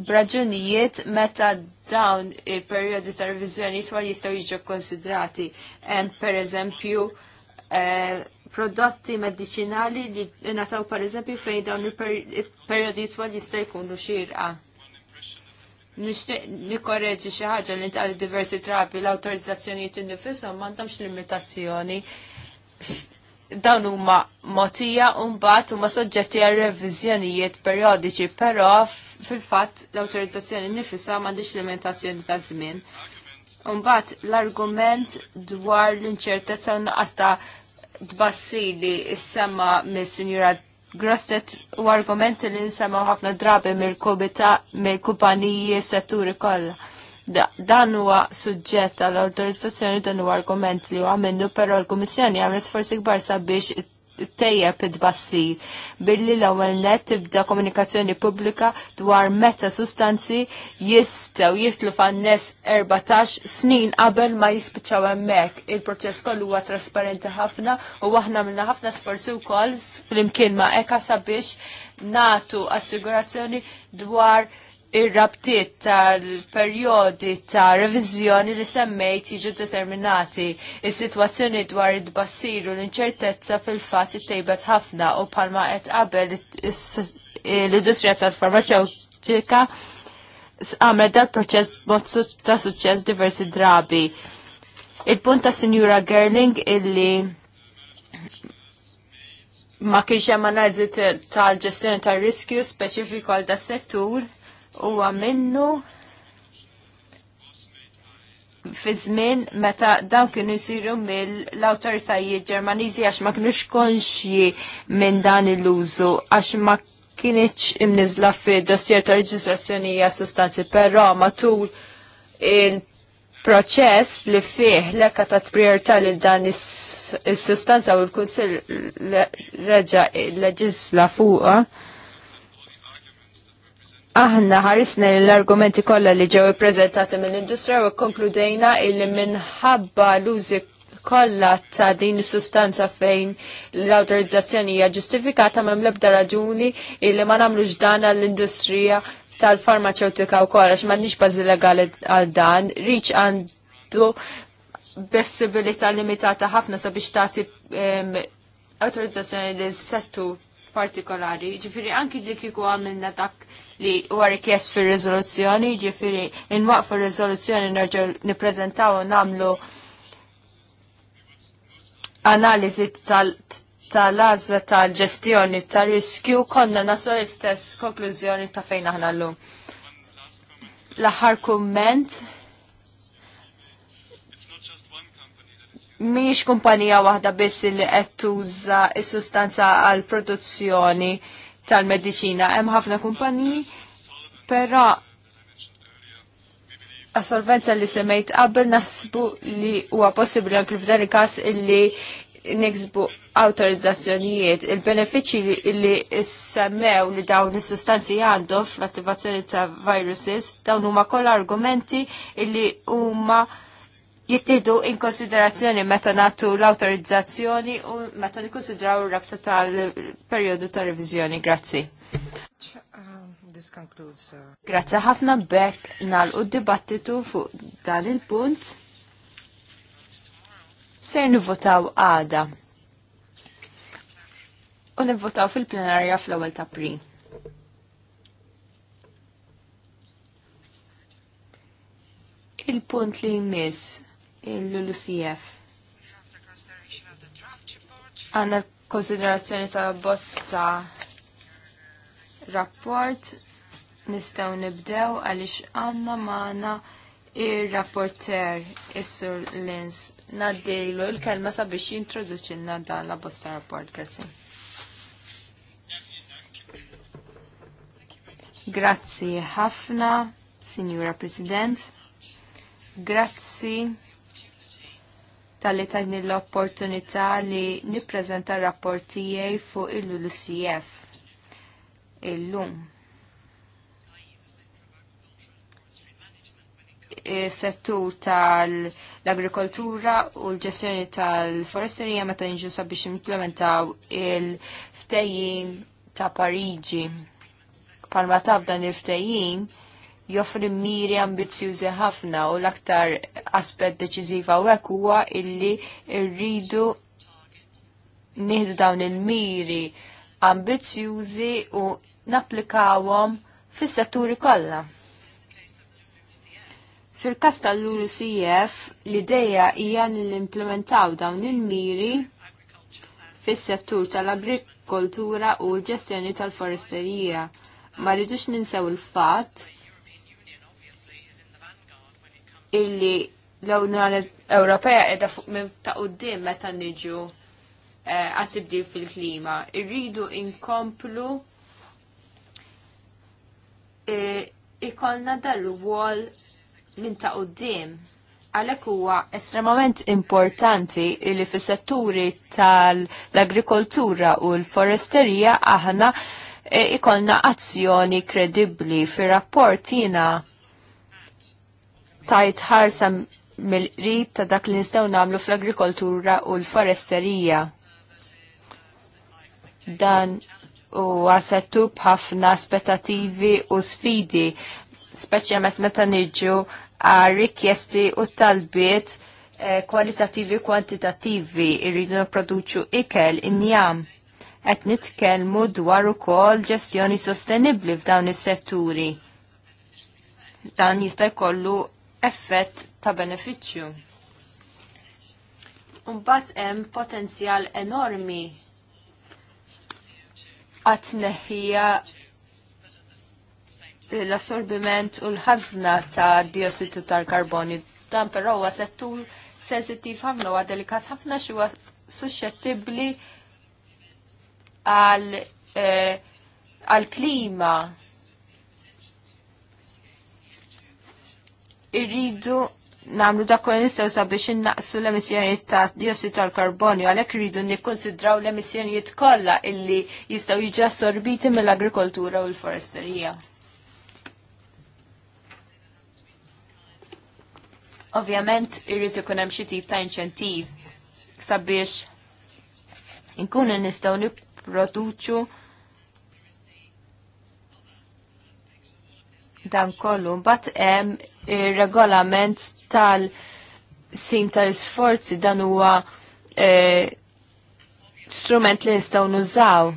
Speaker 5: braġunijiet meta dawn il-perjodi ta' revizjoni jitwal jistgħu jiġu konsidrati. Hemm pereżempju eżempju, eh, prodotti medicinali li nataw per eżempju fejn dawn il-perjodi jitwal jista' jkunu xirqa Nishtiq nikorreġi xi ħaġa li tqal diversi trabi l-awtorizzazzjonijiet innifisom m'għandhomx limitazzjoni. Dawn huma motija u mbagħad huma soġġetti għal reviżjonijiet perjodiċi, però fil-fatt l-awtorizzazzjoni nifisha m'għandix limitazzjoni ta' żmien. Mbagħad l-argument dwar l-inċertezza u naqas ta' tbassili s-semma mis-sinjura Grasset u argumenti li nsema ħafna drabi mill-kumpaniji mil setturi kollha. dan huwa suġġett għall autorizzazzjoni dan huwa argument li huwa minnu però l-Kummissjoni għamlet forsi kbar sabiex tejjeb id bassi billi l-ewwel net tibda komunikazzjoni pubblika dwar meta sustanzi jistgħu jitlu fan nies 14 snin qabel ma jispiċċaw hemmhekk. Il-proċess kollu huwa trasparenti ħafna u aħna minna ħafna sforzi wkoll flimkien ma' eka sabiex natu assigurazzjoni dwar ir-rabtiet tal-perjodi ta' reviżjoni li semmejt jiġu determinati. Is-sitwazzjoni dwar id-bassir u l-inċertezza fil-fatt tejbet ħafna u palma qed qabel l-industrija tal-farmaceutika għamel dal-proċess mod ta' suċċess diversi drabi. Il-punt ta' Sinjura Gerling illi ma kienx hemm analiżi tal-ġestjoni tar-riskju speċifiku għal da' settur huwa minnu fi żmien meta dawn kienu jsiru mill-awtoritajiet Ġermaniżi għax ma kienux konxji minn dan il-użu għax ma kienieċ imnizla fi dossier ta' reġistrazzjoni għas sustanzi, però matul il-proċess li fih l-ekka ta' priorità li dan is-sustanza u l-Kunsill reġa' leġisla fuqa Aħna ħarisna l-argumenti kollha li ġew ippreżentati mill-industrija u konkludejna illi minħabba l-użi kollha ta' din is-sustanza fejn l-awtorizzazzjoni hija ġustifikata m'hemm l-ebda raġuni illi ma nagħmlux dan għall-industrija tal-farmaceutika wkoll għax m'għandniex bażi legali għal dan, riċ għandu bessibilità limitata ħafna sabiex tagħti awtorizzazzjoni lis settur partikolari. Ġifiri, anki li kiku għamilna dak li huwa rikjest fir rezoluzzjoni ġifiri, il-waqfu rezoluzzjoni nerġu niprezentaw u namlu analizi tal azza tal-ġestjoni tal-riskju konna naso l-istess konklużjoni ta' fejn aħna l-lum. L-aħħar kumment miex kumpanija waħda biss li qed tuża s-sustanza għal produzzjoni tal-medicina. Hemm ħafna kumpaniji, però assolvenza li semmejt qabel naħsbu li huwa possibbli anke f'dan il-każ illi niksbu autorizzazzjonijiet il-benefiċċji li semmew li dawn is-sustanzi għandhom fl-attivazzjoni ta' viruses dawn huma kollha argumenti li huma jittidu in konsiderazzjoni meta natu l-autorizzazzjoni u meta nikkonsidraw ir-rabta tal-perjodu ta' revizjoni. Grazzi.
Speaker 1: Uh, Grazzi ħafna
Speaker 5: bekk nagħlqu d-dibattitu fuq dan il-punt. Ser nivvotaw għada. U nivvotaw fil-plenarja fl-ewwel ta' pri. il-punt li jmiss l-LUCF. Għanna konsiderazzjoni ta' bosta rapport nistaw nibdew għalix għanna maħna il-rapporter Issur Lins naddejlu il-kelma sabiex jintroduċinna dan la bosta rapport. Grazie. Grazzi ħafna, Signora President. Grazzi tal-li tajni l-opportunità li niprezenta rapportijaj fuq il-LUCF illum. settur tal-agrikoltura u l-ġestjoni tal-foresterija meta nġu biex implementaw il-ftejjin ta' Pariġi. Palma ta' dan il-ftejjin, joffri miri ambizjużi ħafna u l-aktar aspett deċiżiva u hekk huwa illi rridu nieħdu dawn il-miri ambizjużi u napplikawhom fis-setturi kollha. Fil-kas tal-LULUCF, l-ideja hija li l-implementaw dawn il-miri fis-settur tal-agrikoltura u l-ġestjoni tal-foresterija. Ma rridux ninsew il-fatt illi l-Unjoni Ewropea edha fuq minn ta' qudiem meta niġu eh, għat-tibdil fil-klima. Irridu inkomplu eh, ikolna dar wol minn ta' qudiem. Għalek huwa estremament importanti li fis setturi tal-agrikoltura u l-foresterija aħna eh, ikolna azzjoni kredibli fir rapportina tajt ħarsa mill-qrib ta' dak li nistgħu nagħmlu fl-agrikoltura u l-foresterija. Dan huwa settur b'ħafna aspettativi u sfidi, speċjalment meta niġu għal rikjesti u talbiet eh, kwalitativi u kwantitativi irridu nipproduċu ikel injam. Qed nitkellmu dwar ukoll ġestjoni sostenibbli f'dawn is-setturi. Dan jista' jkollu effett ta' beneficju. Umbat hemm potenzjal enormi għat neħija l-assorbiment u l-ħazna ta' diossitu tal-karbonju. Dan però huwa settur sensitiv ħafna huwa delikat ħafna xi huwa suscettibbli għal eh, għal klima irridu namlu da kol nistaw sabiex innaqsu l-emissjonijiet ta' diossidu tal-karbonju, għalhekk rridu nikkonsidraw l-emissjonijiet kollha illi jistgħu jiġu assorbiti mill-agrikoltura u l-foresterija. Ovvjament irrid ikun hemm xi tip ta' inċentiv sabiex inkunu nistgħu nipproduċu dan kollu. Mbagħad hemm ir-regolament tal-sim tal-isforzi dan huwa e, strument li nistgħu nużaw.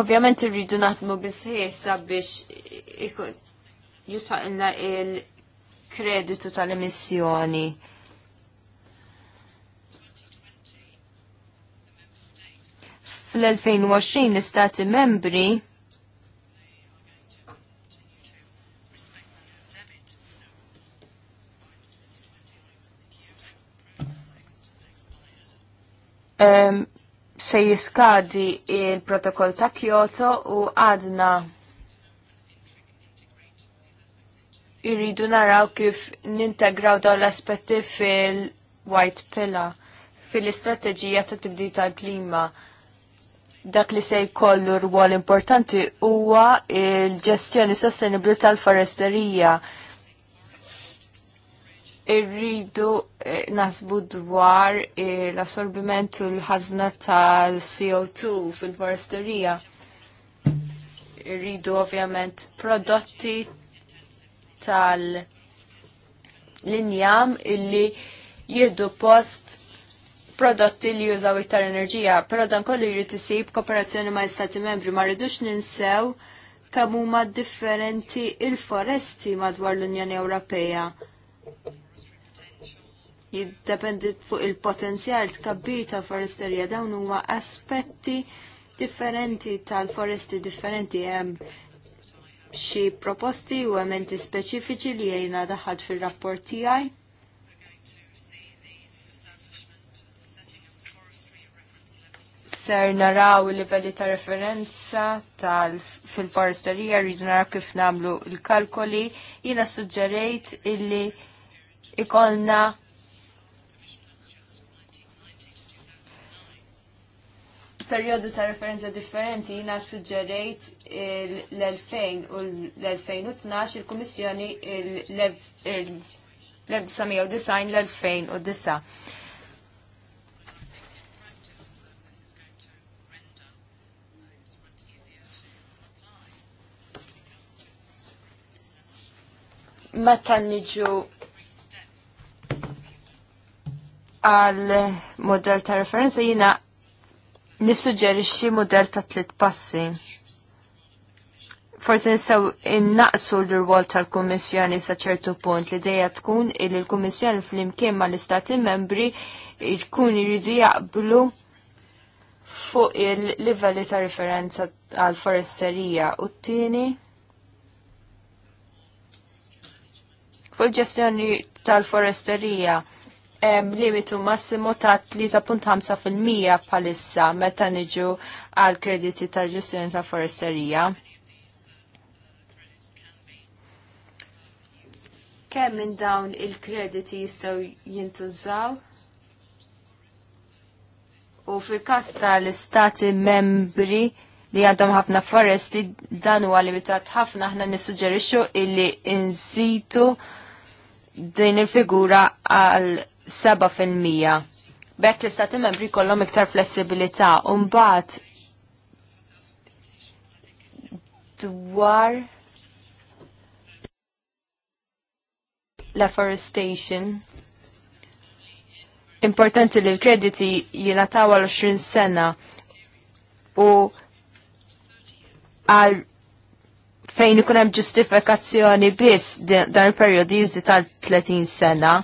Speaker 5: Ovvjament irridu naħdmu bisħieħ sabiex jistaqilna il-kreditu tal-emissjoni. fl-2020 l-istati membri um, se jiskadi il-protokoll ta' Kyoto u għadna irridu naraw kif nintegraw daw l-aspetti fil-White Pillar, fil-istrateġija ta' tibdil tal-klima. Dak li se jkollu rwol importanti huwa il-ġestjoni sostenibli tal-foresterija irridu eh, nasbu dwar eh, l-assorbiment u l-ħazna tal-CO2 fil-foresterija. Irridu ovvjament prodotti tal-linjam illi jiddu post prodotti li jużaw iktar enerġija, però dan kollu jrid isib kooperazzjoni ma' istati membri ma rridux ninsew kemm huma differenti il-foresti madwar l-Unjoni Ewropea jiddependi fuq il-potenzjal tkabbir ta' foresterija dawn huma aspetti differenti tal-foresti differenti hemm xi proposti u elementi speċifiċi li jgħina daħad fil-rapport tiegħi. ser naraw il-livelli ta' referenza tal fil-foresterija rridu naraw kif namlu l-kalkoli, jina suġġerejt illi ikolna periodu ta' referenza differenti jina suġġerejt l-2000 u l-2012 il komissjoni l-1990 l-2009. Ma tanniġu għal model ta' referenza jina nissuġġerixxi mudell ta' tliet passi. Forsi nsew innaqsu l-rwol tal-Kummissjoni sa' ċertu punt li dejja tkun il l-Kummissjoni fl-imkien ma' l-Istati membri jkun jridu jaqblu fuq il-livelli ta' referenza għal foresterija u t-tieni fuq il-ġestjoni tal-foresterija limitu massimo ta' 3.5% palissa meta niġu għal krediti ta' ġestjoni ta' foresterija. Kemm minn dawn il-krediti jistgħu jintużaw? U fil-każ tal-istati membri li għandhom ħafna foresti dan huwa limitat ħafna aħna nissuġġerixxu illi inżitu din il-figura għal 7%. Bekk l-istati membri kollom iktar flessibilità u mbagħad dwar l-afforestation. Importanti li l-krediti jingħataw għal 20 sena u għal fejn ikun hemm ġustifikazzjoni biss dan il-perjodi jiżdi tal-30 sena.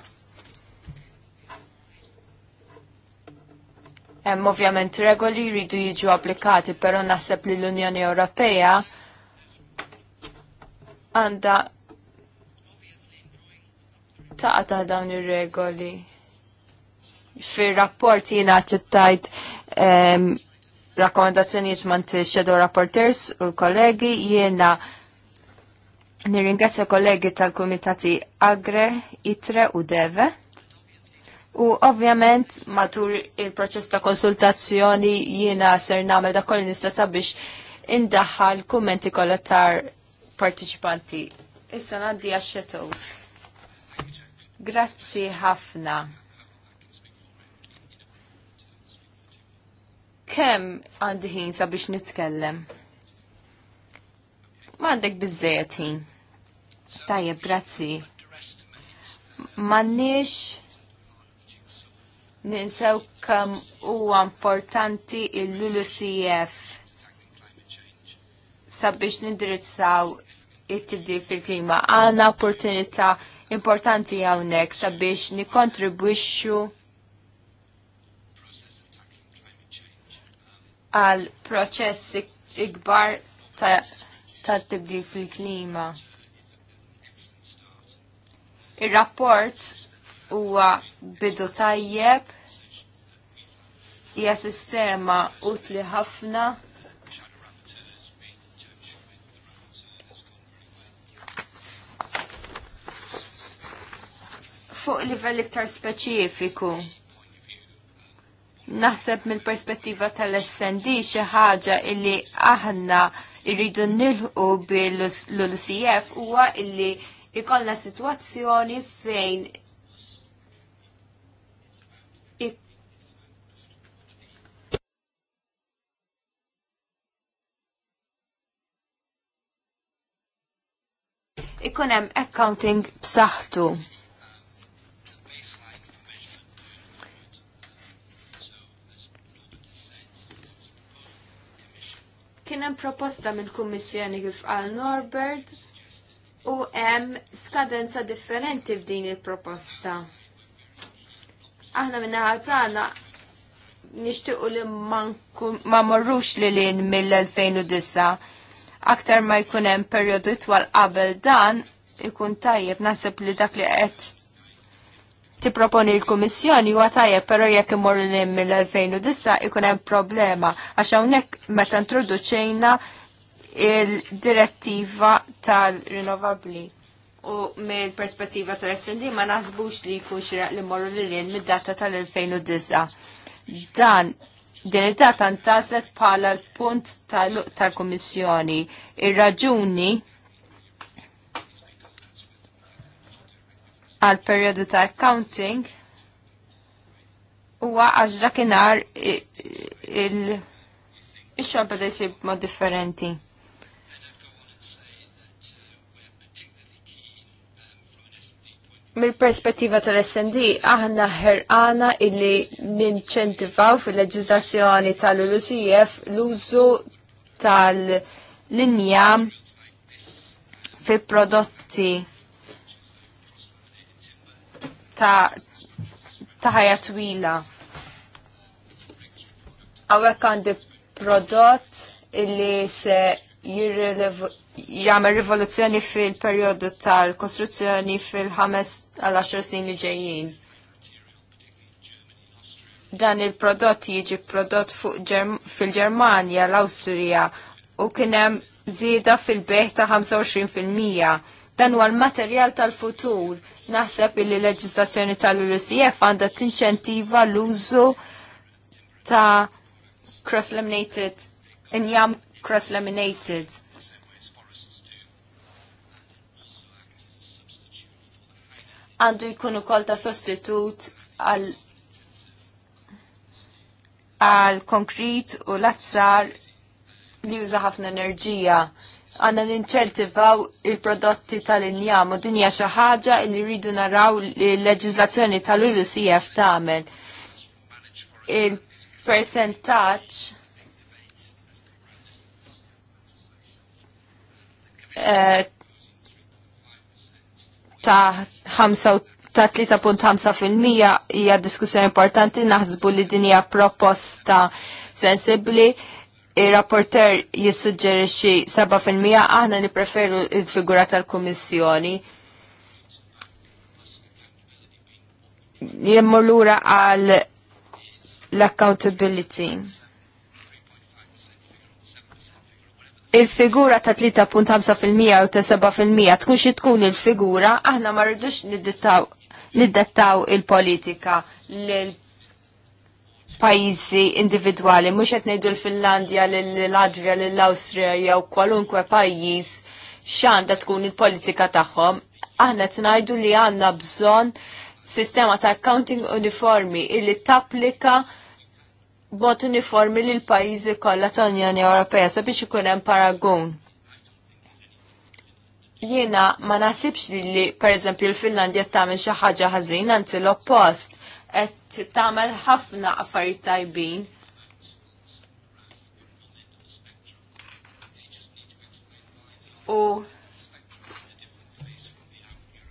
Speaker 5: Hemm ovvjament regoli jridu jiġu applikati, però naħseb li l-Unjoni Ewropea għandha taqa ta' dawn ir-regoli. Fir-rapport jiena ċittajt ehm, rakkomandazzjonijiet mant shadow rapporters u l-kollegi jiena nirringrazzja kollegi tal-kumitati Agre, Itre u Deve. U ovvjament matul il-proċess ta' konsultazzjoni jiena ser nagħmel da kolli nista' sabiex indaħħal kummenti kollha tar partiċipanti. Issa ngħaddi għax-shadows. Grazzi ħafna. Kemm għandi ħin sabiex nitkellem? M'għandek biżejjed ħin. Tajjeb, grazzi. M'għandniex ninsew kam huwa importanti il-LULUCF sabiex nindirizzaw it tibdi fil-klima. Għana opportunità importanti hawnhekk sabiex nikkontribwixxu għal proċess ikbar ta', tibdi fil-klima. Ir-rapport huwa bidu tajjeb hija sistema utli ħafna fuq livell iktar speċifiku. Naħseb mill-perspettiva tal-SND xi ħaġa illi aħna irridu nilħu bil lcf huwa illi ikollna sitwazzjoni fejn ikun hemm accounting b'saħħtu. Kien hemm proposta mill-Kummissjoni kif qal Norbert u hemm skadenza differenti f'din il-proposta. Aħna minna ħatana nixtiequ li ma morrux li lin mill-2009 aktar ma jkun hemm perjodu twal qabel dan ikun tajjeb naħseb li dak li qed tipproponi l-Kummissjoni huwa tajjeb però jekk imorru lim mill-2009 ikun hemm problema għax hawnhekk meta introduċejna il-direttiva tal rinovabbli u mill-perspettiva tal-SND ma naħsbux li jkun xiraq li morru li lejn mid-data tal-2009. Dan din id-data ntaset bħala l-punt tal-Kummissjoni. Ir-raġuni għal periodu ta' accounting huwa għax dakinhar il-xogħol beda jsib mod differenti. mill-perspettiva tal-SND aħna ħerqana illi ninċentivaw fil-leġizlazzjoni tal-LUCF l-użu tal-linja fi prodotti ta' ħajja twila. Għawek għandi prodott illi se jirrelevu jgħamil rivoluzzjoni fil-perjodu tal-kostruzzjoni fil-ħames għal 10 snin li ġejjin. Dan il-prodott jiġi prodott fil-Ġermanja, l-Awstrija u kien hemm żieda fil-beħ ta' 25%. Dan huwa l-materjal tal-futur. Naħseb il l-leġislazzjoni tal-UCF għandha tinċentiva l-użu ta' cross-laminated, injam cross-laminated għandu jkun ukoll ta' sostitut għal għal konkrit u l-azzar li juża ħafna enerġija. Għanna ninċertivaw il-prodotti tal-injam u dinja xi ħaġa li rridu naraw l-leġiżlazzjoni tal UCF tagħmel. il uh, eh, ta' 5 ta' 3.5% hija diskussjoni importanti naħsbu li din hija proposta sensibbli il-rapporter fil 7% aħna nippreferu il-figura tal-Kummissjoni. Jemmur lura għal l-accountability. il-figura ta' 3.5% u ta' 7% tkun xi tkun il-figura, aħna ma rridux niddettaw il-politika lil pajjiżi individwali, mhux qed ngħidu l-Finlandja, l-Latvja, l-Awstrija jew kwalunkwe pajjiż x'għandha tkun il-politika tagħhom. Aħna qed ngħidu li għandna bżonn sistema ta' accounting uniformi illi tapplika bot uniformi li l-pajizi kollha ta' unjoni Ewropea sabiex ikun hemm paragun. Jiena ma nasibx li li pereżempju l-Finlandja tagħmel xi ħaġa ħażin, anzi l-oppost qed tagħmel ħafna affarijiet tajbin. U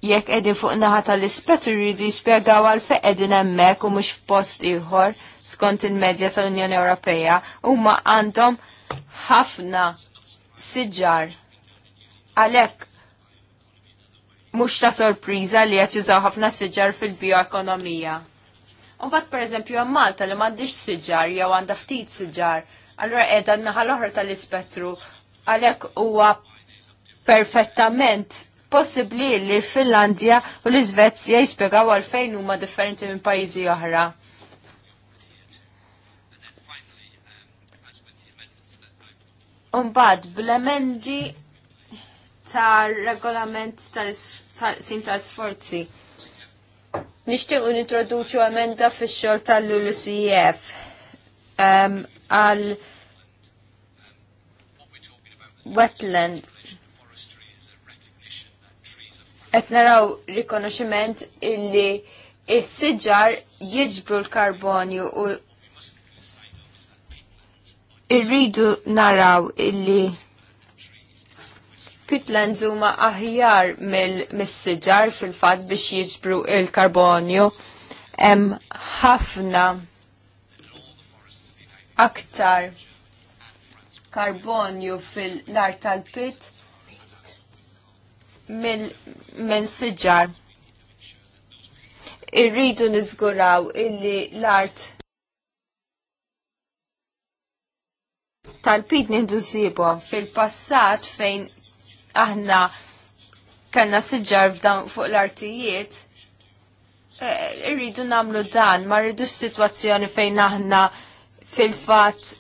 Speaker 5: jekk qegħdin fuq naħa tal ispettu jridu jispjegaw għal fejn qegħdin hemmhekk u mhux f'post ieħor skont il-medja tal-Unjoni Ewropea huma għandhom ħafna siġar għalhekk mhux ta' sorpriża li qed jużaw ħafna siġar fil-bioekonomija. Unbat per eżempju għam Malta li m'għandix siġar jew għandha ftit siġar, allura qiegħda naħa l-oħra tal-ispettru għalhekk huwa perfettament possibbli li Finlandja u l-Iżvezja jispjegaw għalfejn huma differenti minn pajjiżi oħra. Umbad, bl-emendi ta' regolament tal-sim ta' sforzi. Nishtiq un introduċu emenda fi xol tal-LULCF għal wetland. Et naraw rikonoximent illi is-siġar jiġbu l-karbonju u irridu naraw illi pitlands huma aħjar mill-siġar fil-fatt biex jiġbru il-karbonju hemm ħafna aktar karbonju fil-lar tal-pit minn siġar. Irridu niżguraw illi l-art tal-pid nindu fil-passat fejn aħna kanna siġar fuq l-artijiet, e, irridu namlu dan, ma rridu situazzjoni fejn aħna fil-fat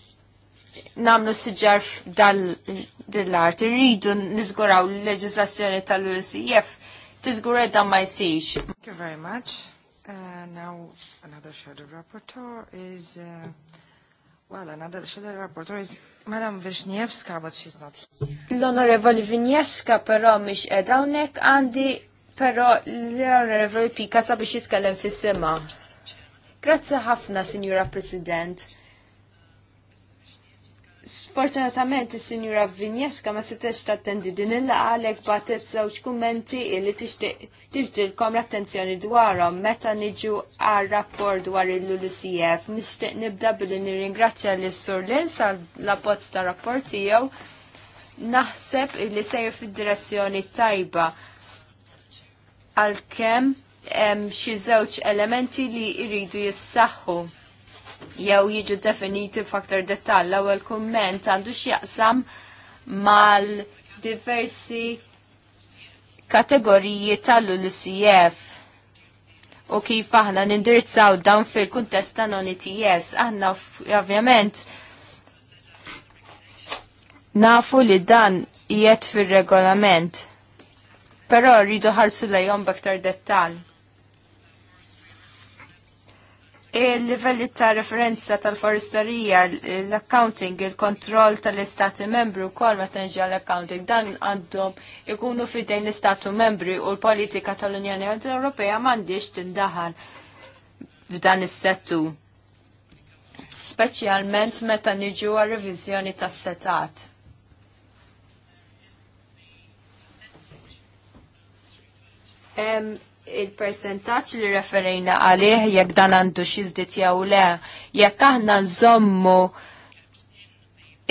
Speaker 5: namlu siġar dal-art, irridu nizguraw l-leġislazzjoni tal-UCF, tizgura
Speaker 1: dan ma jisix. Thank you very much. Uh, now another shadow rapporteur is, uh, well, another shadow rapporteur is Madam Vishniewska, but she's not here.
Speaker 5: L-Onorevoli però, mish edawnek, andi, għandi, però l Pika sabiex jitkellem fis Grazie Grazzi ħafna, Signora President. Sfortunatament is-Sinjura Vinjeska ma setgħux tendi din il laqa għalhekk batet żewġ kummenti li tixtieq tirtilkom l-attenzjoni dwarhom meta niġu għar-rapport dwar il-LULCF. Nixtieq nibda billi nirringrazzja lis sur Lins l abbozz ta' rapport tiegħu. Naħseb li sejr fid-direzzjoni tajba għalkemm hemm xi żewġ elementi li jridu jissaħħu jew jiġu definiti f'aktar dettall. L-ewwel kumment għandu x'jaqsam mal-diversi kategoriji tal lcf u kif aħna nindirizzaw dawn fil-kuntest ta' non ITS, Aħna ovvjament nafu li dan jiet fil-regolament, però rridu ħarsu lejhom b'aktar dettal il-livelli ta' referenza tal-forestarija, l-accounting, il-kontroll tal-istati membru, kol ma tenġi l-accounting, dan għandhom ikunu fidejn l istati membri u l-politika tal-Unjoni Ewropea mandiġ tindaħal f'dan is-settu. Speċjalment meta niġu għal revizjoni tas-setat. Um, il-percentaċ li referejna għalih jekk dan għandu xizdit jew le, jekk aħna nżommu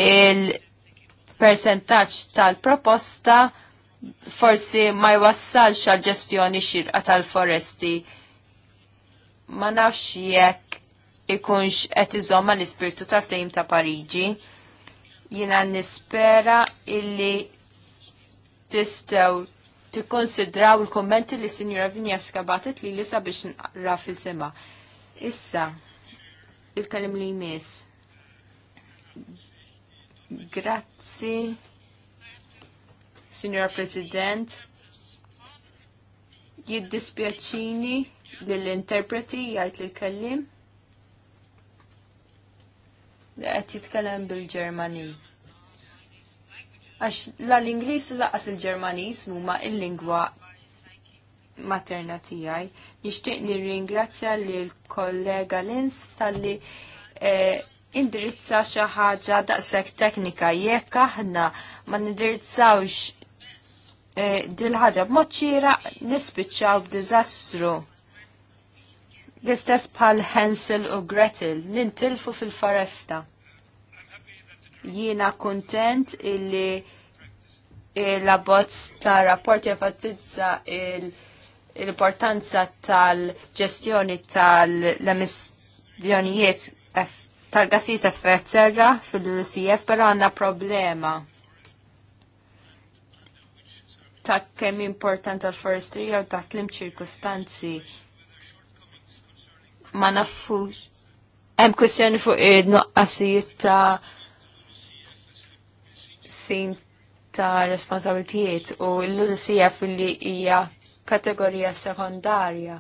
Speaker 5: il-percentaċ tal-proposta forsi ma jwassalx għal ġestjoni xirqa tal-foresti. Ma nafx jekk ikunx qed iżomma l-ispirtu tal-ftehim ta' Pariġi. Jiena nispera illi tistgħu tikkonsidraw il-kommenti li Sinjura Vinjaska batet li lisa biex rafi sema. Issa, il-kalim li jmiss. Grazzi, Signora President. Jiddispjaċini l-interpreti jgħajt li l-kallim. Għet jitkellem bil-Ġermani. Għax la l-Inglis u laqas il-Ġermanis huma il-lingwa materna tiegħi. Nixtieq nirringrazzja lil kollega Lins talli eh, indirizza xi ħaġa daqshekk teknika jekk aħna ma nindirizzawx eh, dil-ħaġa b'mod xieraq nispiċċaw b'diżastru l-istess bħal Hansel u Gretel, nintilfu fil-foresta. Jiena kontent illi l-abbozz ta' rapport jafattizza l-importanza tal-ġestjoni tal-emissjonijiet tal-gassijiet effett serra fil-CF, pero għanna problema ta' kemm importanti tal forestrija u ta' klim ċirkustanzi ma nafux. Hemm kwistjoni fuq il noqqasijiet ta' taqsim ta' responsabiltijiet u l lulsija fil-li hija kategorija sekundarja.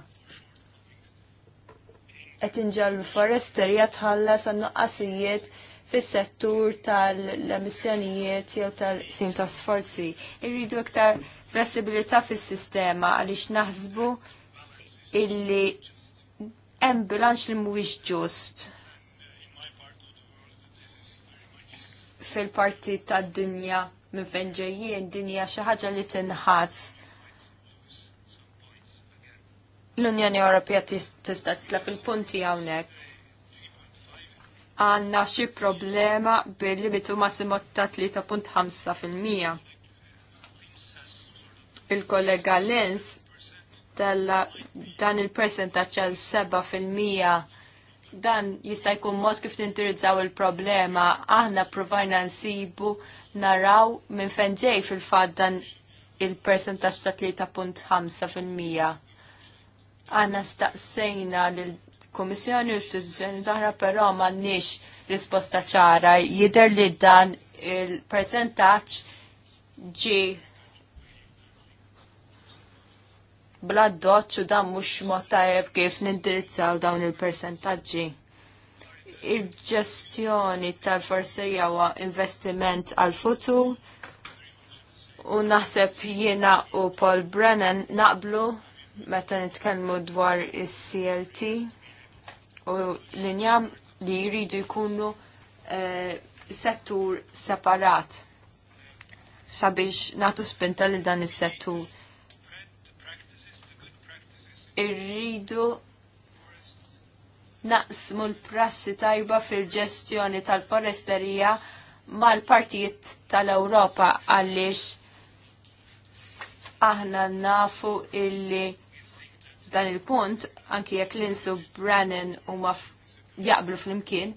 Speaker 5: Qed inġal foresterija tħallas għan-nuqqasijiet fis-settur tal-emissjonijiet jew tal-sin ta' sforzi. Irridu iktar flessibilità fis-sistema għaliex naħsbu illi hemm bilanċ li mhuwiex ġust fil-parti tad-dinja minn fejn ġejjien dinja xi ħaġa li tinħass. L-Unjoni Ewropea tista' titlaq il-punti hawnhekk. Għandna xi problema bil-limitu massimo ta' 3.5 fil-mija. Il-kollega Lenz tella dan il-percentaċ għal 7 fil-mija dan jista' jkun mod kif nintirizzaw il-problema aħna provajna nsibu naraw minn fejn ġej fil-fatt dan il persentaġġ ta' 3.5%. Aħna staqsejna lil kummissjoni u istituzzjoni oħra però m'għandniex risposta ċara jidher li dan il persentaġġ ġie bla doċċu dan mhux mod tajjeb kif nindirizzaw dawn il-persentaġġi. Il-ġestjoni tal-forsija huwa investiment għal-futur u naħseb jiena u Paul Brennan naqblu meta nitkellmu dwar is-CLT u l-injam li jridu jkunu eh, settur separat sabiex natu spinta li dan is-settur irridu naqsmu l-prassi tajba fil-ġestjoni tal-foresterija mal-partijiet tal-Ewropa għaliex aħna nafu illi dan il-punt anki jekk l-insu Brennan u ma jaqblu fl-imkien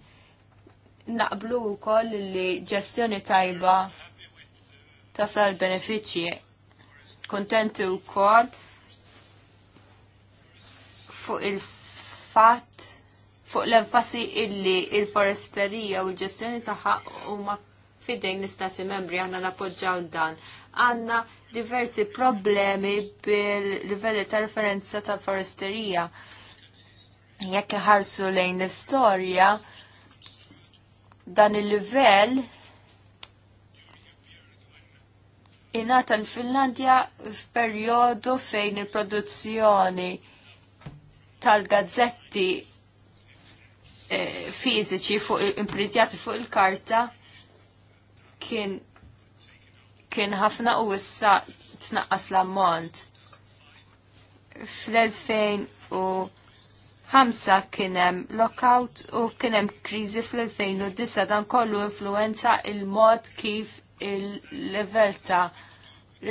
Speaker 5: naqblu wkoll li ġestjoni tajba tasal benefiċċji kontenti wkoll fuq il-fat fuq l-enfasi illi il-foresterija u l-ġestjoni u huma fidejn l-istati membri għanna napoġġaw dan. Għanna diversi problemi bil-livelli ta' referenza ta' foresterija. Jekk ħarsu lejn l-istorja, dan il-livell inata l-Finlandja f'perjodu fejn il-produzzjoni tal-gazzetti eh, fiziċi fuq imprintjati fuq il-karta kien kien ħafna u issa tnaqqas l-ammont. Fl-2005 kien hemm lockout u kien hemm kriżi fl-2009 dan kollu influenza il-mod kif il-level ta'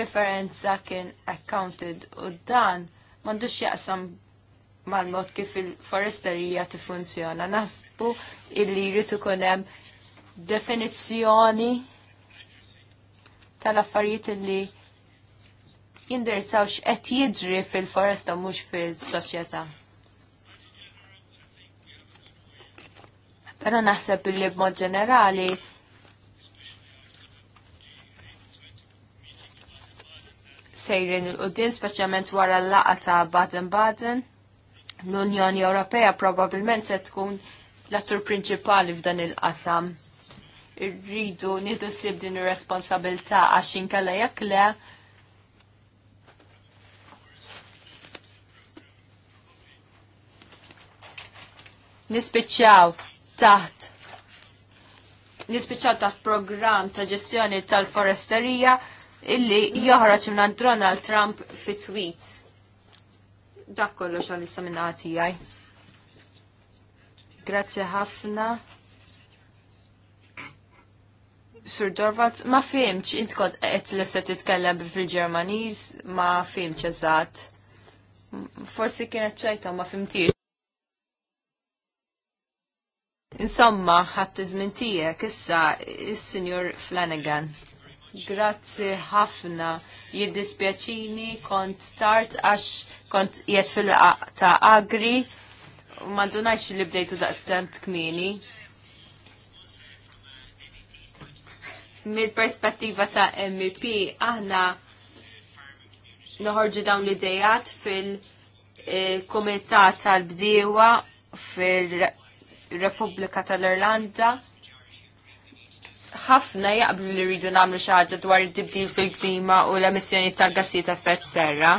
Speaker 5: referenza kien accounted u dan m'għandux jaqsam mal-mod kif il-foresterija t-funzjona. Nasbu illi jrid ikun hemm definizzjoni tal-affarijiet illi jindirizzawx qed jiġri fil-foresta mhux fil-soċjetà. Però naħseb illi b'mod ġenerali sejrin il-qudin, speċjalment wara l-laqa ta' Baden-Baden. L-Unjoni Ewropea probabbilment se tkun l-attur prinċipali f'dan il-qasam. Irridu nieħdu sib din ir-responsabilità għax inkella jekk le nispiċċaw taħt nispiċċaw taħt program ta' ġestjoni tal-foresterija illi joħroġ minn Donald Trump fit tweets dak kollox għal is-seminati għaj. Grazie ħafna. Sur Dorvat, ma fimx, int kod għet l titkellem fil-Ġermaniż, ma fimx eżatt. Forsi kienet ċajta ma fimtix. Insomma, ħadd iż-żmien tiegħek issa is-Sinjur Flanagan. Grazzi ħafna. Jiddispjaċini kont start għax kont jiet fil ta' agri. Mandunajx li bdejtu stent kmini. Mid-perspettiva ta' MEP aħna noħorġu dawn l-idejat fil-komunità tal-bdiewa komitat tal bdiewa fil repubblika tal irlanda fil repubblika tal irlanda ħafna jaqblu li rridu nagħmlu xi ħaġa dwar id-dibdil fil-klima u l-emissjoni tal-gassijiet effett serra.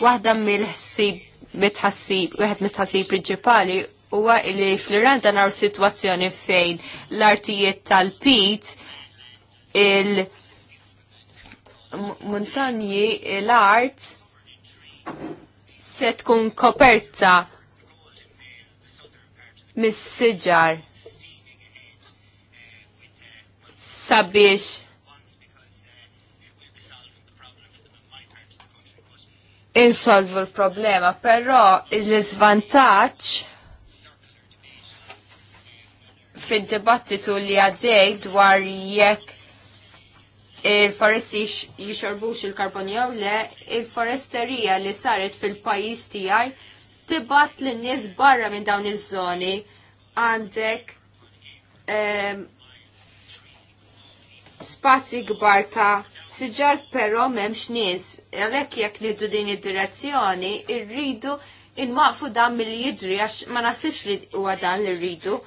Speaker 5: Waħda mill-ħsib mitħassib, wieħed mitħassib prinċipali huwa li fl-Irlanda naraw sitwazzjoni fejn l-artijiet tal-pit il- montanji l-art se tkun koperta mis-siġar sabiex insolvu l-problema, però l-izvantaċ fil-dibattitu li għaddej dwar jekk il-foresti jixorbux il-karbonja le, il-foresterija li saret fil-pajis tijaj tibat l-nies barra minn dawn iż-żoni għandek um, spazi kbar ta' siġar però m'hemmx nies. Għalhekk jekk nidu din id-direzzjoni, irridu il-maqfu dan milli jidri għax ma nasibx li huwa dan li rridu.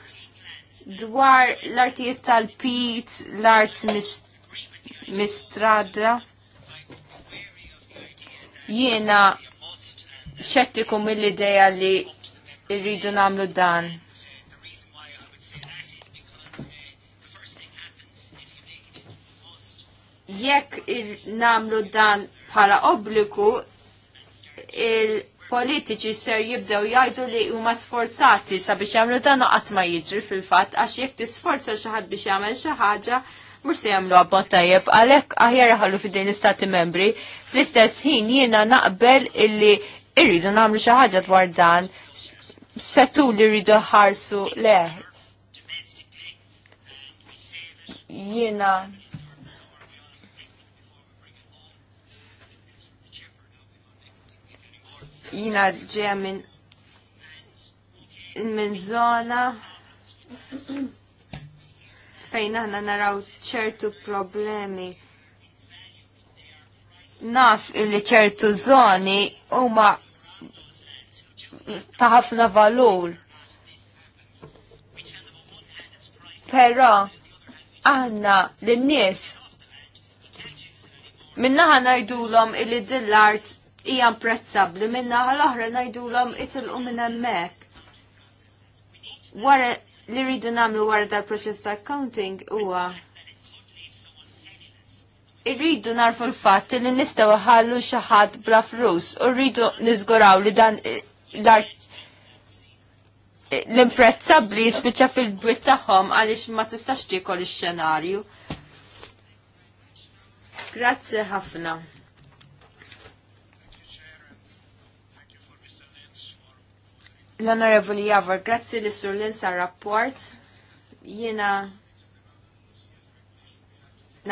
Speaker 5: Dwar l-artijiet tal-pit, l-art mistradra. Jiena xettiku mill-ideja li rridu namlu dan jekk namlu dan bħala obbliku, il-politiċi ser jibdew jgħidu li huma sforzati sabiex jagħmlu dan u qatt ma jiġri fil-fatt għax jekk tisforza xi ħadd biex jagħmel xi ħaġa mhux se jagħmlu abbott tajjeb għalhekk aħjar aħallu fidejn l-istati membri fl-istess ħin jiena naqbel illi irridu nagħmlu xi ħaġa dwar dan setu li rridu ħarsu le jiena jina ġeja minn minn zona fejn aħna naraw ċertu problemi. Naf li ċertu zoni huma ta' ħafna valur. Però aħna l-nies minnaħa najdulhom illi dill-art hija imprezzabbli minna għal l-om ngħidulhom itilqu minn hemmhekk. Wara li rridu nagħmlu wara dal-proċess ta' accounting huwa irridu narfu l-fatt li nista' ħallu xi ħadd bla flus u rridu niżguraw li dan l-art l-imprezzabbli jispiċċa fil-bwit tagħhom għaliex ma tistax tikol ix-xenarju. Grazzi ħafna. L-Onorevoli Javor, grazzi li sur l-insa rapport. Jena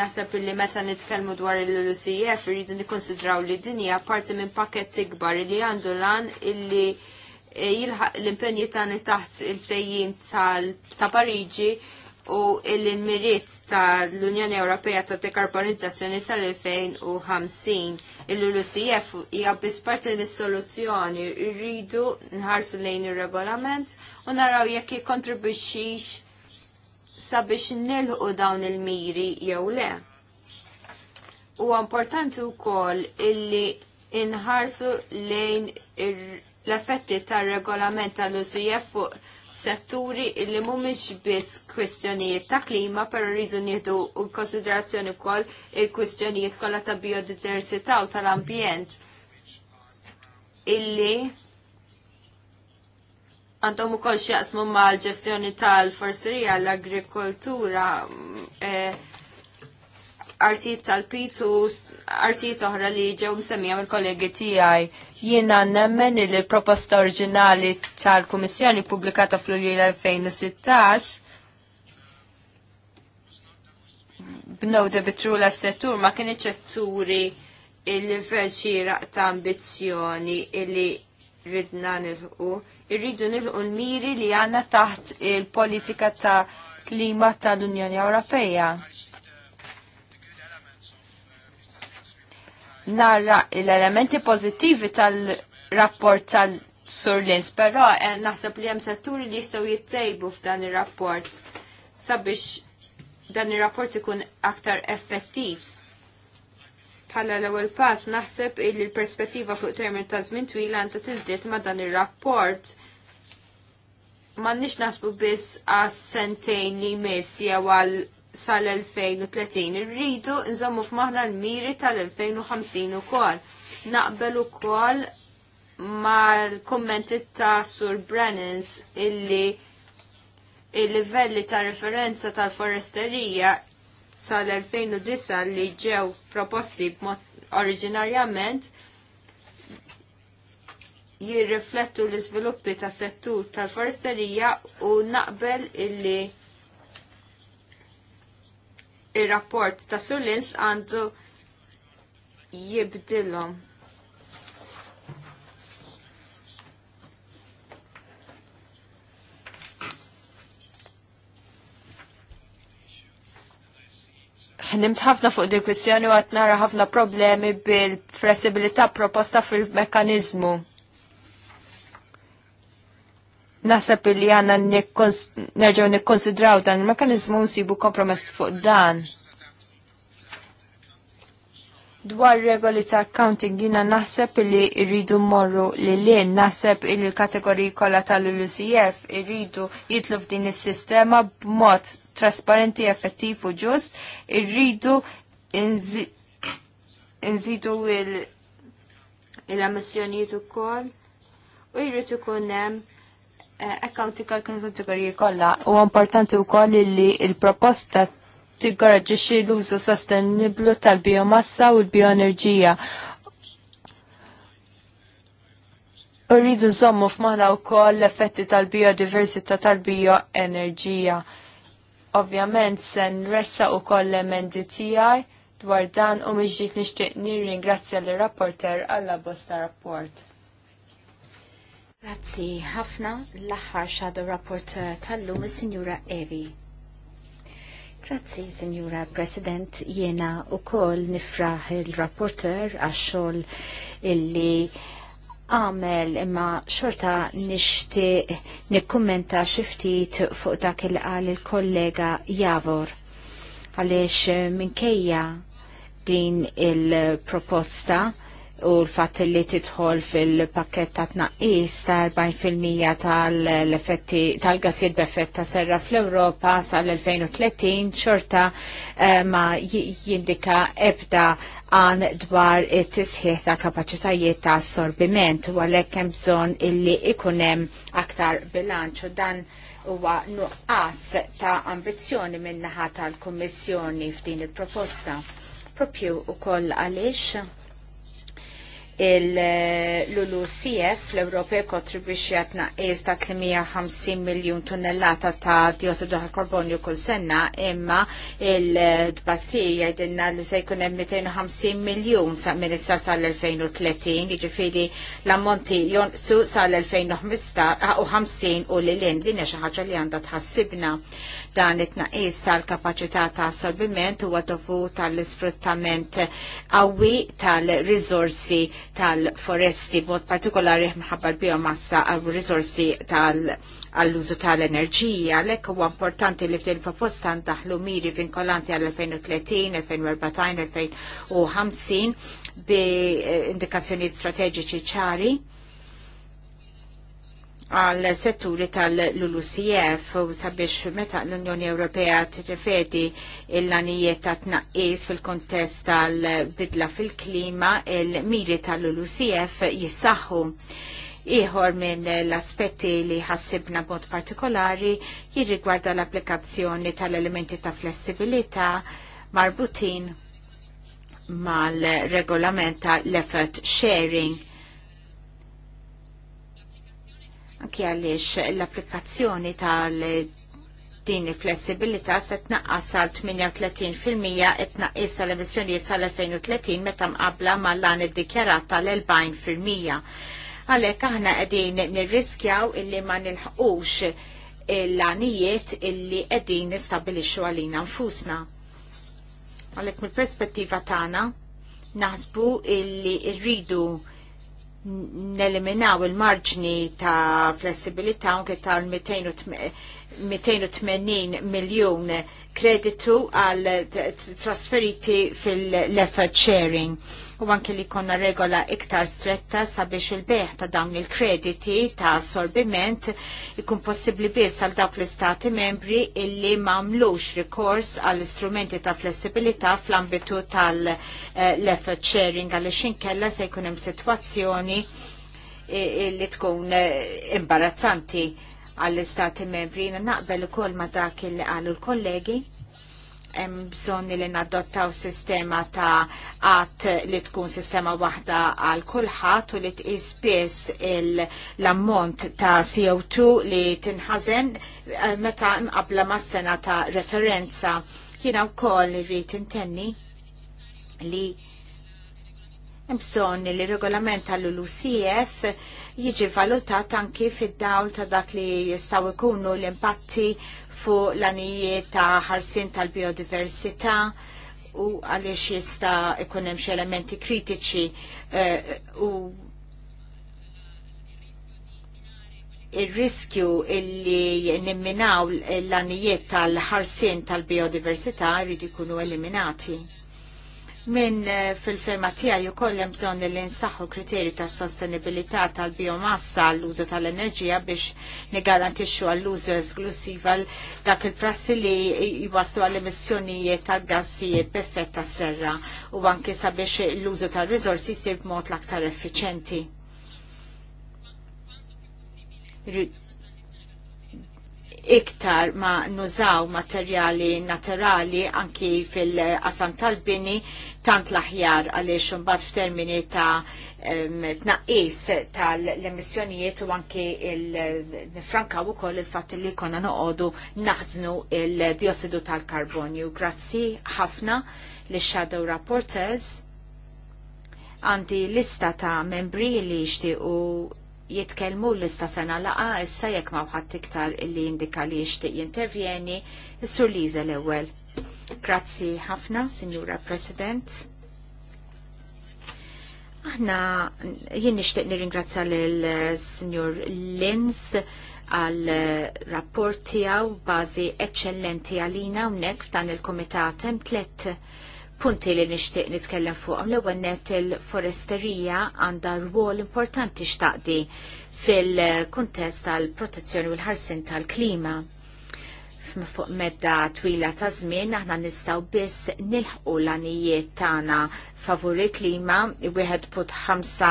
Speaker 5: naħseb li meta nitkellmu dwar il-LUCF irridu nikkonsidraw li dinja parti minn pakket ikbar li għandu lan illi eh, jilħaq l-impenji tani taħt il-ftejjin ta' Pariġi u il-miriet tal-Unjoni Ewropea ta' dekarbonizzazzjoni sal-2050. Il-LULUCF hija biss parti mis-soluzzjoni rridu nħarsu lejn ir-regolament u naraw jekk jikkontribwixxix sabiex nilħu dawn il-miri jew le. U importanti wkoll illi inħarsu lejn l-effetti tar-regolament tal-UCF fuq setturi li mhumiex biss kwistjonijiet ta' klima, però rridu nieħdu konsiderazzjoni wkoll il-kwistjonijiet kollha ta' biodiversità u tal-ambjent illi għandhom ukoll jaqsmu mal-ġestjoni tal-forsterija l-agrikoltura eh, artijiet tal-pitu, artijiet oħra li ġew msemmija mill-kollegi tiegħi Jiena nemmen li l-proposta oriġinali tal-Kummissjoni publikata fl 2016 b'nowda bitrula settur ma kienieċ etturi il-livell xieraq ta' ambizzjoni illi ridna nilħu. Irridu nilħu l-miri li għanna taħt il-politika ta' klima tal-Unjoni Ewropeja. nara l-elementi pozittivi tal-rapport tal-Sur Lins, però eh, naħseb li hemm setturi li jistgħu jittejbu f'dan ir-rapport sabiex dan ir-rapport ikun aktar effettiv. Pala l-ewwel pass naħseb li l-perspettiva fuq termin ta' żmien twila għandha tizdiet ma' dan ir-rapport ma nix nasbu biss għas sentejn li jmiss jew għal sal-2030. Irridu nżommu f'maħna l-miri tal-2050 kol. Naqbel ukoll mal-kommenti ta' Sur Brennens illi il-livelli ta' referenza tal-foresterija sal-2009 li ġew proposti oriġinarjament jirriflettu l-iżviluppi ta' settur tal-foresterija u naqbel illi il-rapport ta' Sullins għandu jibdilhom. Nimt ħafna fuq di kwistjoni u għatnara ħafna problemi bil-flessibilità proposta fil-mekanizmu. Nasab li għanna nerġaw nikkonsidraw dan il-mekanizmu nsibu kompromess fuq dan. Dwar regoli ta' accounting jina naħseb li irridu morru li lin, naħseb li l-kategoriji kollha tal-UCF irridu jitlu f'din is-sistema b'mod trasparenti, effettiv u ġust, irridu nżidu il-emissjonijiet ukoll u jrid ikun hemm Ekkaw tikar kien kolla, kollha u importanti wkoll li l-proposta tiggoraġixxi l-użu sosteniblu tal-biomassa u l-bioenerġija. U rridu nżommu u wkoll l-effetti tal-biodiversità tal-bioenerġija. Ovvjament se u koll l-emendi tiegħi dwar dan u miġġiet nixtieq nirringrazzja l-rapporter
Speaker 4: għalla bosta rapport. Grazzi ħafna l-aħħar shadow rapporteur tal-lum is-Sinjura Evi. Grazzi, Signora President, Jiena u koll nifraħ il-rapporter għaxol illi għamel imma xorta nishti nikkummenta xiftit fuq dak il għal il-kollega Javor għalix minkejja din il-proposta u l-fatt li tidħol fil-pakket ta' tnaqqis ta' 40% tal-effetti tal-gassiet b'effett ta' serra fl-Ewropa sal-2030 xorta eh, ma jindika ebda għan dwar it-tisħiħ ta' kapacitajiet ta' assorbiment u għalhekk hemm bżonn illi ikunem aktar bilanċ u dan huwa nuqqas ta' ambizzjoni min-naħa tal-Kummissjoni f'din il-proposta. Propju u koll għaliex il-LULU-CF fl-Europa kontribuxi għatna iż ta' 350 miljon tonnellata ta' diossidu ta' karbonju kull senna, imma il-tbassir jgħidinna li se jkun hemm 250 miljon sa' minissa sal-2030, jiġifieri l-ammonti jonsu sal-2050 u l-lin din hija ħaġa li għandha tħassibna. Dan it-naqis tal-kapacità ta' assorbiment huwa dovut tal-isfruttament qawwi tal rizorsi tal-foresti b'mod partikolari mħabbar biomassa għal rizorsi tal- għall-użu tal-enerġija, lekk huwa importanti li f'din proposta ndaħlu miri vinkolanti għal-2030, 2040, 2050 bi eh, indikazzjonijiet strateġiċi ċari għal setturi tal-LULUCF u sabiex meta l-Unjoni Ewropea tirriferi il-lanijiet ta' tnaqqis fil-kontest tal-bidla fil-klima il-miri tal-LULUCF jissaħħu. Iħor minn l-aspetti li ħassibna b'mod partikolari jirrigwarda l-applikazzjoni tal-elementi ta' flessibilità marbutin mal-regolament tal-effort sharing anki għaliex l-applikazzjoni tal din il-flessibilità se tnaqqas għal 38% etnaqqis l emissjonijiet tal 2030 meta mqabla mal-lan iddikjarat tal-40%. Għalhekk aħna qegħdin nirriskjaw illi ma nilħqux l-għanijiet illi qegħdin nistabilixxu għalina nfusna. Għalhekk mill-perspettiva tagħna naħsbu illi rridu il neliminaw il-marġni ta' flessibilità anke tal-280 miljon kreditu għal trasferiti fil-effort sharing. U anke li konna regola iktar stretta sabiex il-beħ ta' dawn il-krediti ta' assorbiment ikun possibli biss għal dawk l-istati membri illi mamlux rikors għall istrumenti ta' flessibilità fl-ambitu tal-effort sharing għal xinkella se jkun hemm sitwazzjoni li tkun eh, imbarazzanti għall-istati membri. Naqbel ukoll ma dak li qalu l-kollegi hemm li nadottaw sistema ta' għat li tkun sistema waħda għal kulħadd u li tqis biss l-ammont ta' CO2 li tinħazen eh, meta mqabla mas sena ta' referenza. koll li irrid intenni li Mbżon li regolament tal ucf jiġi valutat anki fid-dawl ta' dak li jistaw ikunu l-impatti fuq l-anijiet ta' ħarsin tal-biodiversità u għaliex jista' ikun hemm xi elementi kritiċi eh, u il-riskju illi nimminaw l-anijiet tal-ħarsin tal-biodiversità jridu jkunu eliminati minn eh, fil firma tiegħi ukoll hemm bżonn li l-insaxu kriterju ta' sostenibilità tal-biomassa għall-użu tal-enerġija biex nigarantixxu għall-użu esklusiva dak il-prassi li jwaslu għall-emissjonijiet tal-gassijiet b'effett tas serra u anki sabiex l-użu tal-riżorsi jistib b'mod l-aktar effiċenti iktar ma nużaw materjali naturali anki fil-qasam tal-bini tant l-aħjar għaliex imbagħad f'termini ta' tnaqqis tal-emissjonijiet u anki il-franka u koll il-fat li konna noqogħdu naħznu il-diossidu tal-karbonju. Grazzi ħafna li Shadow Rapporters għandi lista ta' membri li jishtiqu jitkellmu l-ista sena laqa issa jekk ma wħadd iktar illi jindika li jixtieq jintervjeni, is-Sur Liza l-ewwel. Grazzi ħafna, Sinjura President. Aħna jien nixtieq nirringrazzja lil eh, Sinjur Linz għal eh, rapport tiegħu bażi eċċellenti għalina hawnhekk f'dan il-kumitat hemm tliet punti li nixtieq nitkellem fuq l-ewwel net il-foresterija għandha rwol importanti xtaqdi fil-kuntest tal-protezzjoni u l-ħarsin tal-klima fuq medda twila ta' żmien aħna nistgħu biss nilħqu l-anijiet tagħna favuri klima 1.5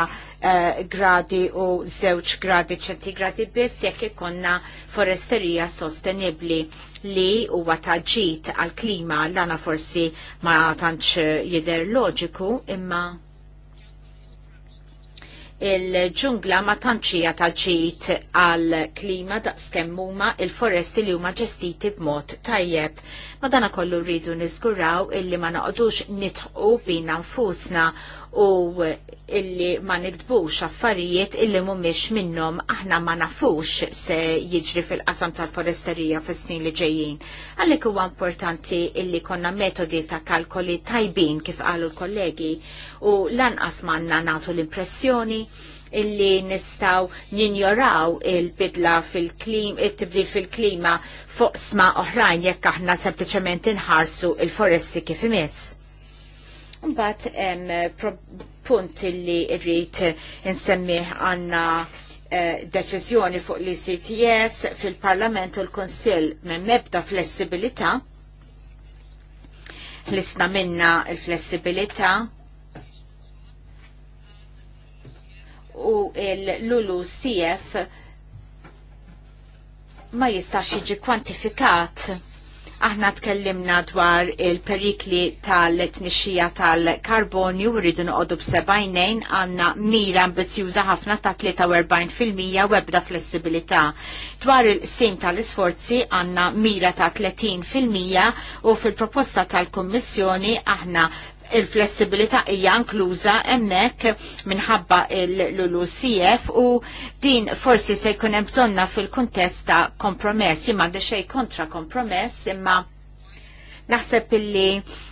Speaker 4: gradi u żewġ gradi ċentigradi biss jekk ikonna foresterija sostenibbli li huwa taġġid għall klima l-għana forsi ma tantx jidher loġiku imma il-ġungla ma tantxija ta' ġit għal klima daqskemm huma il-foresti li huma ġestiti b'mod tajjeb. Madana kollu rridu niżguraw illi ma naqdux nitħu bina nfusna u illi ma nikdbux affarijiet illi mumiex minnom aħna ma nafux se jiġri fil-qasam tal-foresterija fis-snin li ġejjin. Għalhekk huwa importanti illi konna metodi ta' kalkoli tajbin kif qalu l-kollegi u lanqas manna nagħtu l-impressjoni illi nistaw ninjoraw il-bidla fil-klim, il-tibdil fil-klima fuq sma oħrajn jekk aħna sempliċement inħarsu il-foresti kif imiss Mbagħad hemm punt li rrit insemmih għandna eh, deċiżjoni fuq l-ICTS fil-Parlament u l-Konsil me mebda flessibilità ħlisna minna l flessibilità u l-Lulu CF ma jistax jiġi kwantifikat Aħna tkellimna dwar il-perikli tal-etnixija tal-karbonju u rridu noqogħdu b'sebajnejn għandna mira ambizjuża ħafna ta' 43% u ebda flessibilità. Dwar il-sim tal-isforzi għandna mira ta' 30% u fil-proposta tal-Kummissjoni aħna il-flessibilità hija inkluża hemmhekk minħabba l-LUCF u din forsi se jkun hemm bżonna fil-kuntest ta' kompromess, imma għandi xejn kontra kompromess, imma naħseb illi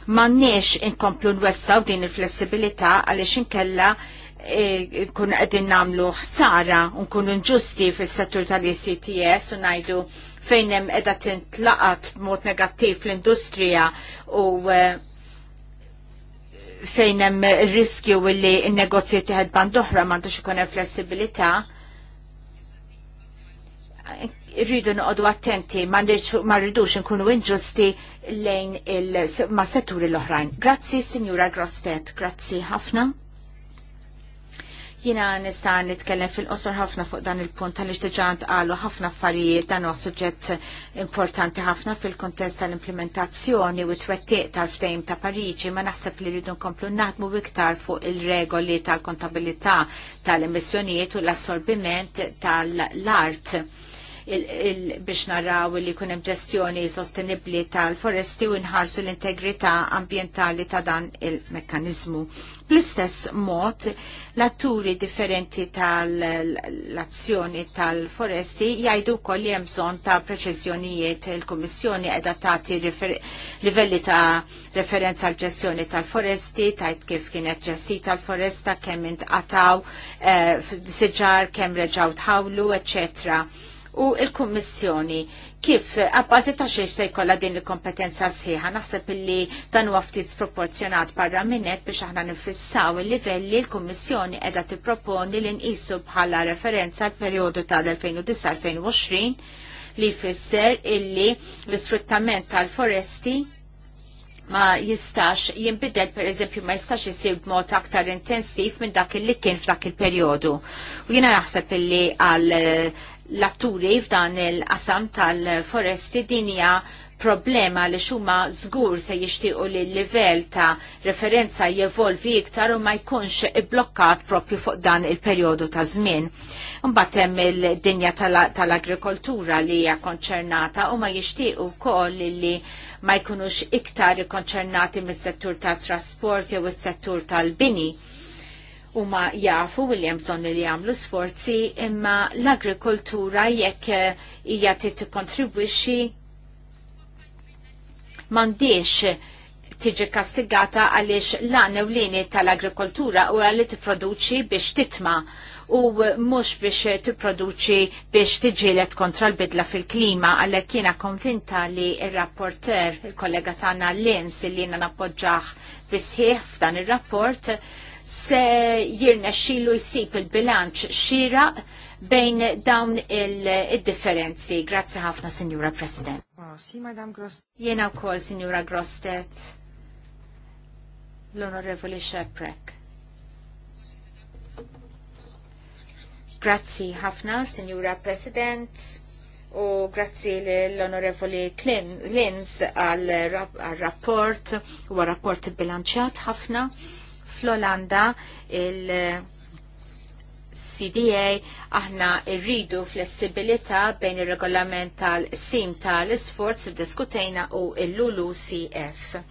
Speaker 4: m'għandniex inkomplu nwessaw din il-flessibilità għaliex inkella e, kun għedin namlu ħsara unkun inġusti fil-settur tal-ICTS u fejn fejnem qiegħda tintlaqat b'mod negattiv l-industrija u uh, fejn hemm riskju li n-negozju tieħed band oħra m'għandux ikun hemm flessibilità, rridu noqogħdu attenti ma rridux nkunu inġusti lejn ma' setturi l-oħrajn. Grazzi, Sinjura Grostet, grazzi ħafna. Jina nista' nitkellem fil-qosor ħafna fuq dan il-punt għaliex diġà ntqalu ħafna affarijiet dan huwa suġġett importanti ħafna fil-kontest tal-implementazzjoni u t-twettiq tal-ftehim ta' Pariġi ma naħseb li rridu nkomplu naħdmu iktar fuq il-regoli tal-kontabilità tal-emissjonijiet u l-assorbiment tal-art. tal kontabilità tal emissjonijiet u l assorbiment tal art biex naraw li kunem ġestjoni sostenibli tal-foresti u nħarsu l-integrità ambientali ta' dan il-mekkanizmu. Bl-istess mod, l-atturi differenti tal-azzjoni tal-foresti jajdu koll li jemżon ta' preċizjonijiet il-Kommissjoni edha tati livelli ta' referenza għal ġestjoni tal-foresti, tajt kif kienet ġesti tal-foresta, kemm intqataw, eh, siġar, kemm reġaw tħawlu, eccetera u il-Kummissjoni kif għabbażi ta' xiex se jkollha din il-kompetenza sħiħa naħseb illi dan huwa ftit sproporzjonat barra minnet biex aħna nifissaw il-livelli l-Kummissjoni qiegħda tipproponi li nqisu bħala referenza l-perjodu tal-2009-2020 li fisser illi l-isfruttament tal-foresti ma jistax jimbidel per eżempju ma jistax jisir b'mod aktar intensiv minn dak li kien f'dak il-perjodu. U jiena naħseb illi għal l-atturi f'dan il-qasam tal-foresti dinja problema li xuma zgur se jishtiqu li l-level ta' referenza jevolvi iktar u ma jkunx blokkat propju fuq dan il-periodu ta' żmien. Mbattem il-dinja tal-agrikoltura tal li hija konċernata u ma jishtiqu wkoll li, li ma jkunux iktar konċernati mis-settur tat trasport jew is-settur tal-bini u ma jafu li hemm li jagħmlu sforzi imma l-agrikoltura jekk eh, hija tikkontribwixxi m'għandix tiġi kastigata għaliex l-għanew lini tal-agrikoltura u għalli t-produċi biex titma u mux biex t-produċi biex tiġilet kontra l-bidla fil-klima għalli kiena konvinta li il-rapporter, il-kollega tana Lins li jena napoġġaħ bisħiħ f'dan il-rapport, il rapport se jirna xilu jisip il-bilanċ xira bejn dawn il-differenzi. Grazzi ħafna, Signora President.
Speaker 1: Oh, si, Madam Grostet.
Speaker 4: Jena u kol, Signora Grostet, l-Onorevoli Sheprek. Grazzi ħafna, Signora President u grazzi l-Onorevoli Lins għal rapport u rapport bilanċat ħafna fl-Olanda il- CDA aħna rridu flessibilità bejn ir-regolament tal-sim tal-isforz diskutejna u l-LULU CF.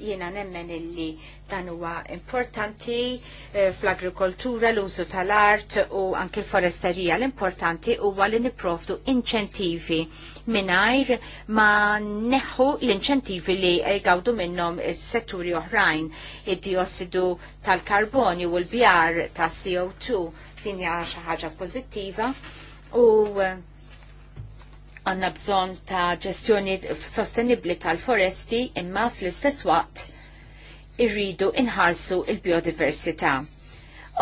Speaker 4: Jiena nemmen illi Dan huwa importanti eh, fl-agrikoltura, l-użu tal-art u anke l-foresterija. L-importanti huwa li niprofdu inċentivi minajr ma neħu l-inċentivi li eh, minnhom minnom setturi oħrajn, id-diossidu tal-karbonju u l-bjar ta' CO2 tinja ħaġa pozittiva u eh, għanna bżon ta' ġestjoni sostenibli tal-foresti imma fl-istess waqt irridu inħarsu il-biodiversità.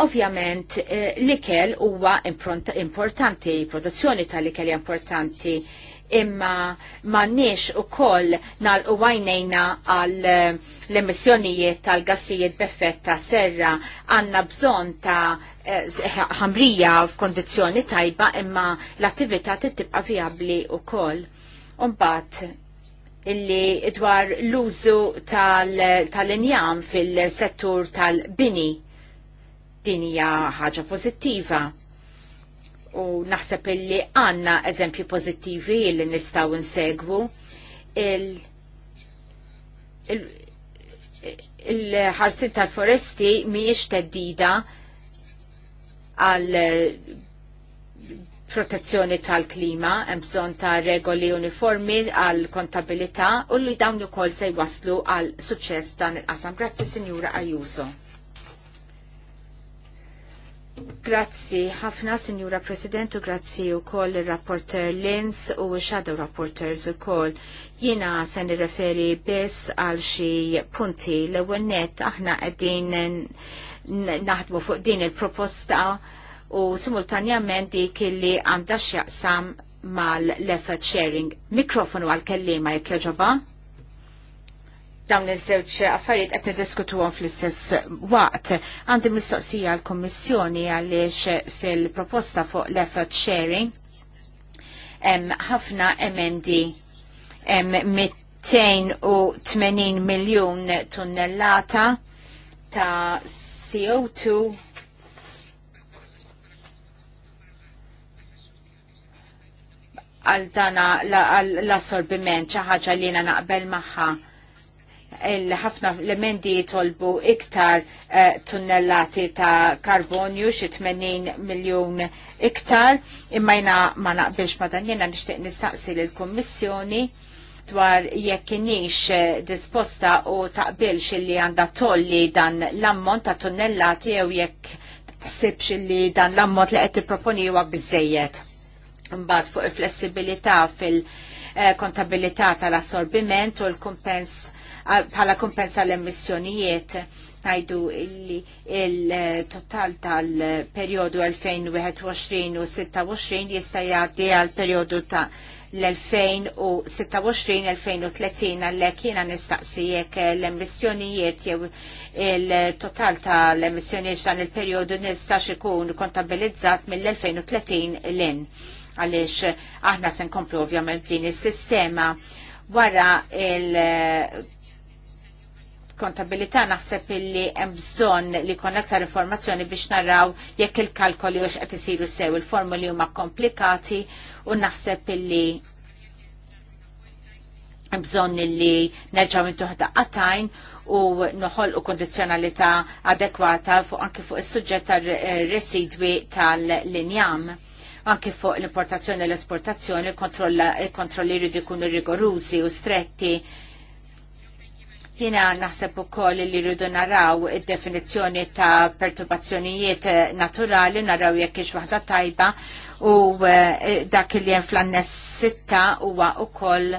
Speaker 4: Ovvjament eh, l-ikel huwa importanti, produzzjoni tal-ikel importanti, imma mannix u koll nal u għajnejna għal eh, l-emissjonijiet tal-gassijiet b'effetta ta' serra għanna bżon ta' eh, ħamrija f'kondizjoni tajba imma l-attività tittibqa viabli u koll. Umbat, illi dwar l-użu tal-injam tal fil-settur tal-bini. Din hija ħaġa pożittiva. U naħseb illi għanna eżempju pożittivi illi nistaw insegwu il- il-ħarsin il tal-foresti miex teddida għal protezzjoni tal-klima, hemm bżonn ta' regoli uniformi għal kontabilità u li dawn ukoll se jwaslu għal suċċess dan il-qasam. Grazzi Sinjura Ajuso. Grazzi ħafna Sinjura President u grazzi wkoll ir rapporter Lins u Shadow Rapporters ukoll. Jiena se nirreferi biss għal xi punti l ewwel nett aħna qegħdin naħdmu fuq din il-proposta u simultanjament dik li għandha x'jaqsam mal-effort sharing. Mikrofonu għal-kellima jekk joġoba. Dawn iż-żewġ affarijiet qed niddiskutuhom fl-istess waqt. Għandi mistoqsija għall-Kummissjoni għaliex fil-proposta fuq l-effort sharing hemm ħafna emendi hemm 280 miljun tunnellata ta' CO2 għal dana l-assorbiment xi ħaġa li jiena naqbel magħha ħafna l-emendi jitolbu iktar eh, tunnellati ta' karbonju xi 80 miljun iktar imma jina ma naqbilx ma dan jiena nixtieq nistaqsi lill-Kummissjoni dwar jekk inix eh, disposta u taqbilx li għandha tolli dan l-ammont ta' tunnellati jew jekk tħsibx li dan l-ammont li qed tipproponi huwa biżejjed. Mbagħad fuq il-flessibilità fil-kontabilità tal-assorbiment u l-kumpens bħala kumpens għall-emissjonijiet li il-total tal-periodu 2021 u 26 jista' jgħaddi għal-periodu ta' l-2026-2030 għallek jina jekk l-emissjonijiet jew il-total tal emissjonijiet dan il-periodu nistax ikun kontabilizzat mill-2030 l-in għaliex aħna se nkomplu ovvjament din is-sistema wara il- kontabilità naħseb illi hemm bżonn li jkun aktar informazzjoni biex naraw jekk il-kalkoli u x'qed isiru sew il-formuli huma komplikati u naħseb illi hemm bżonn illi nerġgħu intuħ qatajn u noħol u kondizjonalità adekwata fuq anki fuq is-suġġett tar-residwi tal-linjam anki fuq l-importazzjoni u l-esportazzjoni, il-kontrolli jridu jkunu rigorużi u stretti. Jina naħseb u koll li rridu naraw id-definizjoni ta' perturbazzjonijiet eh, naturali, naraw jekk ix waħda tajba u eh, dak li jen fl-annes sitta huwa u koll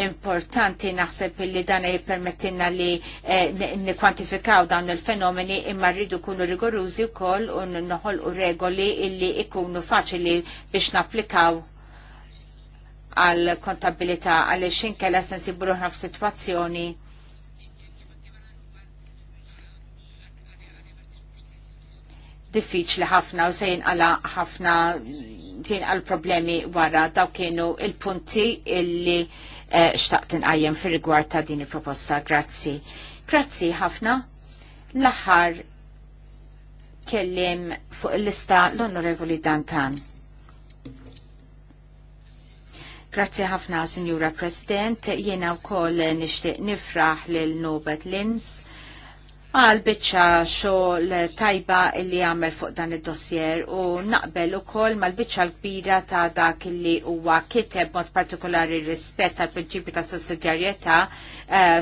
Speaker 4: importanti naħseb li dan jippermettilna li eh, nikwantifikaw dawn il-fenomeni imma rridu kunu rigorużi wkoll u noħol u regoli illi ikunu faċili biex napplikaw għal kontabilità għal se sensibru ħaf situazzjoni diffiċli ħafna u se jinqala ħafna għal problemi wara daw kienu il-punti illi Eh, xtaqt inqajjem fir-rigward ta' din il-proposta. Grazzi. Grazzi ħafna. L-aħħar kellim fuq il-lista l-Onorevoli Dantan. Grazzi ħafna, Signora President. Jiena wkoll nixtieq nifraħ l Nobet Lins għal biċċa xogħol tajba illi għamel fuq dan id-dossier u naqbel ukoll mal-biċċa l-kbira ta' dak illi huwa kiteb mod partikolari rispett tal prinċipju ta' sussidjarjetà uh,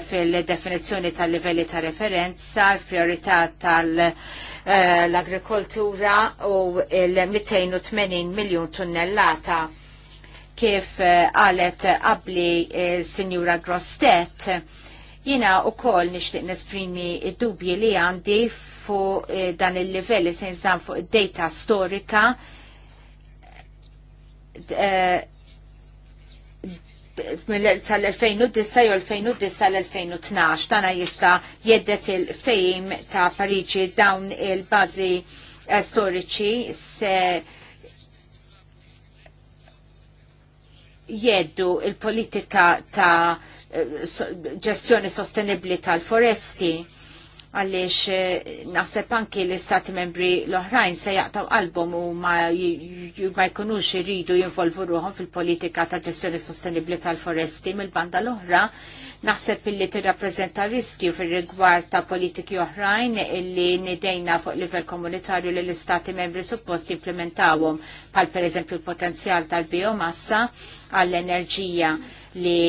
Speaker 4: fil-definizzjoni tal-livelli ta' referenza, l-priorità tal-agrikoltura eh, uh, u l-280 miljun tunnellata kif qalet eh, uh, qabli Sinjura Grostet Jina u koll nishtiq nesprimi id-dubji li għandi fu eh, dan il-level li senżam fuq data storika eh, sal-2009 l 2009 sal-2012 tana jista jeddet il-fejm ta' Pariġi dawn il-bazi eh, storiċi se jeddu il-politika ta' ġestjoni sostenibli tal-foresti għaliex eh, naħseb anki l-istati membri l-oħrajn se jaqtaw qalbhom u ma, ma jkunux iridu jinvolvu ruħom fil-politika ta' ġestjoni sostenibli tal-foresti mill-banda l-oħra naħseb illi tirrappreżenta riskju fir rigward ta' politiki oħrajn illi nidejna fuq livell komunitarju li l-istati membri suppost jimplementawhom bħal pereżempju l-potenzjal tal-biomassa għall-enerġija li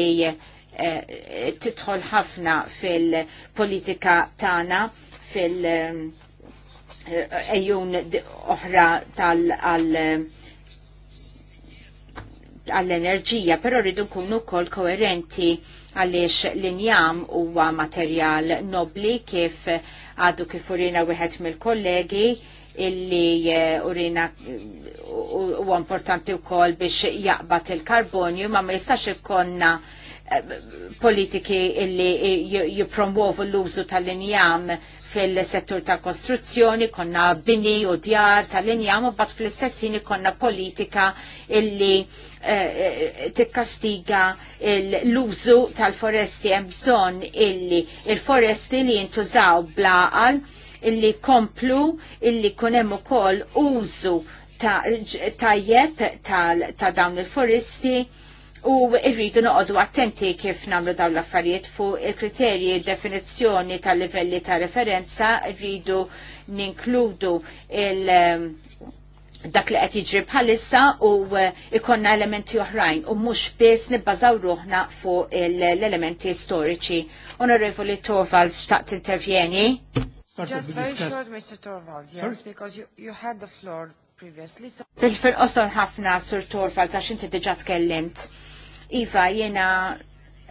Speaker 4: Eh, titħol ħafna fil-politika tagħna fil- eh, eh, ejjun oħra tal- għall-enerġija, pero rridu nkunu kol koerenti għaliex l-injam huwa materjal nobli kif għadu kif urina wieħed mill-kollegi illi urina huwa importanti wkoll biex jaqbad il-karbonju ma ma jistax ikonna politiki illi jipromuovu l-użu tal-injam fil-settur tal-kostruzzjoni, konna bini u djar tal-injam u bat fl sessini konna politika illi eh, eh, tikkastiga l-użu tal-foresti jemżon illi il-foresti li jintużaw blaqal illi komplu illi kunem ukoll użu tajjeb ta' dawn il-foresti U irridu noqodu attenti kif namlu dawn l-affarijiet fu il-kriterji definizzjoni tal-livelli ta' referenza, rridu ninkludu il- um, dak li qed jiġri bħalissa u uh, ikonna elementi oħrajn u mhux biss nibbażaw ruħna fuq l-elementi storiċi. Onorevoli Torvalds xtaqt intervjeni. Just very short,
Speaker 1: Mr. Torvalds, yes, because you, you had the floor previously. Bil-fil
Speaker 4: qosor ħafna, Sur Torvalds, għax inti diġà tkellimt. Iva, jena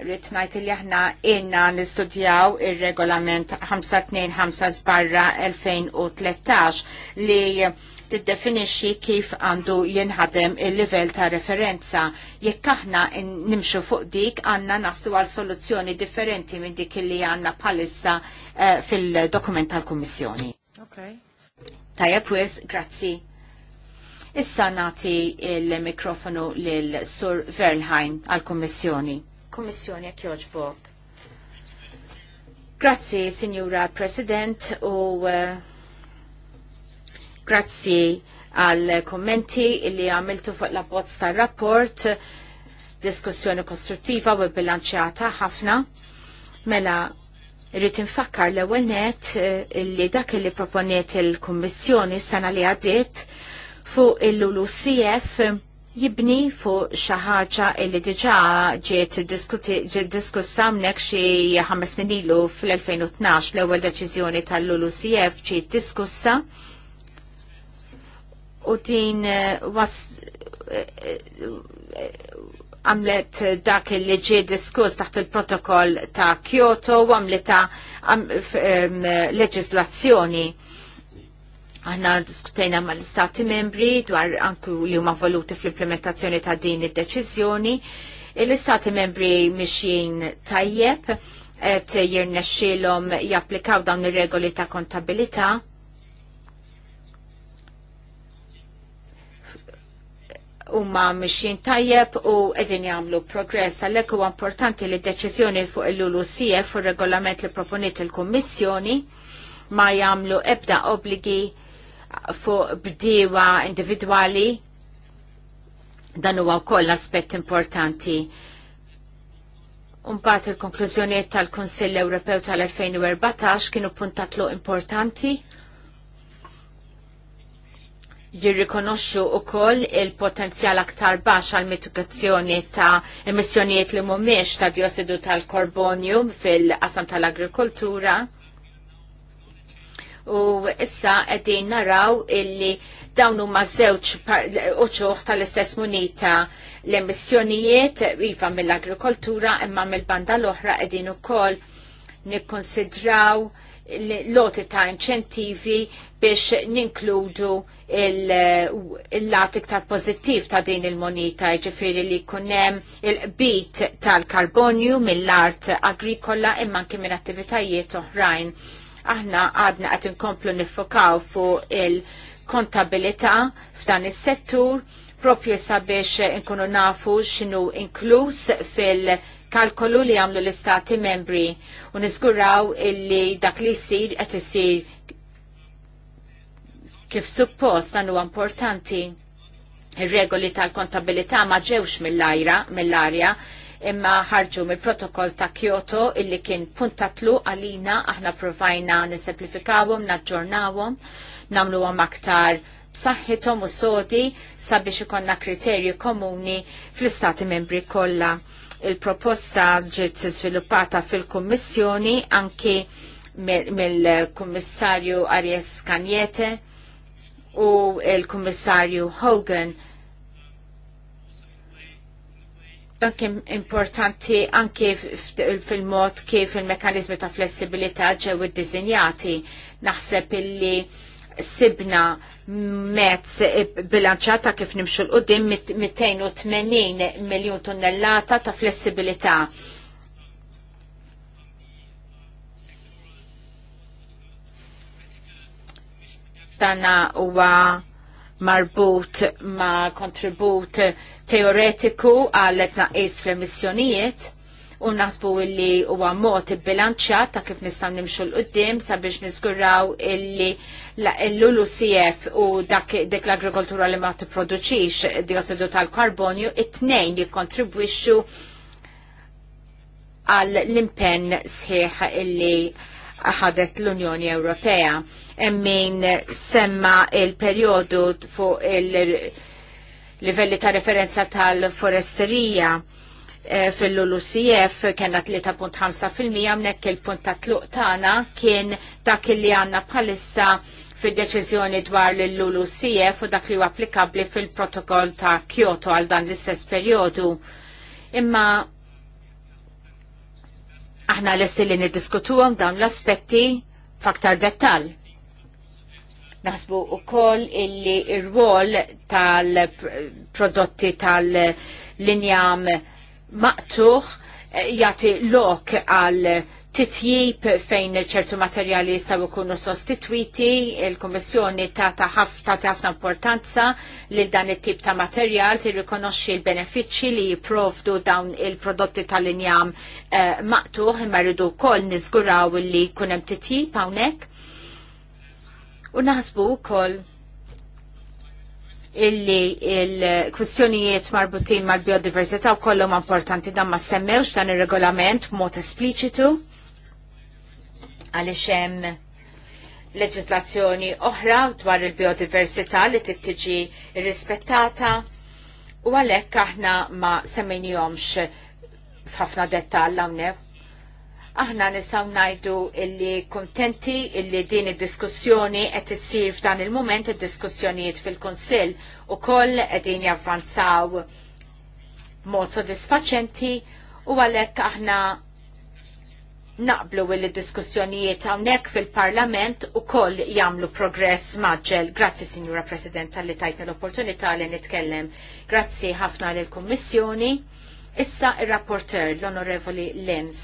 Speaker 4: rrit najt li aħna inna nistudjaw il-regolament 525 barra 2013 li tiddefinixxi kif għandu jinħadem il-livell ta' referenza. Jekk aħna nimxu fuq dik għandna naslu għal soluzzjoni differenti minn dik li għandna palissa eh, fil-dokument tal-Kummissjoni. Okay. Tajab wis, grazzi. Issa nati il-mikrofonu l Sur Vernheim għal-Kommissjoni. Kommissjoni għak joġbok. Grazzi, Signora President, u eh, grazzi għal kommenti li għamiltu fuq la bozz tal-rapport, diskussjoni kostruttiva u bilanċjata ħafna. Mela, rrit infakkar l ewwel net eh, li dak li proponiet il-Kommissjoni s-sena li għaddiet fuq il-LULUCF jibni fuq xi ħaġa li diġà ġiet diskussa mnek xi ħames snin ilu fl-2012 l-ewwel deċiżjoni tal-LULUCF ġiet diskussa u din eh, was eh, eh, għamlet dak li ġie diskuss taħt il-protokoll ta' Kyoto u għamlet ta' leġislazzjoni Aħna diskutejna mal-istati membri dwar anku li huma voluti fl-implementazzjoni ta' din id-deċiżjoni. L-istati membri mixin tajjeb et jirnexxilhom japplikaw dawn ir-regoli ta' kontabilità. huma mixin tajjeb u qegħdin jagħmlu progress għalhekk huwa importanti li d-deċiżjoni fuq il-LULUCF u regolament li proponiet il-Kummissjoni ma jagħmlu ebda obligi fuq bdiewa individwali dan huwa wkoll aspett importanti. Unbagħad il konklużjonijiet tal kunsill Ewropew tal-2014 kienu puntatlu importanti jirrikonoxxu wkoll il-potenzjal aktar baxx għal mitigazzjoni ta' emissjonijiet li mhumiex ta' diossidu tal-korbonju fil-qasam tal-agrikoltura u issa qegħdin naraw illi dawn huma żewġ uċuħ tal-istess munita l-emissjonijiet iva mill-agrikoltura imma mill-banda l-oħra qegħdin ukoll nikkonsidraw loti ta' inċentivi biex ninkludu il-lat iktar pozittiv ta' din il-monita, ġifiri li kunem il-bit tal-karbonju mill-art agrikola imman kim attivitajiet oħrajn. Aħna għadna qed inkomplu nifokaw fuq il-kontabilità f'dan is-settur propju sabiex nkunu nafu x'inhu inkluż fil-kalkolu li għamlu l-istati membri u niżguraw illi dak li jsir qed isir kif suppost dan huwa importanti ir-regoli tal-kontabilità ma ġewx mill-ajra, mill-arja, imma ħarġu mill-protokoll ta' Kyoto illi kien puntatlu għalina aħna provajna nisemplifikawhom, naġġornawhom, nagħmluhom aktar b'saħħithom u sodi sabiex ikonna kriterju komuni fl-istati membri kollha. Il-proposta ġiet sviluppata fil-Kummissjoni anki mill-Kummissarju Arias Kanjete u l-Kummissarju Hogan dan kien importanti anke fil-mod kif il-mekanizmi ta' flessibilità ġew iddisinjati. Naħseb illi sibna mezz bilanċata kif nimxu l qudim 280 miljon tonnellata ta' flessibilità. Dana huwa marbut ma' kontribut teoretiku għal tnaqqis fl-emissjonijiet u nasbu illi huwa mod bilanċa ta' kif nistgħu nimxu l qudiem sabiex niżguraw illi l-LULUCF u dak dik l-agrikoltura li ma tipproduċix diossidu tal-karbonju it-tnejn jikkontribwixxu għall l-impenn sħiħ illi ħadet l-Unjoni Ewropea. Emmin semma il-periodu fuq il-livelli ta' referenza tal-foresterija eh, fil-LULUCF kena 3.5% mnek il-punt ta' tluq tana kien dak li għanna bħalissa fil-deċizjoni dwar l-LULUCF u dak li u applikabli fil-protokoll ta' Kyoto għal dan l-istess periodu. Imma Aħna l-essi li niddiskutuhom dawn l-aspetti faktar dettal. Naħsbu u koll illi ir-rwol tal-prodotti tal-linjam maqtuħ eh, jati lok għal titjib fejn ċertu materjali jistaw ikunu sostituiti, il-Kommissjoni tata ħafna importanza li dan it-tip ta' materjal ti rikonoxxi l-benefiċċji li jiprovdu dawn il-prodotti tal-injam eh, maqtuħ imma rridu wkoll niżguraw li jkun hemm titjib hawnhekk. U naħsbu wkoll illi il-kwistjonijiet marbutin mal-biodiversità u kollhom importanti dan ma semmewx dan ir-regolament b'mod espliċitu għaliex hemm leġislazzjoni oħra dwar il-biodiversità li tittiġi rispettata u għalhekk aħna ma semmejniehomx f'ħafna dettall hawnhekk. Aħna nistgħu ngħidu illi kuntenti illi din id-diskussjoni qed issir f'dan il-mument id-diskussjonijiet fil-Kunsill ukoll qegħdin javvanzaw mod sodisfaċenti u għalhekk aħna naqblu il diskussjonijiet hawnhekk fil-Parlament u koll jagħmlu progress maġġel. Grazzi Signora President tal-li tajtna l-opportunità li nitkellem. Grazzi ħafna lill-Kummissjoni. Issa ir-rapporter l-Onorevoli Lenz.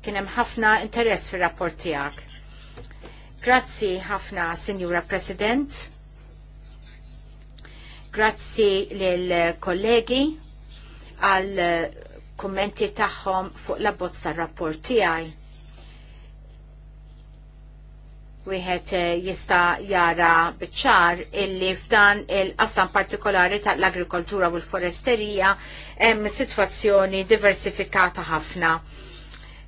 Speaker 4: Kien hemm ħafna interess fir-rapport tiegħek. Grazzi ħafna, Signora President. Grazzi l kollegi għal kummenti tagħhom fuq la bozza rapport tiegħi. Wieħed eh, jista' jara biċċar illi f'dan il qasam partikolari ta' l agrikoltura u l-foresterija hemm sitwazzjoni diversifikata ħafna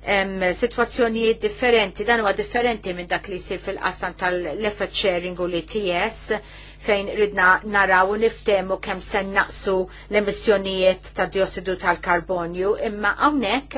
Speaker 4: hemm sitwazzjonijiet differenti, dan huwa differenti minn dak li jsir fil-qasam tal-effort sharing u l-ETS fejn ridna naraw u niftemu kemm se naqsu l-emissjonijiet ta' diossidu tal-karbonju, imma hawnhekk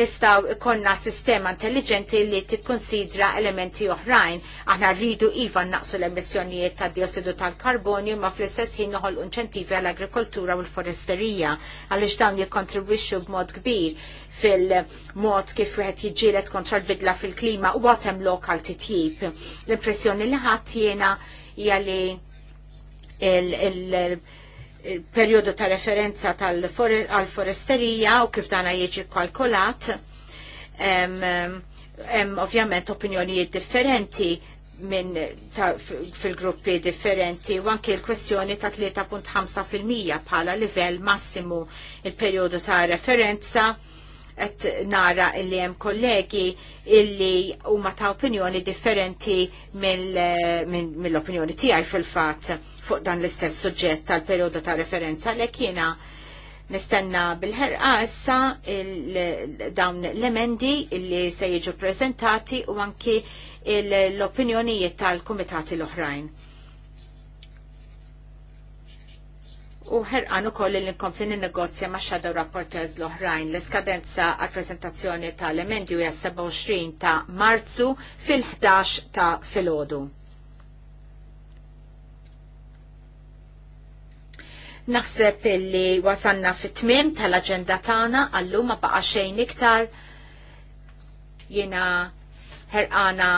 Speaker 4: nistgħu konna sistema intelligenti li tikkonsidra elementi oħrajn. Aħna rridu iva naqsu l-emissjonijiet ta' diossidu tal-karbonju ma fl-istess ħin noħol inċentivi għall-agrikoltura u l-foresterija għaliex dawn jikkontribwixxu b'mod kbir fil-mod kif wieħed jiġġieled kontra l-bidla fil-klima u għatem lokal titjib. L-impressjoni li ħadd jiena hija li il-periodu ta' referenza tal-foresterija u kif dana jieġi kalkolat. Ovvjament opinjonijiet differenti minn fil-gruppi differenti u anke l-kwestjoni ta' 3.5% bħala livell massimu il-periodu ta' referenza qed nara illi hemm kollegi illi huma ta' opinjoni differenti mill-opinjoni tiegħi fil-fatt fuq dan l-istess suġġett tal-perjodu ta' referenza li jiena nistenna bil-ħerqa issa dawn l-emendi illi se jiġu prezentati u anki l-opinjonijiet tal-kumitati l-oħrajn. U ħerqan ukoll li nkompli nin-negozja ma' shadow rapporteurs l-oħrajn l-iskadenza għal prezentazzjoni tal-emendi hija 27 ta' Marzu fil-11 ta' filgħodu. Naħseb li wasanna fit-tmiem tal-aġenda tagħna għallum ma baqa' xejn iktar jiena ħerqana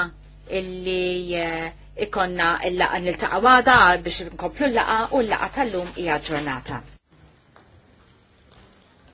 Speaker 4: illi eh, ikonna il-laqa nil-taqa wada biex nkomplu l-laqa u l-laqa tal-lum hija ġurnata.